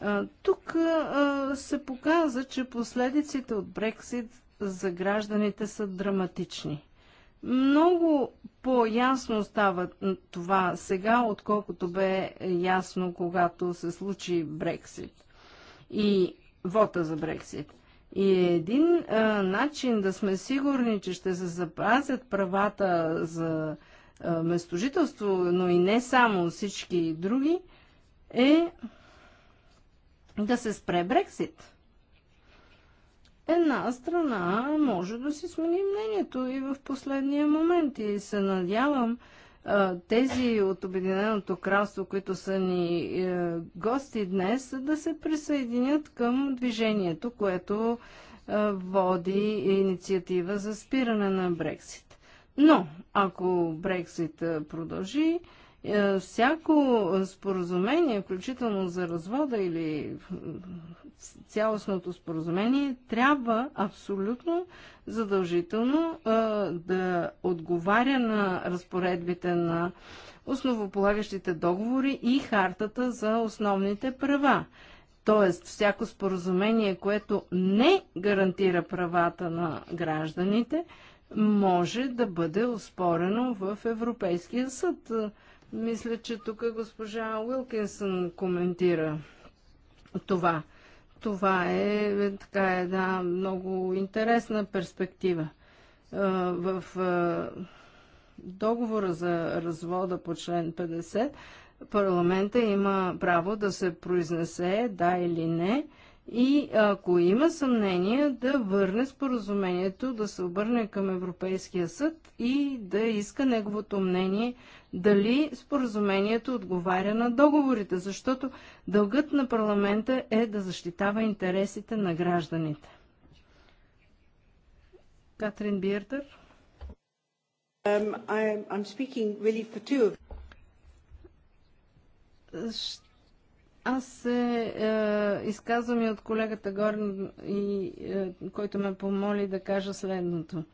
А, тук а, се показа, че последиците от Брексит за гражданите са драматични. Много по-ясно става това сега, отколкото бе ясно, когато се случи Брексит и вота за Брексит. И един а, начин да сме сигурни, че ще се запазят правата за а, местожителство, но и не само всички други, е да се спре Брексит една страна може да си смени мнението и в последния момент. И се надявам тези от Обединеното кралство, които са ни е, гости днес, да се присъединят към движението, което е, води инициатива за спиране на Брексит. Но, ако Брексит е, продължи, е, всяко споразумение, включително за развода или цялостното споразумение, трябва абсолютно задължително е, да отговаря на разпоредбите на основополагащите договори и хартата за основните права. Тоест, всяко споразумение, което не гарантира правата на гражданите, може да бъде оспорено в Европейския съд. Мисля, че тук госпожа Уилкинсън коментира това. Това е, е така една много интересна перспектива. Е, в е, договора за развода по член 50 парламента има право да се произнесе да или не и ако има съмнение да върне споразумението, да се обърне към Европейския съд и да иска неговото мнение дали споразумението отговаря на договорите, защото дългът на парламента е да защитава интересите на гражданите. Катрин Бирдър. Um, I, I'm speaking really for two of... Аз се е, изказвам и от колегата Горн, и, е, който ме помоли да кажа следното.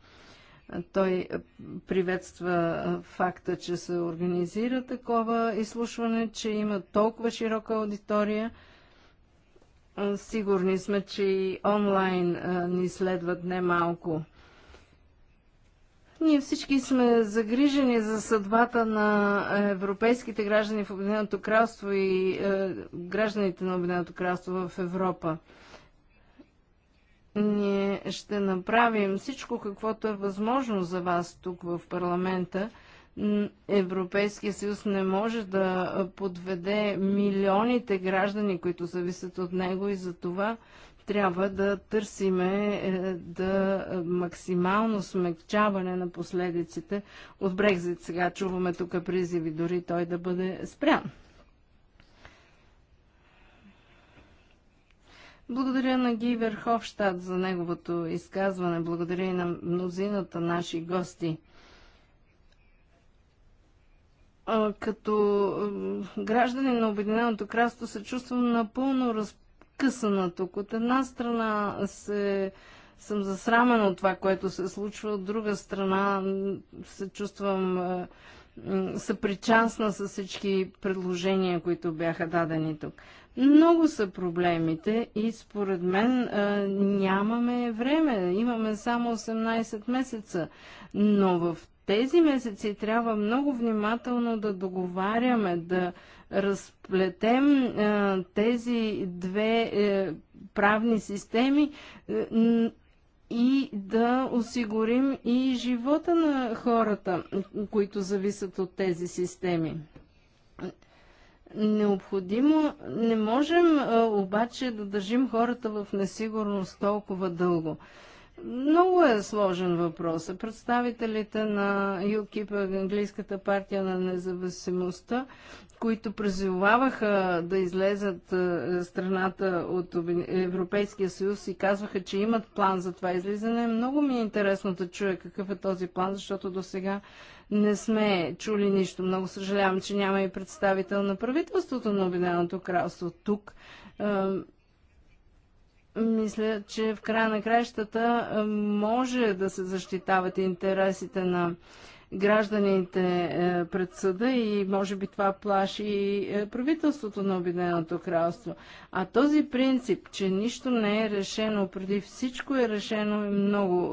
Той приветства е, факта, че се организира такова изслушване, че има толкова широка аудитория. Е, сигурни сме, че и онлайн е, ни следват немалко малко ние всички сме загрижени за съдбата на европейските граждани в Обединеното кралство и е, гражданите на Обединеното кралство в Европа. Ние ще направим всичко, каквото е възможно за вас тук в парламента. Европейския съюз не може да подведе милионите граждани, които зависят от него и за това трябва да търсиме е, да е, максимално смягчаване на последиците от Брекзит. Сега чуваме тук призиви дори той да бъде спрян. Благодаря на Ги Верховщад за неговото изказване. Благодаря и на мнозината наши гости. Като гражданин на Обединеното кралство се чувствам напълно разпределен разкъсана тук. От една страна се, съм засрамена от това, което се случва, от друга страна се чувствам е, съпричастна с всички предложения, които бяха дадени тук. Много са проблемите и според мен а, е, нямаме време. Имаме само 18 месеца. Но в тези месеци трябва много внимателно да договаряме, да разплетем тези две е, правни системи е, и да осигурим и живота на хората, които зависят от тези системи. Необходимо, не можем обаче да държим хората в несигурност толкова дълго. Много е сложен въпрос. Представителите на ЮКИП, Английската партия на независимостта, които призоваваха да излезат е, страната от Европейския съюз и казваха, че имат план за това излизане. Много ми е интересно да чуя какъв е този план, защото до сега не сме чули нищо. Много съжалявам, че няма и представител на правителството на Обединеното кралство тук. Е, мисля, че в края на краищата е, може да се защитават интересите на гражданите е, пред съда и може би това плаши и е, правителството на Обединеното кралство. А този принцип, че нищо не е решено, преди всичко е решено е много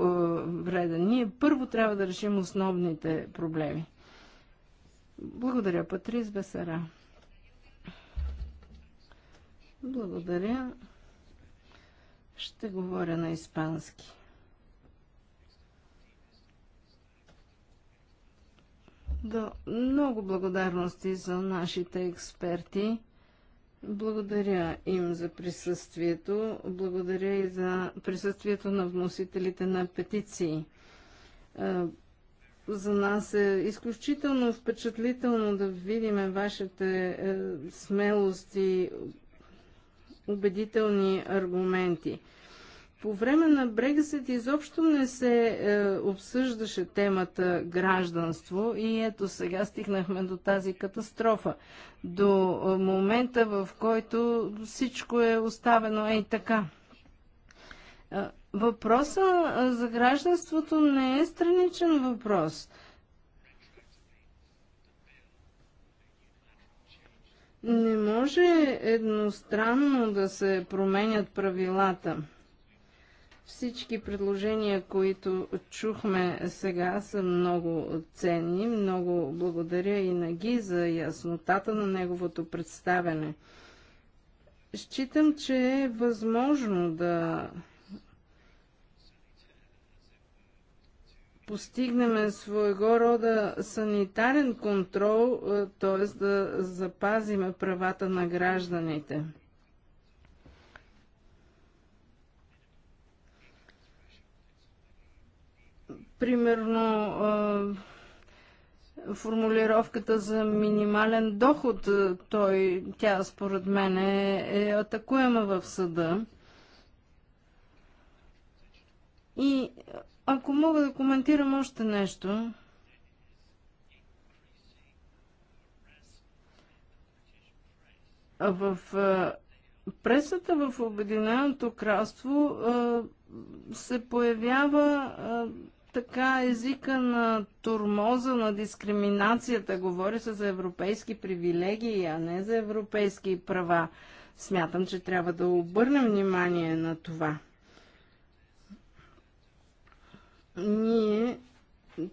вреден. Ние първо трябва да решим основните проблеми. Благодаря, Патрис Бесара. Благодаря. Ще говоря на испански. Да, много благодарности за нашите експерти. Благодаря им за присъствието. Благодаря и за присъствието на вносителите на петиции. Е, за нас е изключително впечатлително да видим вашите е, смелости убедителни аргументи. По време на Брексит изобщо не се е, обсъждаше темата гражданство и ето сега стигнахме до тази катастрофа. До е, момента, в който всичко е оставено ей така. Е, Въпросът е, за гражданството не е страничен въпрос – Не може едностранно да се променят правилата. Всички предложения, които чухме сега, са много ценни. Много благодаря и на Ги за яснотата на неговото представяне. Считам, че е възможно да постигнем своего рода санитарен контрол, е, т.е. да запазиме правата на гражданите. Примерно е, формулировката за минимален доход, е, той, тя според мен е атакуема в съда. И ако мога да коментирам още нещо, в пресата в Обединеното кралство се появява така езика на турмоза, на дискриминацията. Говори се за европейски привилегии, а не за европейски права. Смятам, че трябва да обърнем внимание на това ние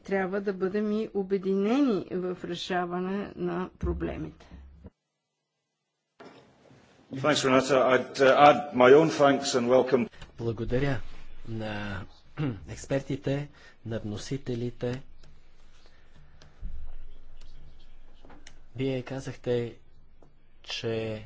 трябва да бъдем и обединени в решаване на проблемите. Uh, Благодаря на [CLEARS THROAT] експертите, на вносителите. Вие казахте, че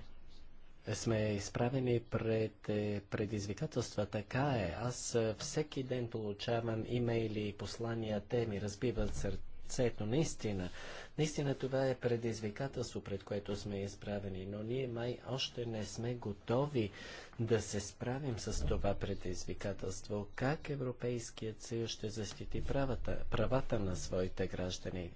сме изправени пред е, предизвикателства. Така е. Аз е, всеки ден получавам имейли и послания, те ми разбиват сърцето. Наистина, наистина това е предизвикателство, пред което сме изправени, но ние май още не сме готови да се справим с това предизвикателство. Как Европейският съюз ще защити правата, правата на своите граждани?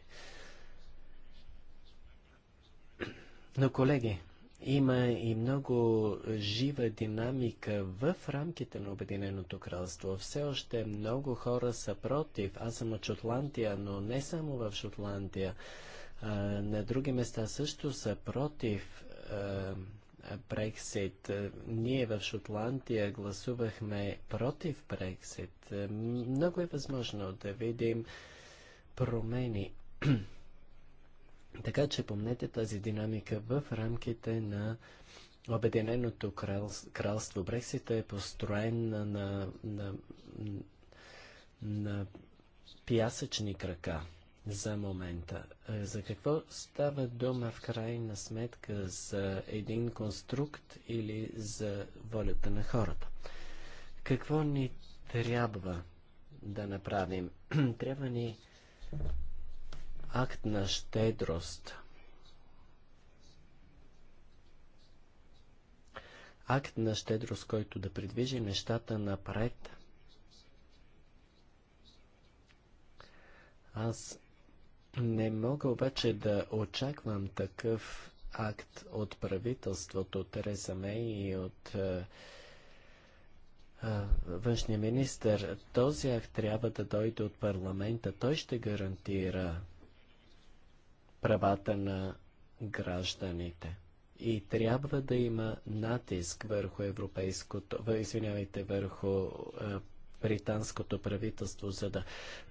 Но, колеги, има и много жива динамика в рамките на Обединеното кралство. Все още много хора са против. Аз съм от Шотландия, но не само в Шотландия. А, на други места също са против Брексит. Ние в Шотландия гласувахме против Брексит. Много е възможно да видим промени. [CLEARS THROAT] Така че помнете тази динамика в рамките на Обединеното крал... кралство. Брексит е построен на, на, на, на пясъчни крака за момента. Е, за какво става дума в крайна сметка? За един конструкт или за волята на хората? Какво ни трябва да направим? [CLEARS THROAT] трябва ни акт на щедрост. Акт на щедрост, който да придвижи нещата напред. Аз не мога обаче да очаквам такъв акт от правителството Тереза Мей и от е, е, външния министр. Този акт трябва да дойде от парламента. Той ще гарантира правата на гражданите. И трябва да има натиск върху европейското, извинявайте, върху британското правителство, за да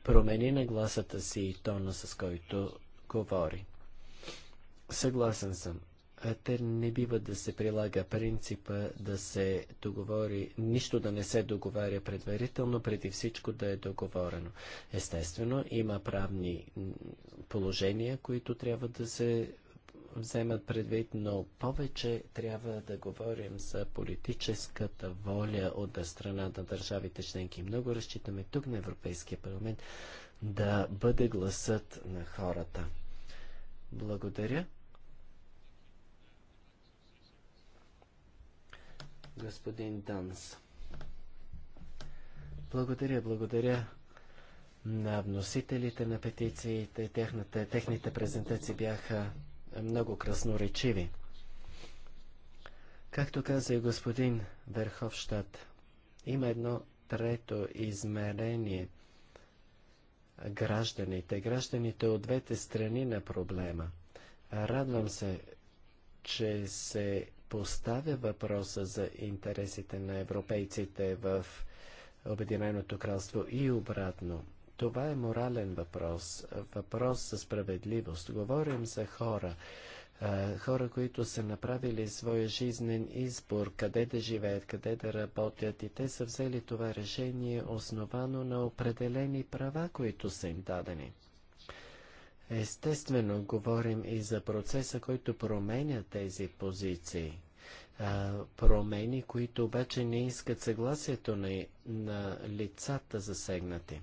промени нагласата си и тона, с който говори. Съгласен съм те не бива да се прилага принципа да се договори, нищо да не се договаря предварително, преди всичко да е договорено. Естествено, има правни положения, които трябва да се вземат предвид, но повече трябва да говорим за политическата воля от страна на държавите членки. Много разчитаме тук на Европейския парламент да бъде гласът на хората. Благодаря. господин Данс. Благодаря, благодаря на вносителите на петициите. Техните, техните презентации бяха много красноречиви. Както каза и господин Верховщад, има едно трето измерение гражданите, гражданите от двете страни на проблема. Радвам се, че се поставя въпроса за интересите на европейците в Обединеното кралство и обратно. Това е морален въпрос, въпрос за справедливост. Говорим за хора, хора, които са направили своя жизнен избор, къде да живеят, къде да работят и те са взели това решение основано на определени права, които са им дадени. Естествено, говорим и за процеса, който променя тези позиции. А, промени, които обаче не искат съгласието на, на лицата засегнати.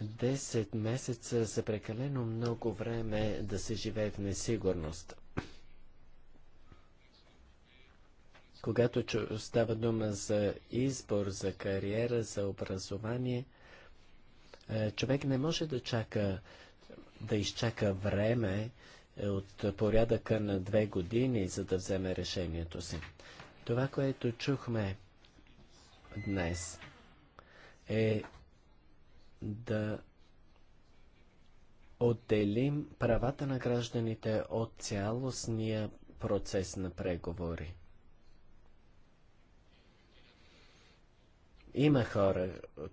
Десет месеца са прекалено много време да се живее в несигурност. Когато става дума за избор, за кариера, за образование, човек не може да чака да изчака време е, от порядъка на две години, за да вземе решението си. Това, което чухме днес, е да отделим правата на гражданите от цялостния процес на преговори. Има хора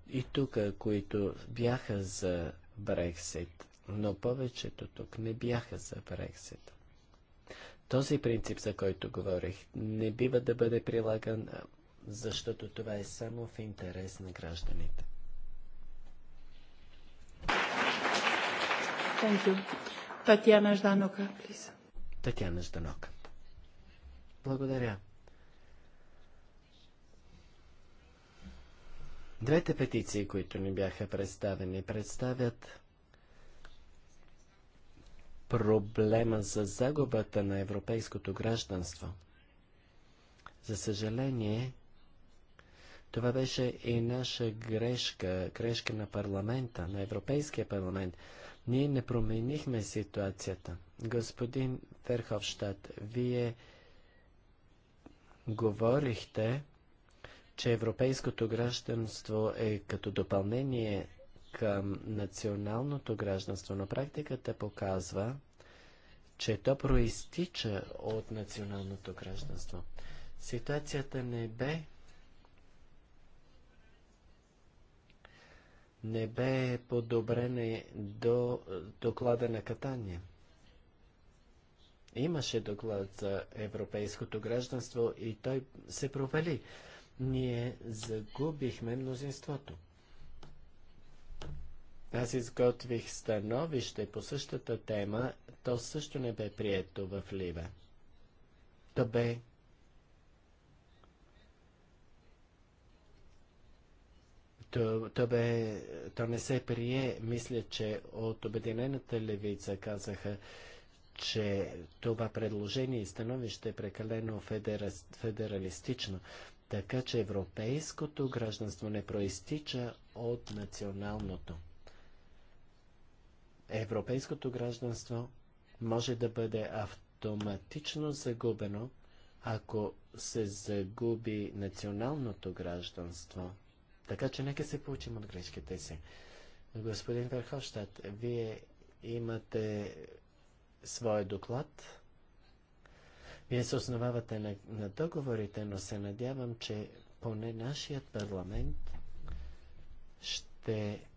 и тук, които бяха за Брексит но повечето тук не бяха за Брексит. Този принцип, за който говорих, не бива да бъде прилаган, защото това е само в интерес на гражданите. Татьяна Жданока, плиза. Татьяна Жданока. Благодаря. Двете петиции, които ни бяха представени, представят проблема за загубата на европейското гражданство. За съжаление, това беше и наша грешка, грешка на парламента, на Европейския парламент. Ние не променихме ситуацията. Господин Ферховщад, вие говорихте, че европейското гражданство е като допълнение към националното гражданство, но практиката показва, че то проистича от националното гражданство. Ситуацията не бе не бе подобрена до доклада на Катания. Имаше доклад за европейското гражданство и той се провали. Ние загубихме мнозинството. Аз изготвих становище по същата тема, то също не бе прието в Лива. То бе То, то, бе, то не се прие. Мисля, че от Обединената левица казаха, че това предложение и становище е прекалено федера, федералистично, така че европейското гражданство не проистича от националното европейското гражданство може да бъде автоматично загубено, ако се загуби националното гражданство. Така че нека се получим от грешките си. Господин Верховщад, вие имате свой доклад. Вие се основавате на, на договорите, но се надявам, че поне нашият парламент ще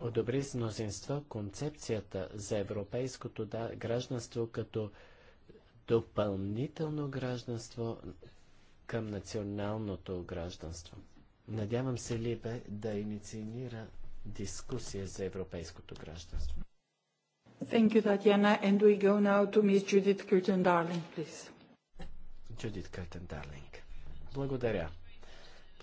одобри с мнозинство концепцията за европейското гражданство като допълнително гражданство към националното гражданство. Надявам се Либе да инициира дискусия за европейското гражданство. Thank you, Tatiana. And we go now to Miss Judith Curtin-Darling, please. Judith Curtin-Darling. Благодаря.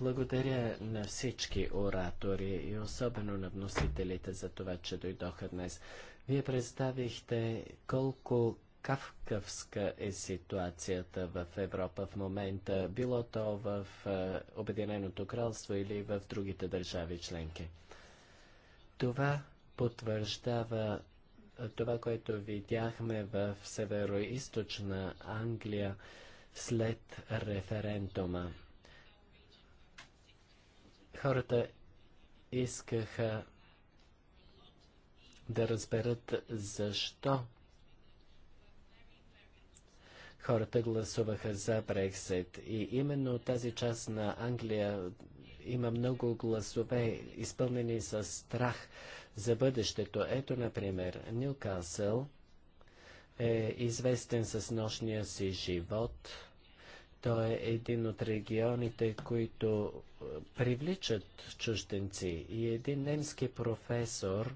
Благодаря на всички оратори и особено на вносителите за това, че дойдоха днес. Вие представихте колко кавкавска е ситуацията в Европа в момента, било то в е, Обединеното кралство или в другите държави членки. Това потвърждава е, това, което видяхме в северо-источна Англия след референдума. Хората искаха да разберат защо хората гласуваха за Брексит. И именно тази част на Англия има много гласове, изпълнени с страх за бъдещето. Ето, например, Нюкасъл е известен с нощния си живот. Той е един от регионите, които привличат чужденци. И един немски професор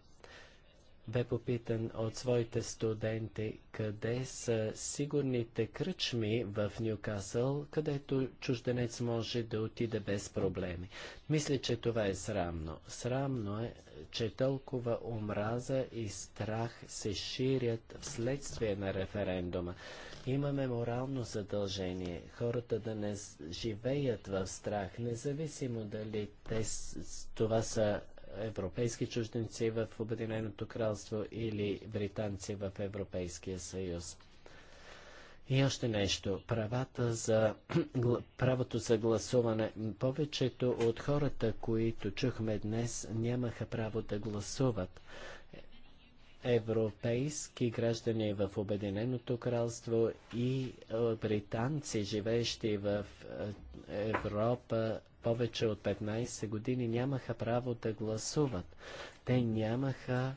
бе попитан от своите студенти къде са сигурните кръчми в Нюкасъл, където чужденец може да отиде без проблеми. Мисля, че това е срамно. Срамно е, че толкова омраза и страх се ширят вследствие на референдума. Имаме морално задължение хората да не живеят в страх, независимо дали те, това са европейски чужденци в Обединеното кралство или британци в Европейския съюз. И още нещо. Правата за, [CLEARS THROAT] правото за гласуване. Повечето от хората, които чухме днес, нямаха право да гласуват европейски граждани в Обединеното кралство и е, британци, живеещи в е, Европа повече от 15 години, нямаха право да гласуват. Те нямаха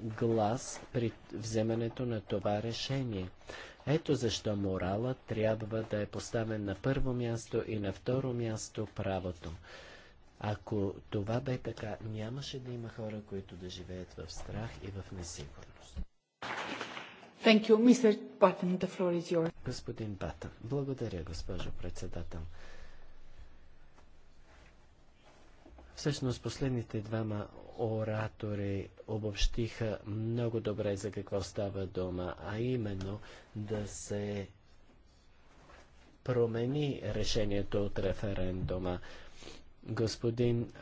глас при вземането на това решение. Ето защо моралът трябва да е поставен на първо място и на второ място правото. Ако това бе така, нямаше да има хора, които да живеят в страх и в несигурност. Thank you, Mr. Button. The floor is yours. Господин Батън, благодаря, госпожо председател. Всъщност последните двама оратори обобщиха много добре за какво става дума, а именно да се промени решението от референдума. Господин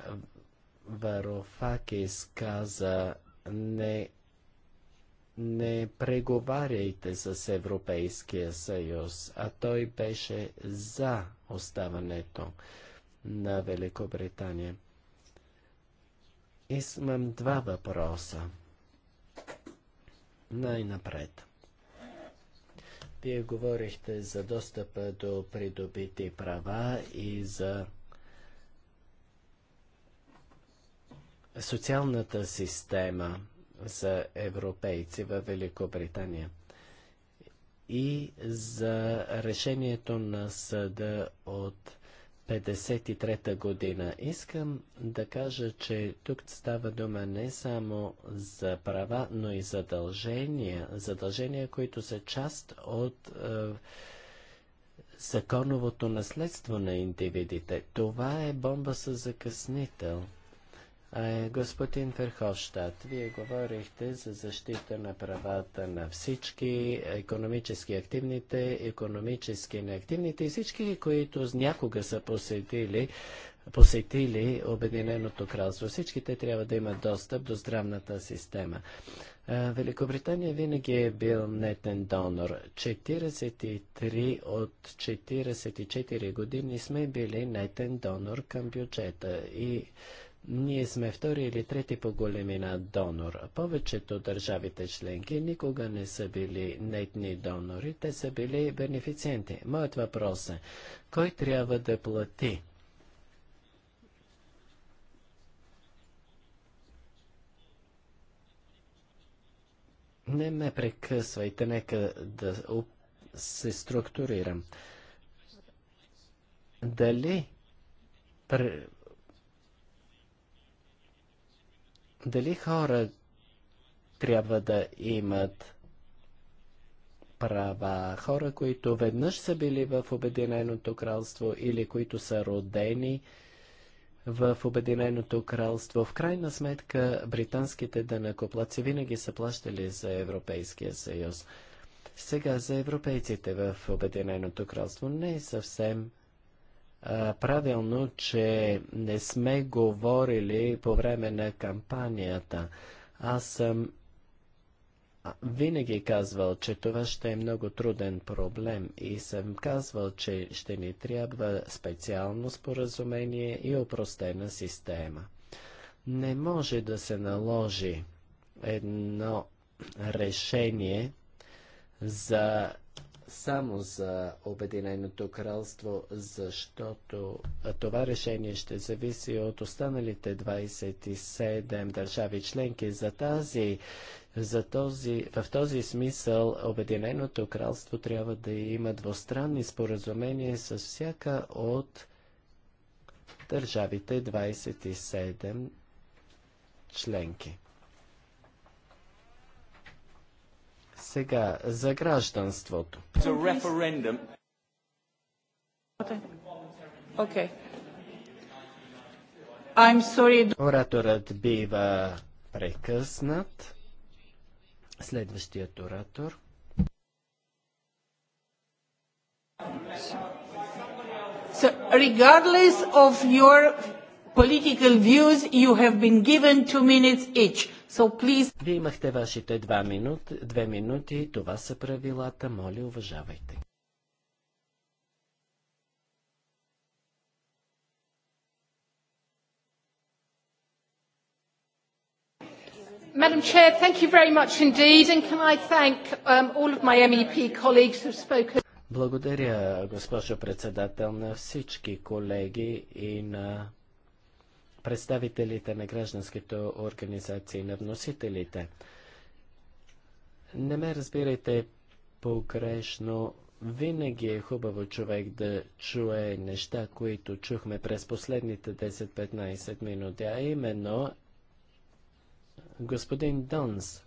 Варофакис каза, не, не преговаряйте с Европейския съюз, а той беше за оставането на Великобритания. Искам два въпроса. Най-напред. Вие говорихте за достъпа до придобити права и за социалната система за европейци в Великобритания и за решението на съда от 1953 година. Искам да кажа, че тук става дума не само за права, но и задължения. Задължения, които са част от е, законовото наследство на индивидите. Това е бомба с закъснител. Господин Верховщат, вие говорихте за защита на правата на всички економически активните, економически неактивните и всички, които някога са посетили посетили Обединеното кралство. Всичките трябва да имат достъп до здравната система. Великобритания винаги е бил нетен донор. 43 от 44 години сме били нетен донор към бюджета и ние сме втори или трети по големина донор. Повечето държавите членки никога не са били нетни донори, те са били бенефициенти. Моят въпрос е, кой трябва да плати? Не ме прекъсвайте, нека да се структурирам. Дали Дали хора трябва да имат права? Хора, които веднъж са били в Обединеното кралство или които са родени в Обединеното кралство. В крайна сметка, британските дънакоплаци винаги са плащали за Европейския съюз. Сега за европейците в Обединеното кралство не е съвсем правилно, че не сме говорили по време на кампанията. Аз съм винаги казвал, че това ще е много труден проблем и съм казвал, че ще ни трябва специално споразумение и опростена система. Не може да се наложи едно решение за само за Обединеното кралство, защото това решение ще зависи от останалите 27 държави членки. За тази, за този, в този смисъл Обединеното кралство трябва да има двустранни споразумения с всяка от държавите 27 членки. Сега за гражданството. Okay. Ораторът бива прекъснат. Следващият оратор. So, regardless of your political views, you have been given two minutes each. So please... Вие имахте вашите два минути, две минути. Това са правилата. Моля, уважавайте. Madam Chair, thank you very much indeed, and can I thank um, all of my MEP colleagues who have spoken. Благодаря, госпожо председател, на всички колеги и на представителите на гражданските организации, на вносителите. Не ме разбирайте погрешно. Винаги е хубаво човек да чуе неща, които чухме през последните 10-15 минути, а именно господин Донс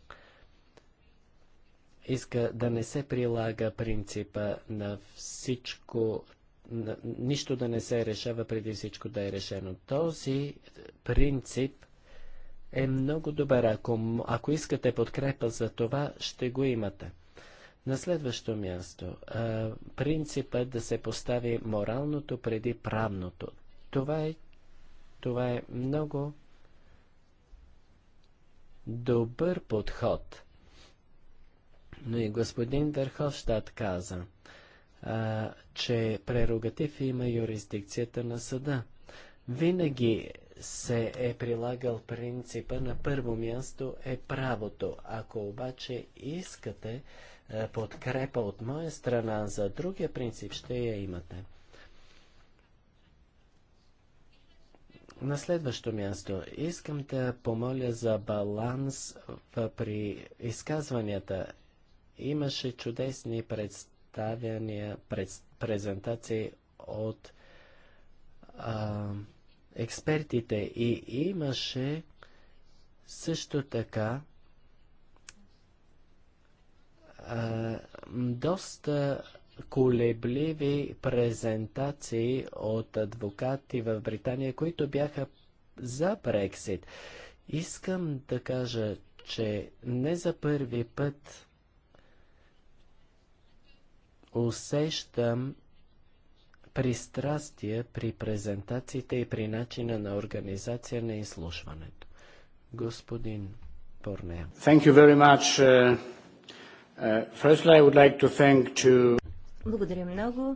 иска да не се прилага принципа на всичко нищо да не се решава преди всичко да е решено. Този принцип е много добър. Ако, ако искате подкрепа за това, ще го имате. На следващо място, принципът да се постави моралното преди правното. Това е, това е много добър подход. Но и господин Верховщад каза – а, че прерогатив има юрисдикцията на съда. Винаги се е прилагал принципа на първо място е правото. Ако обаче искате а, подкрепа от моя страна за другия принцип, ще я имате. На следващо място искам да помоля за баланс при изказванията. Имаше чудесни представители представяния, през, презентации от а, експертите и имаше също така а, доста колебливи презентации от адвокати в Британия, които бяха за Брексит. Искам да кажа, че не за първи път усещам пристрастие при презентациите и при начина на организация на изслушването. Господин Порнея. Thank you very much. Uh, uh, firstly, I would like to thank to... Благодаря много.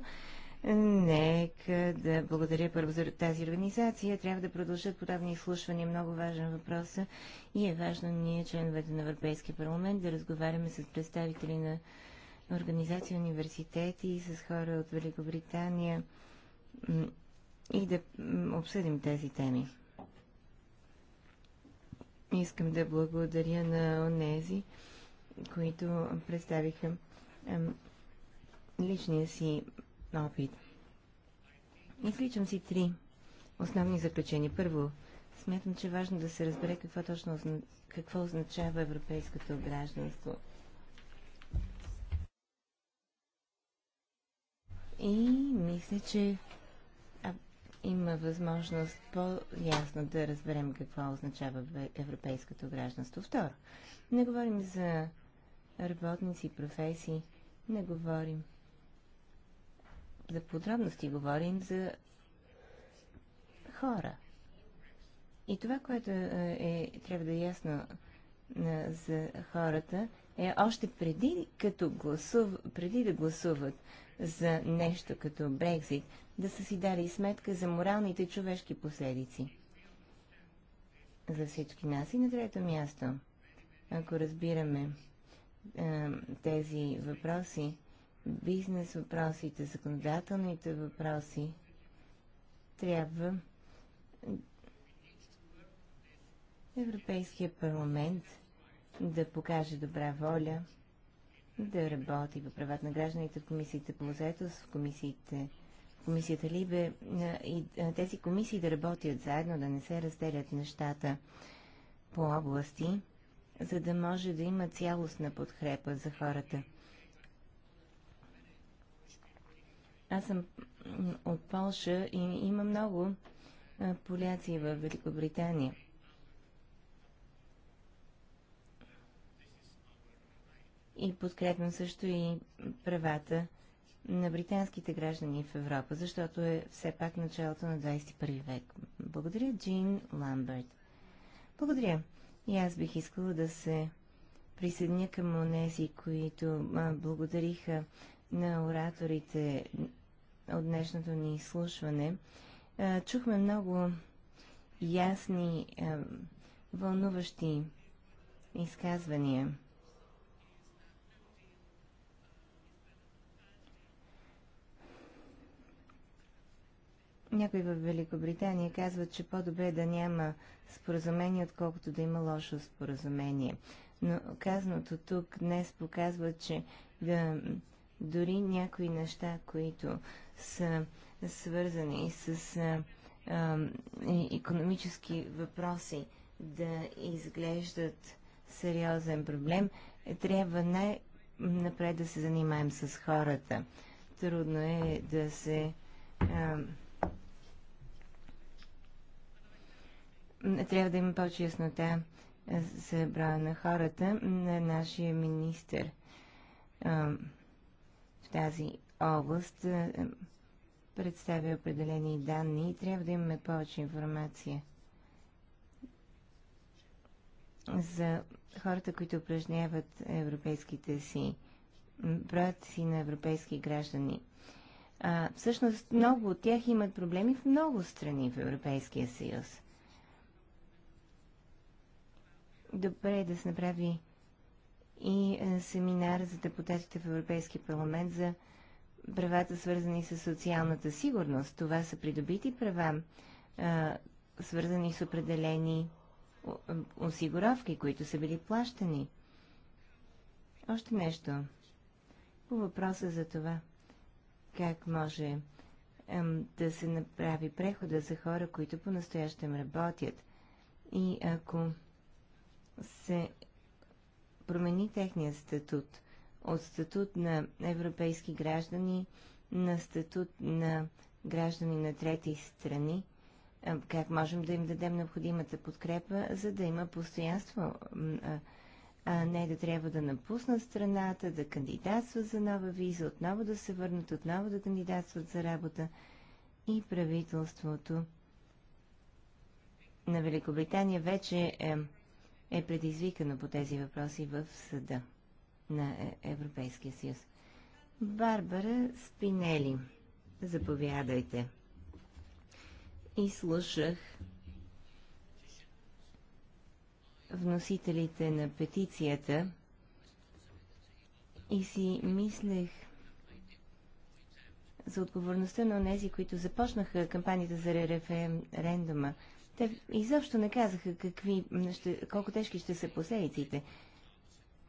Нека да благодаря първо за тази организация. Трябва да продължат подобни изслушвания. Много важен въпрос е. и е важно ние, членовете на Европейския парламент, да разговаряме с представители на организация, университети, с хора от Великобритания и да обсъдим тези теми. Искам да благодаря на онези, които представиха личния си опит. Изличам си три основни заключения. Първо, смятам, че е важно да се разбере какво точно какво означава европейското гражданство – И мисля, че има възможност по-ясно да разберем какво означава европейското гражданство. Второ, не говорим за работници, професии, не говорим за подробности, говорим за хора. И това, което е, е трябва да е ясно за хората, е още преди, като гласув, преди да гласуват за нещо като Брекзит, да са си дали сметка за моралните човешки последици. За всички нас и на трето място, ако разбираме е, тези въпроси, бизнес въпросите, законодателните въпроси, трябва Европейския парламент да покаже добра воля да работи по правата на гражданите в комисиите по заетост, в комисиите в комисията Либе и тези комисии да работят заедно, да не се разделят нещата по области, за да може да има цялостна подкрепа за хората. Аз съм от Полша и има много поляци в Великобритания. и подкрепям също и правата на британските граждани в Европа, защото е все пак началото на 21 век. Благодаря, Джин Ламберт. Благодаря. И аз бих искала да се присъединя към онези, които благодариха на ораторите от днешното ни изслушване. чухме много ясни, вълнуващи изказвания. Някои в Великобритания казват, че по-добре е да няма споразумение, отколкото да има лошо споразумение. Но казаното тук днес показва, че да, дори някои неща, които са свързани с а, а, економически въпроси, да изглеждат сериозен проблем, е, трябва най-напред да се занимаем с хората. Трудно е да се а, трябва да има повече яснота за броя на хората на нашия министр в тази област представя определени данни и трябва да имаме повече информация за хората, които упражняват европейските си, броят си на европейски граждани. А, всъщност много от тях имат проблеми в много страни в Европейския съюз. добре е да се направи и е, семинар за депутатите в Европейския парламент за правата, свързани с социалната сигурност. Това са придобити права, е, свързани с определени осигуровки, които са били плащани. Още нещо. По въпроса за това, как може ем, да се направи прехода за хора, които по-настоящем работят. И ако се промени техния статут от статут на европейски граждани на статут на граждани на трети страни, как можем да им дадем необходимата подкрепа, за да има постоянство, а не да трябва да напуснат страната, да кандидатстват за нова виза, отново да се върнат, отново да кандидатстват за работа и правителството на Великобритания вече е е предизвикано по тези въпроси в съда на е, Европейския съюз. Барбара Спинели, заповядайте. И слушах вносителите на петицията и си мислех за отговорността на тези, които започнаха кампанията за референдума. Те изобщо не казаха какви, ще, колко тежки ще са последиците.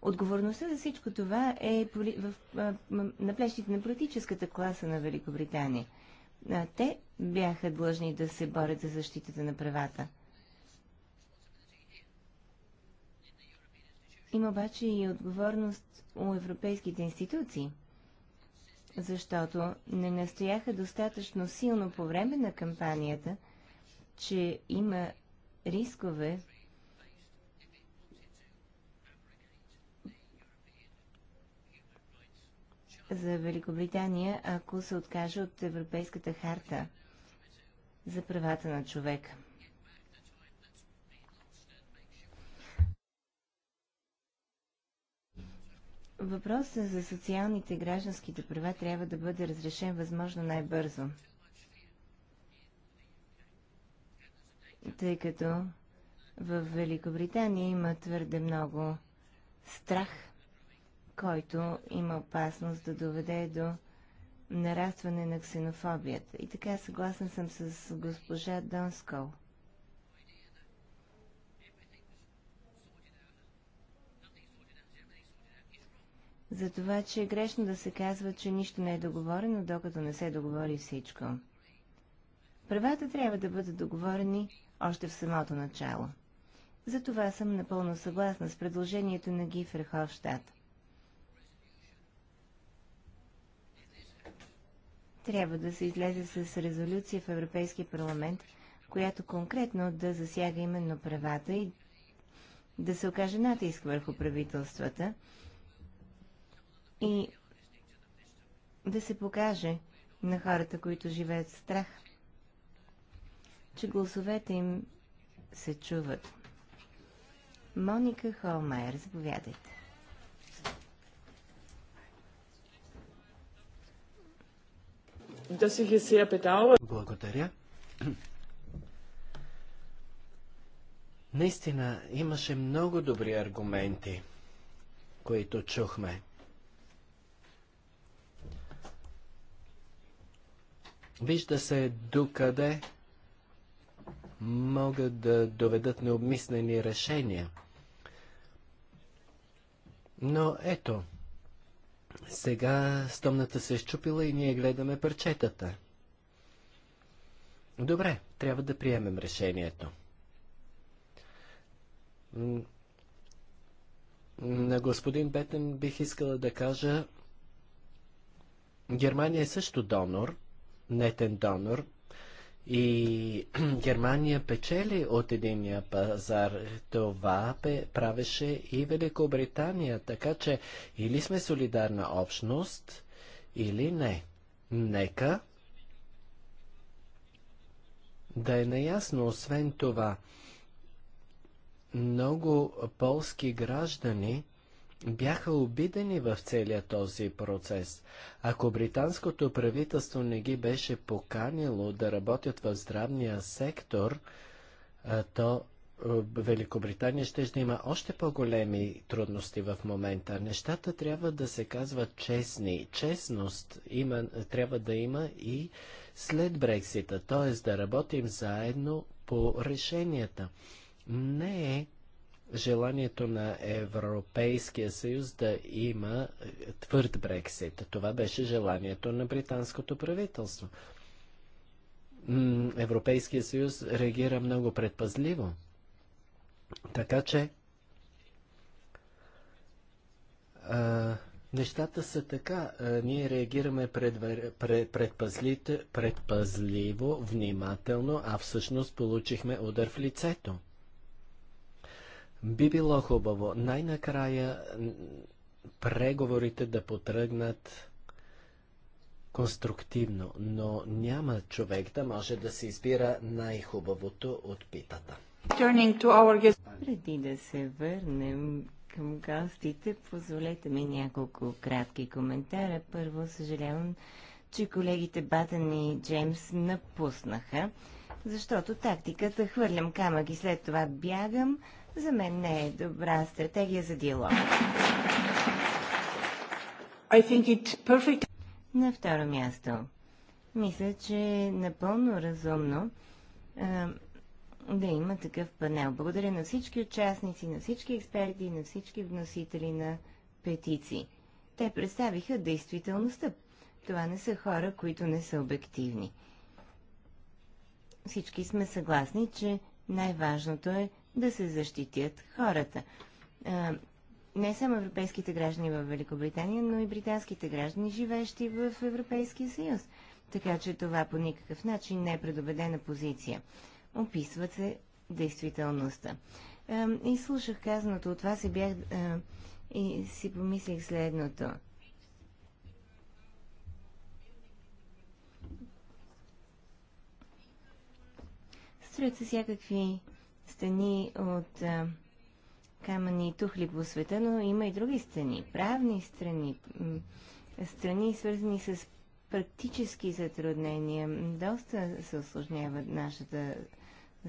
Отговорността за всичко това е в, в, на плещите на политическата класа на Великобритания. Те бяха длъжни да се борят за защитата на правата. Има обаче и отговорност у европейските институции, защото не настояха достатъчно силно по време на кампанията – че има рискове за Великобритания, ако се откаже от Европейската харта за правата на човека. Въпросът за социалните и гражданските права трябва да бъде разрешен възможно най-бързо. тъй като в Великобритания има твърде много страх, който има опасност да доведе до нарастване на ксенофобията. И така съгласна съм с госпожа Донскол. За това, че е грешно да се казва, че нищо не е договорено, докато не се договори всичко. Правата трябва да бъдат договорени още в самото начало. За това съм напълно съгласна с предложението на Гифер Ферховщад. Трябва да се излезе с резолюция в Европейския парламент, която конкретно да засяга именно правата и да се окаже натиск върху правителствата и да се покаже на хората, които живеят в страх – че гласовете им се чуват. Моника Холмайер, заповядайте. Да си ги се петала. Благодаря. Наистина имаше много добри аргументи, които чухме. Вижда се докъде могат да доведат необмислени решения. Но ето, сега стомната се е щупила и ние гледаме парчетата. Добре, трябва да приемем решението. На господин Бетен бих искала да кажа, Германия е също донор, нетен донор, и [CLEARS THROAT] Германия печели от единия пазар. Това правеше и Великобритания. Така че или сме солидарна общност, или не. Нека да е наясно, освен това, много полски граждани бяха обидени в целия този процес. Ако британското правителство не ги беше поканило да работят в здравния сектор, то Великобритания ще, ще има още по-големи трудности в момента. Нещата трябва да се казват честни. Честност има, трябва да има и след Брексита, т.е. да работим заедно по решенията. Не е желанието на Европейския съюз да има твърд Брексит. Това беше желанието на британското правителство. Европейския съюз реагира много предпазливо. Така че а, нещата са така. А, ние реагираме предвър... пред, предпазлите, предпазливо, внимателно, а всъщност получихме удар в лицето. Би било хубаво най-накрая преговорите да потръгнат конструктивно, но няма човек да може да се избира най-хубавото от питата. Преди да се върнем към гостите, позволете ми няколко кратки коментара. Първо, съжалявам, че колегите Батън и Джеймс напуснаха, защото тактиката хвърлям камък и след това бягам за мен не е добра стратегия за диалог. I think it perfect. На второ място, мисля, че е напълно разумно а, да има такъв панел. Благодаря на всички участници, на всички експерти, на всички вносители на петиции. Те представиха действителността. Това не са хора, които не са обективни. Всички сме съгласни, че най-важното е да се защитят хората. Не само европейските граждани в Великобритания, но и британските граждани, живеещи в Европейския съюз. Така че това по никакъв начин не е предобедена позиция. Описват се действителността. И слушах казаното от вас и бях и си помислих следното. Строят се всякакви стени от камъни и тухли по света, но има и други страни. Правни страни, страни свързани с практически затруднения. Доста се осложнява нашата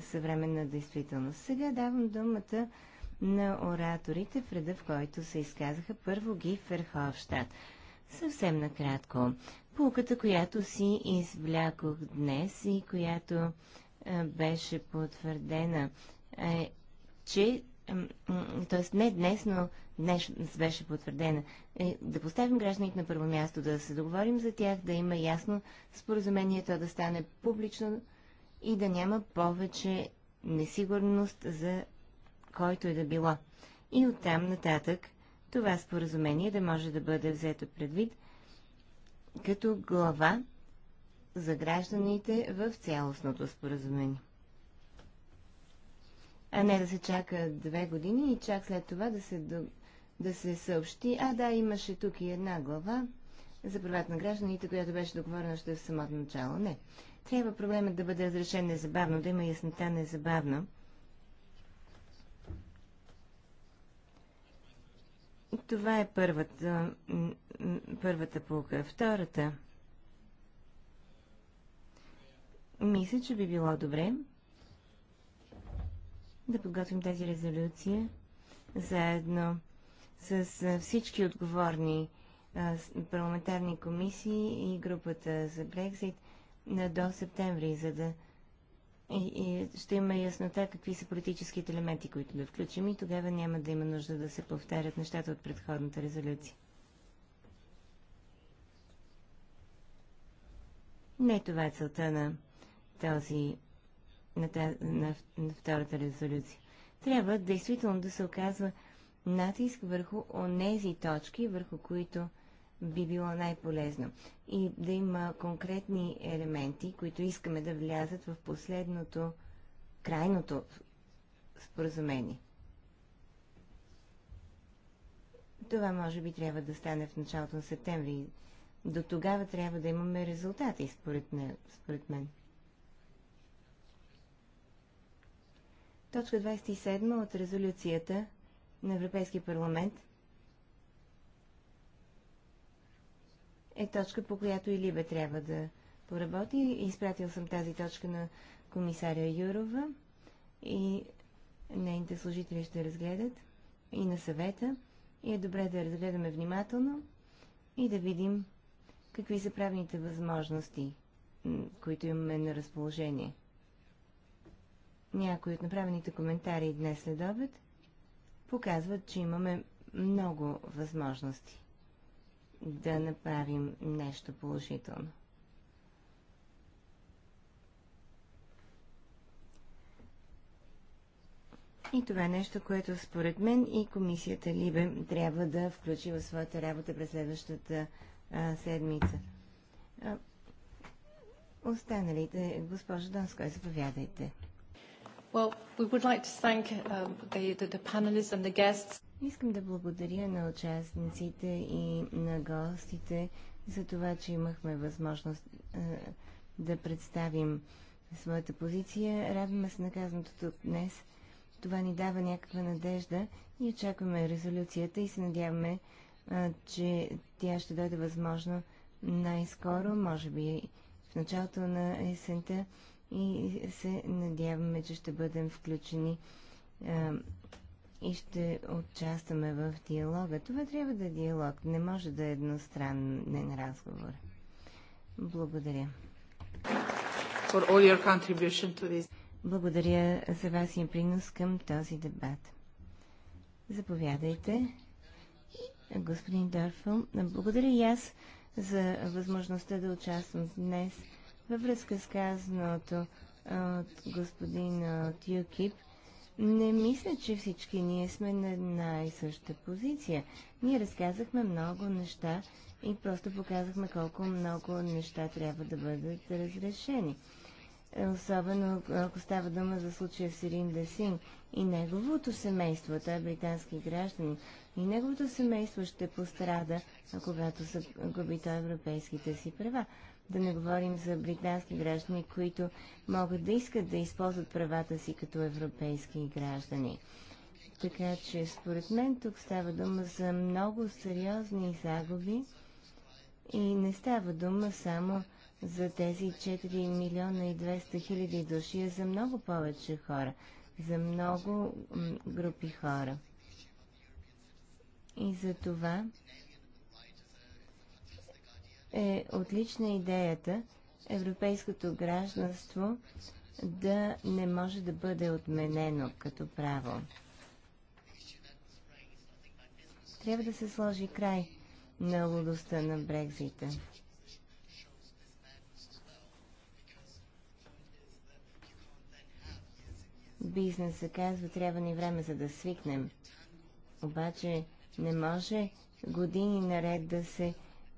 съвременна действителност. Сега давам думата на ораторите в реда, в който се изказаха първо ги Ферховщад. Съвсем накратко. Пулката, която си извлякох днес и която беше потвърдена е, че т.е. не днес, но днес беше потвърдена, е, да поставим гражданите на първо място, да се договорим за тях, да има ясно споразумението да стане публично и да няма повече несигурност за който и е да било. И оттам нататък това споразумение да може да бъде взето предвид като глава за гражданите в цялостното споразумение а не да се чака две години и чак след това да се, да, да се съобщи. А да, имаше тук и една глава за правата на гражданите, която беше договорена още в самото начало. Не. Трябва проблемът да бъде разрешен незабавно, да има яснота незабавно. Това е първата, първата полка. Втората. Мисля, че би било добре да подготвим тази резолюция заедно с всички отговорни парламентарни комисии и групата за Брекзит до септември, за да и, и ще има яснота какви са политическите елементи, които да включим и тогава няма да има нужда да се повтарят нещата от предходната резолюция. Не това е целта на този на, на, на втората резолюция. Трябва действително да се оказва натиск върху онези точки, върху които би било най-полезно. И да има конкретни елементи, които искаме да влязат в последното, крайното споразумение. Това може би трябва да стане в началото на септември. До тогава трябва да имаме резултати, според, не, според мен. Точка 27 от резолюцията на Европейския парламент е точка, по която и Либе трябва да поработи. Изпратил съм тази точка на комисаря Юрова и нейните служители ще разгледат и на съвета. И е добре да разгледаме внимателно и да видим какви са правните възможности, които имаме на разположение. Някои от направените коментари днес след обед показват, че имаме много възможности да направим нещо положително. И това е нещо, което според мен и комисията Либе трябва да включи в своята работа през следващата а, седмица. А, останалите, госпожа Донской, заповядайте. Well, we would like to thank um, the, the, the panelists and the guests. Искам да благодаря на участниците и на гостите за това, че имахме възможност е, да представим своята позиция. Радваме се наказаното тук днес. Това ни дава някаква надежда и очакваме резолюцията и се надяваме, е, че тя ще дойде възможно най-скоро, може би в началото на есента и се надяваме, че ще бъдем включени а, и ще участваме в диалога. Това трябва да е диалог, не може да е едностранен разговор. Благодаря. For all your contribution to this. Благодаря за вас и принос към този дебат. Заповядайте, господин Дорфъл. Благодаря и аз за възможността да участвам днес във връзка с казаното от господин от ЮКИП, не мисля, че всички ние сме на една и съща позиция. Ние разказахме много неща и просто показахме колко много неща трябва да бъдат разрешени. Особено ако става дума за случая Сирин Десин и неговото семейство, той е британски гражданин, и неговото семейство ще пострада, когато загуби той европейските си права. Да не говорим за британски граждани, които могат да искат да използват правата си като европейски граждани. Така че, според мен, тук става дума за много сериозни загуби и не става дума само за тези 4 милиона и 200 хиляди души, а за много повече хора, за много групи хора. И за това е отлична идеята европейското гражданство да не може да бъде отменено като право. Трябва да се сложи край на лудостта на Брекзита. Бизнесът казва, трябва ни време за да свикнем. Обаче не може години наред да се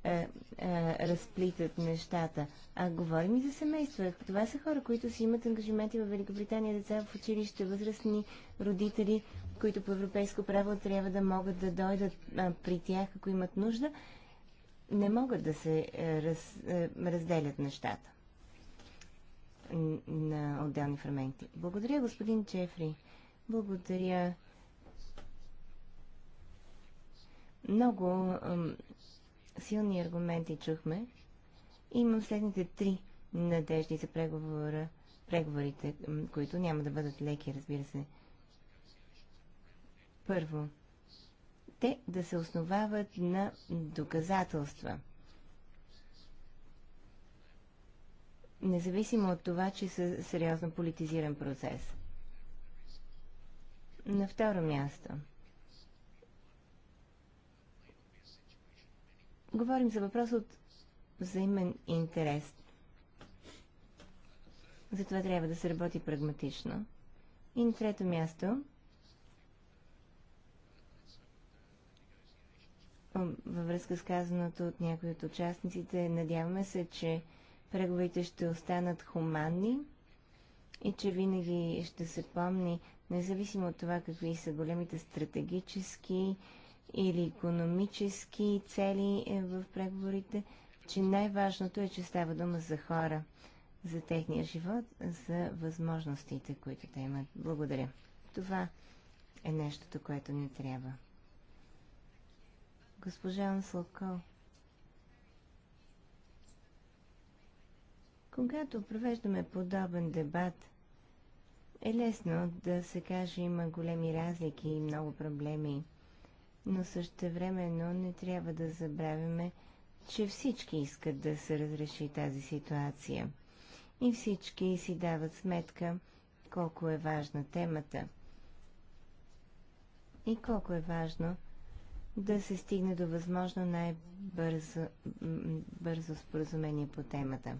е, е, разплитат нещата. А говорим и за семейства. Това са хора, които си имат ангажименти в Великобритания, деца в училище, възрастни родители, които по европейско право трябва да могат да дойдат а, при тях, ако имат нужда. Не могат да се е, раз, е, разделят нещата на отделни фрагменти. Благодаря, господин Чефри. Благодаря. Много силни аргументи чухме. Имам следните три надежди за преговора, преговорите, които няма да бъдат леки, разбира се. Първо, те да се основават на доказателства. Независимо от това, че са сериозно политизиран процес. На второ място – Говорим за въпрос от взаимен интерес. Затова трябва да се работи прагматично. И на трето място, във връзка с казаното от някои от участниците, надяваме се, че преговорите ще останат хуманни и че винаги ще се помни, независимо от това какви са големите стратегически или економически цели е, в преговорите, че най-важното е, че става дума за хора, за техния живот, за възможностите, които те имат. Благодаря. Това е нещото, което ни трябва. Госпожа Анслокъл, Когато провеждаме подобен дебат, е лесно да се каже има големи разлики и много проблеми но същевременно не трябва да забравяме, че всички искат да се разреши тази ситуация. И всички си дават сметка колко е важна темата и колко е важно да се стигне до възможно най-бързо споразумение по темата.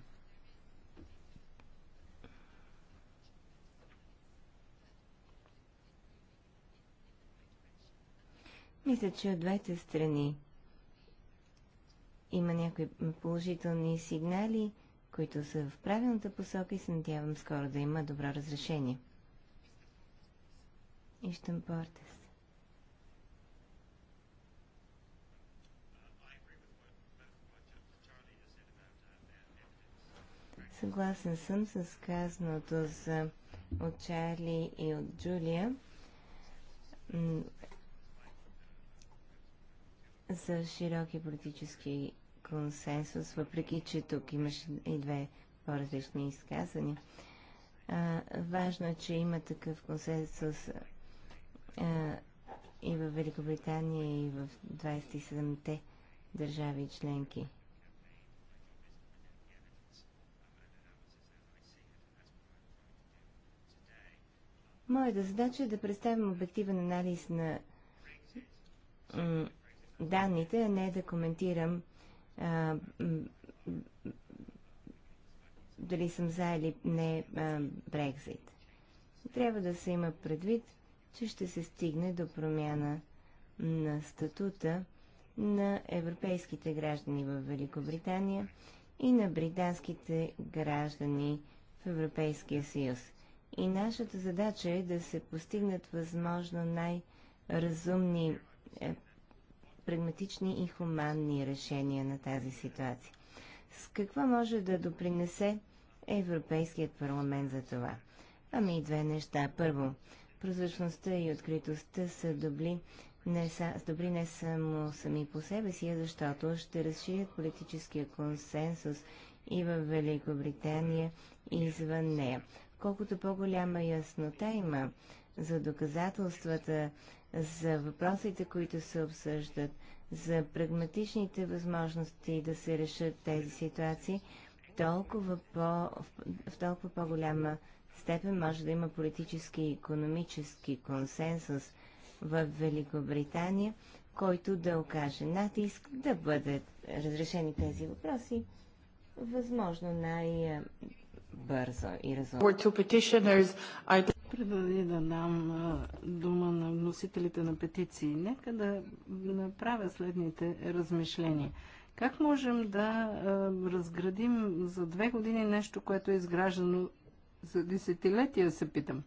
Мисля, че от двете страни има някои положителни сигнали, които са в правилната посока и се надявам скоро да има добро разрешение. Ищам порта. Съгласен съм с казаното за от Чарли и от Джулия за широки политически консенсус, въпреки че тук имаш и две по-различни изказания. А, важно е, че има такъв консенсус а, и в Великобритания, и в 27-те държави членки. Моята задача е да представим обективен анализ на данните, а не да коментирам а, дали съм за или не Брекзит. Трябва да се има предвид, че ще се стигне до промяна на статута на европейските граждани в Великобритания и на британските граждани в Европейския съюз. И нашата задача е да се постигнат възможно най-разумни е, прагматични и хуманни решения на тази ситуация. С какво може да допринесе Европейският парламент за това? Ами и две неща. Първо, прозрачността и откритостта са добри не, са, добри не само сами по себе си, защото ще разширят политическия консенсус и в Великобритания и извън нея. Колкото по-голяма яснота има за доказателствата, за въпросите, които се обсъждат, за прагматичните възможности да се решат тези ситуации, толкова по, в толкова по-голяма степен може да има политически и економически консенсус в Великобритания, който да окаже натиск да бъдат разрешени тези въпроси възможно най-бързо и разумно. Преди да дам дума на вносителите на петиции, нека да направя следните размишления. Как можем да разградим за две години нещо, което е изграждано за десетилетия, се питам.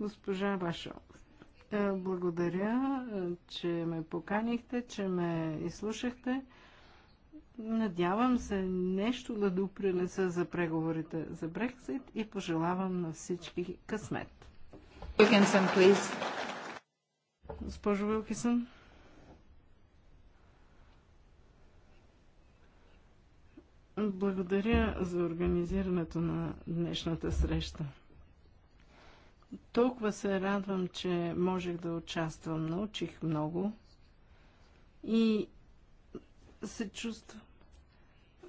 Госпожа Башо, благодаря, че ме поканихте, че ме изслушахте. Надявам се нещо да допринеса за преговорите за Брексит и пожелавам на всички късмет. Wilkinson, please. Госпожо Вилкисън. Благодаря за организирането на днешната среща. Толкова се радвам, че можех да участвам. Научих много и се чувствам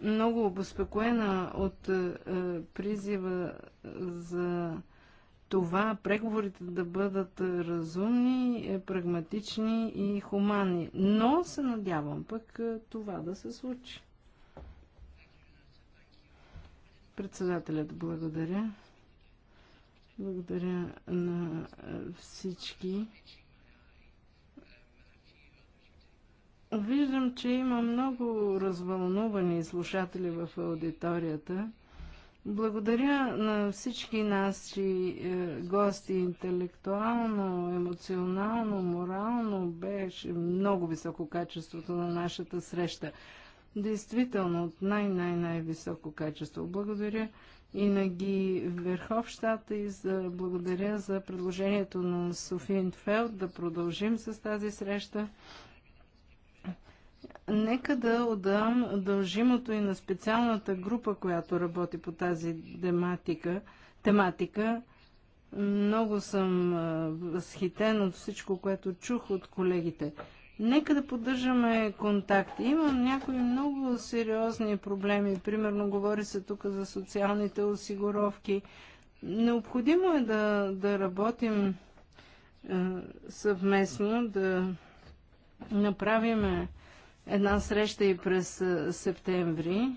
много обезпокоена от е, призива за това преговорите да бъдат разумни, е, прагматични и хуманни. Но се надявам пък е, това да се случи. Председателят благодаря. Благодаря на е, всички. Виждам, че има много развълнувани слушатели в аудиторията. Благодаря на всички наши е, гости интелектуално, емоционално, морално. Беше много високо качеството на нашата среща. Действително от най-най-най-високо качество. Благодаря и на Ги Верховщата и за, благодаря за предложението на Софи Инфелд да продължим с тази среща. Нека да отдам дължимото и на специалната група, която работи по тази тематика. тематика. Много съм възхитен от всичко, което чух от колегите. Нека да поддържаме контакти. Имам някои много сериозни проблеми. Примерно, говори се тук за социалните осигуровки. Необходимо е да, да работим е, съвместно, да направиме една среща и през септември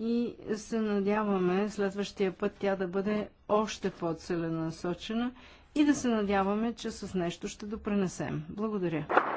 и се надяваме следващия път тя да бъде още по-целенасочена и да се надяваме, че с нещо ще допренесем. Благодаря.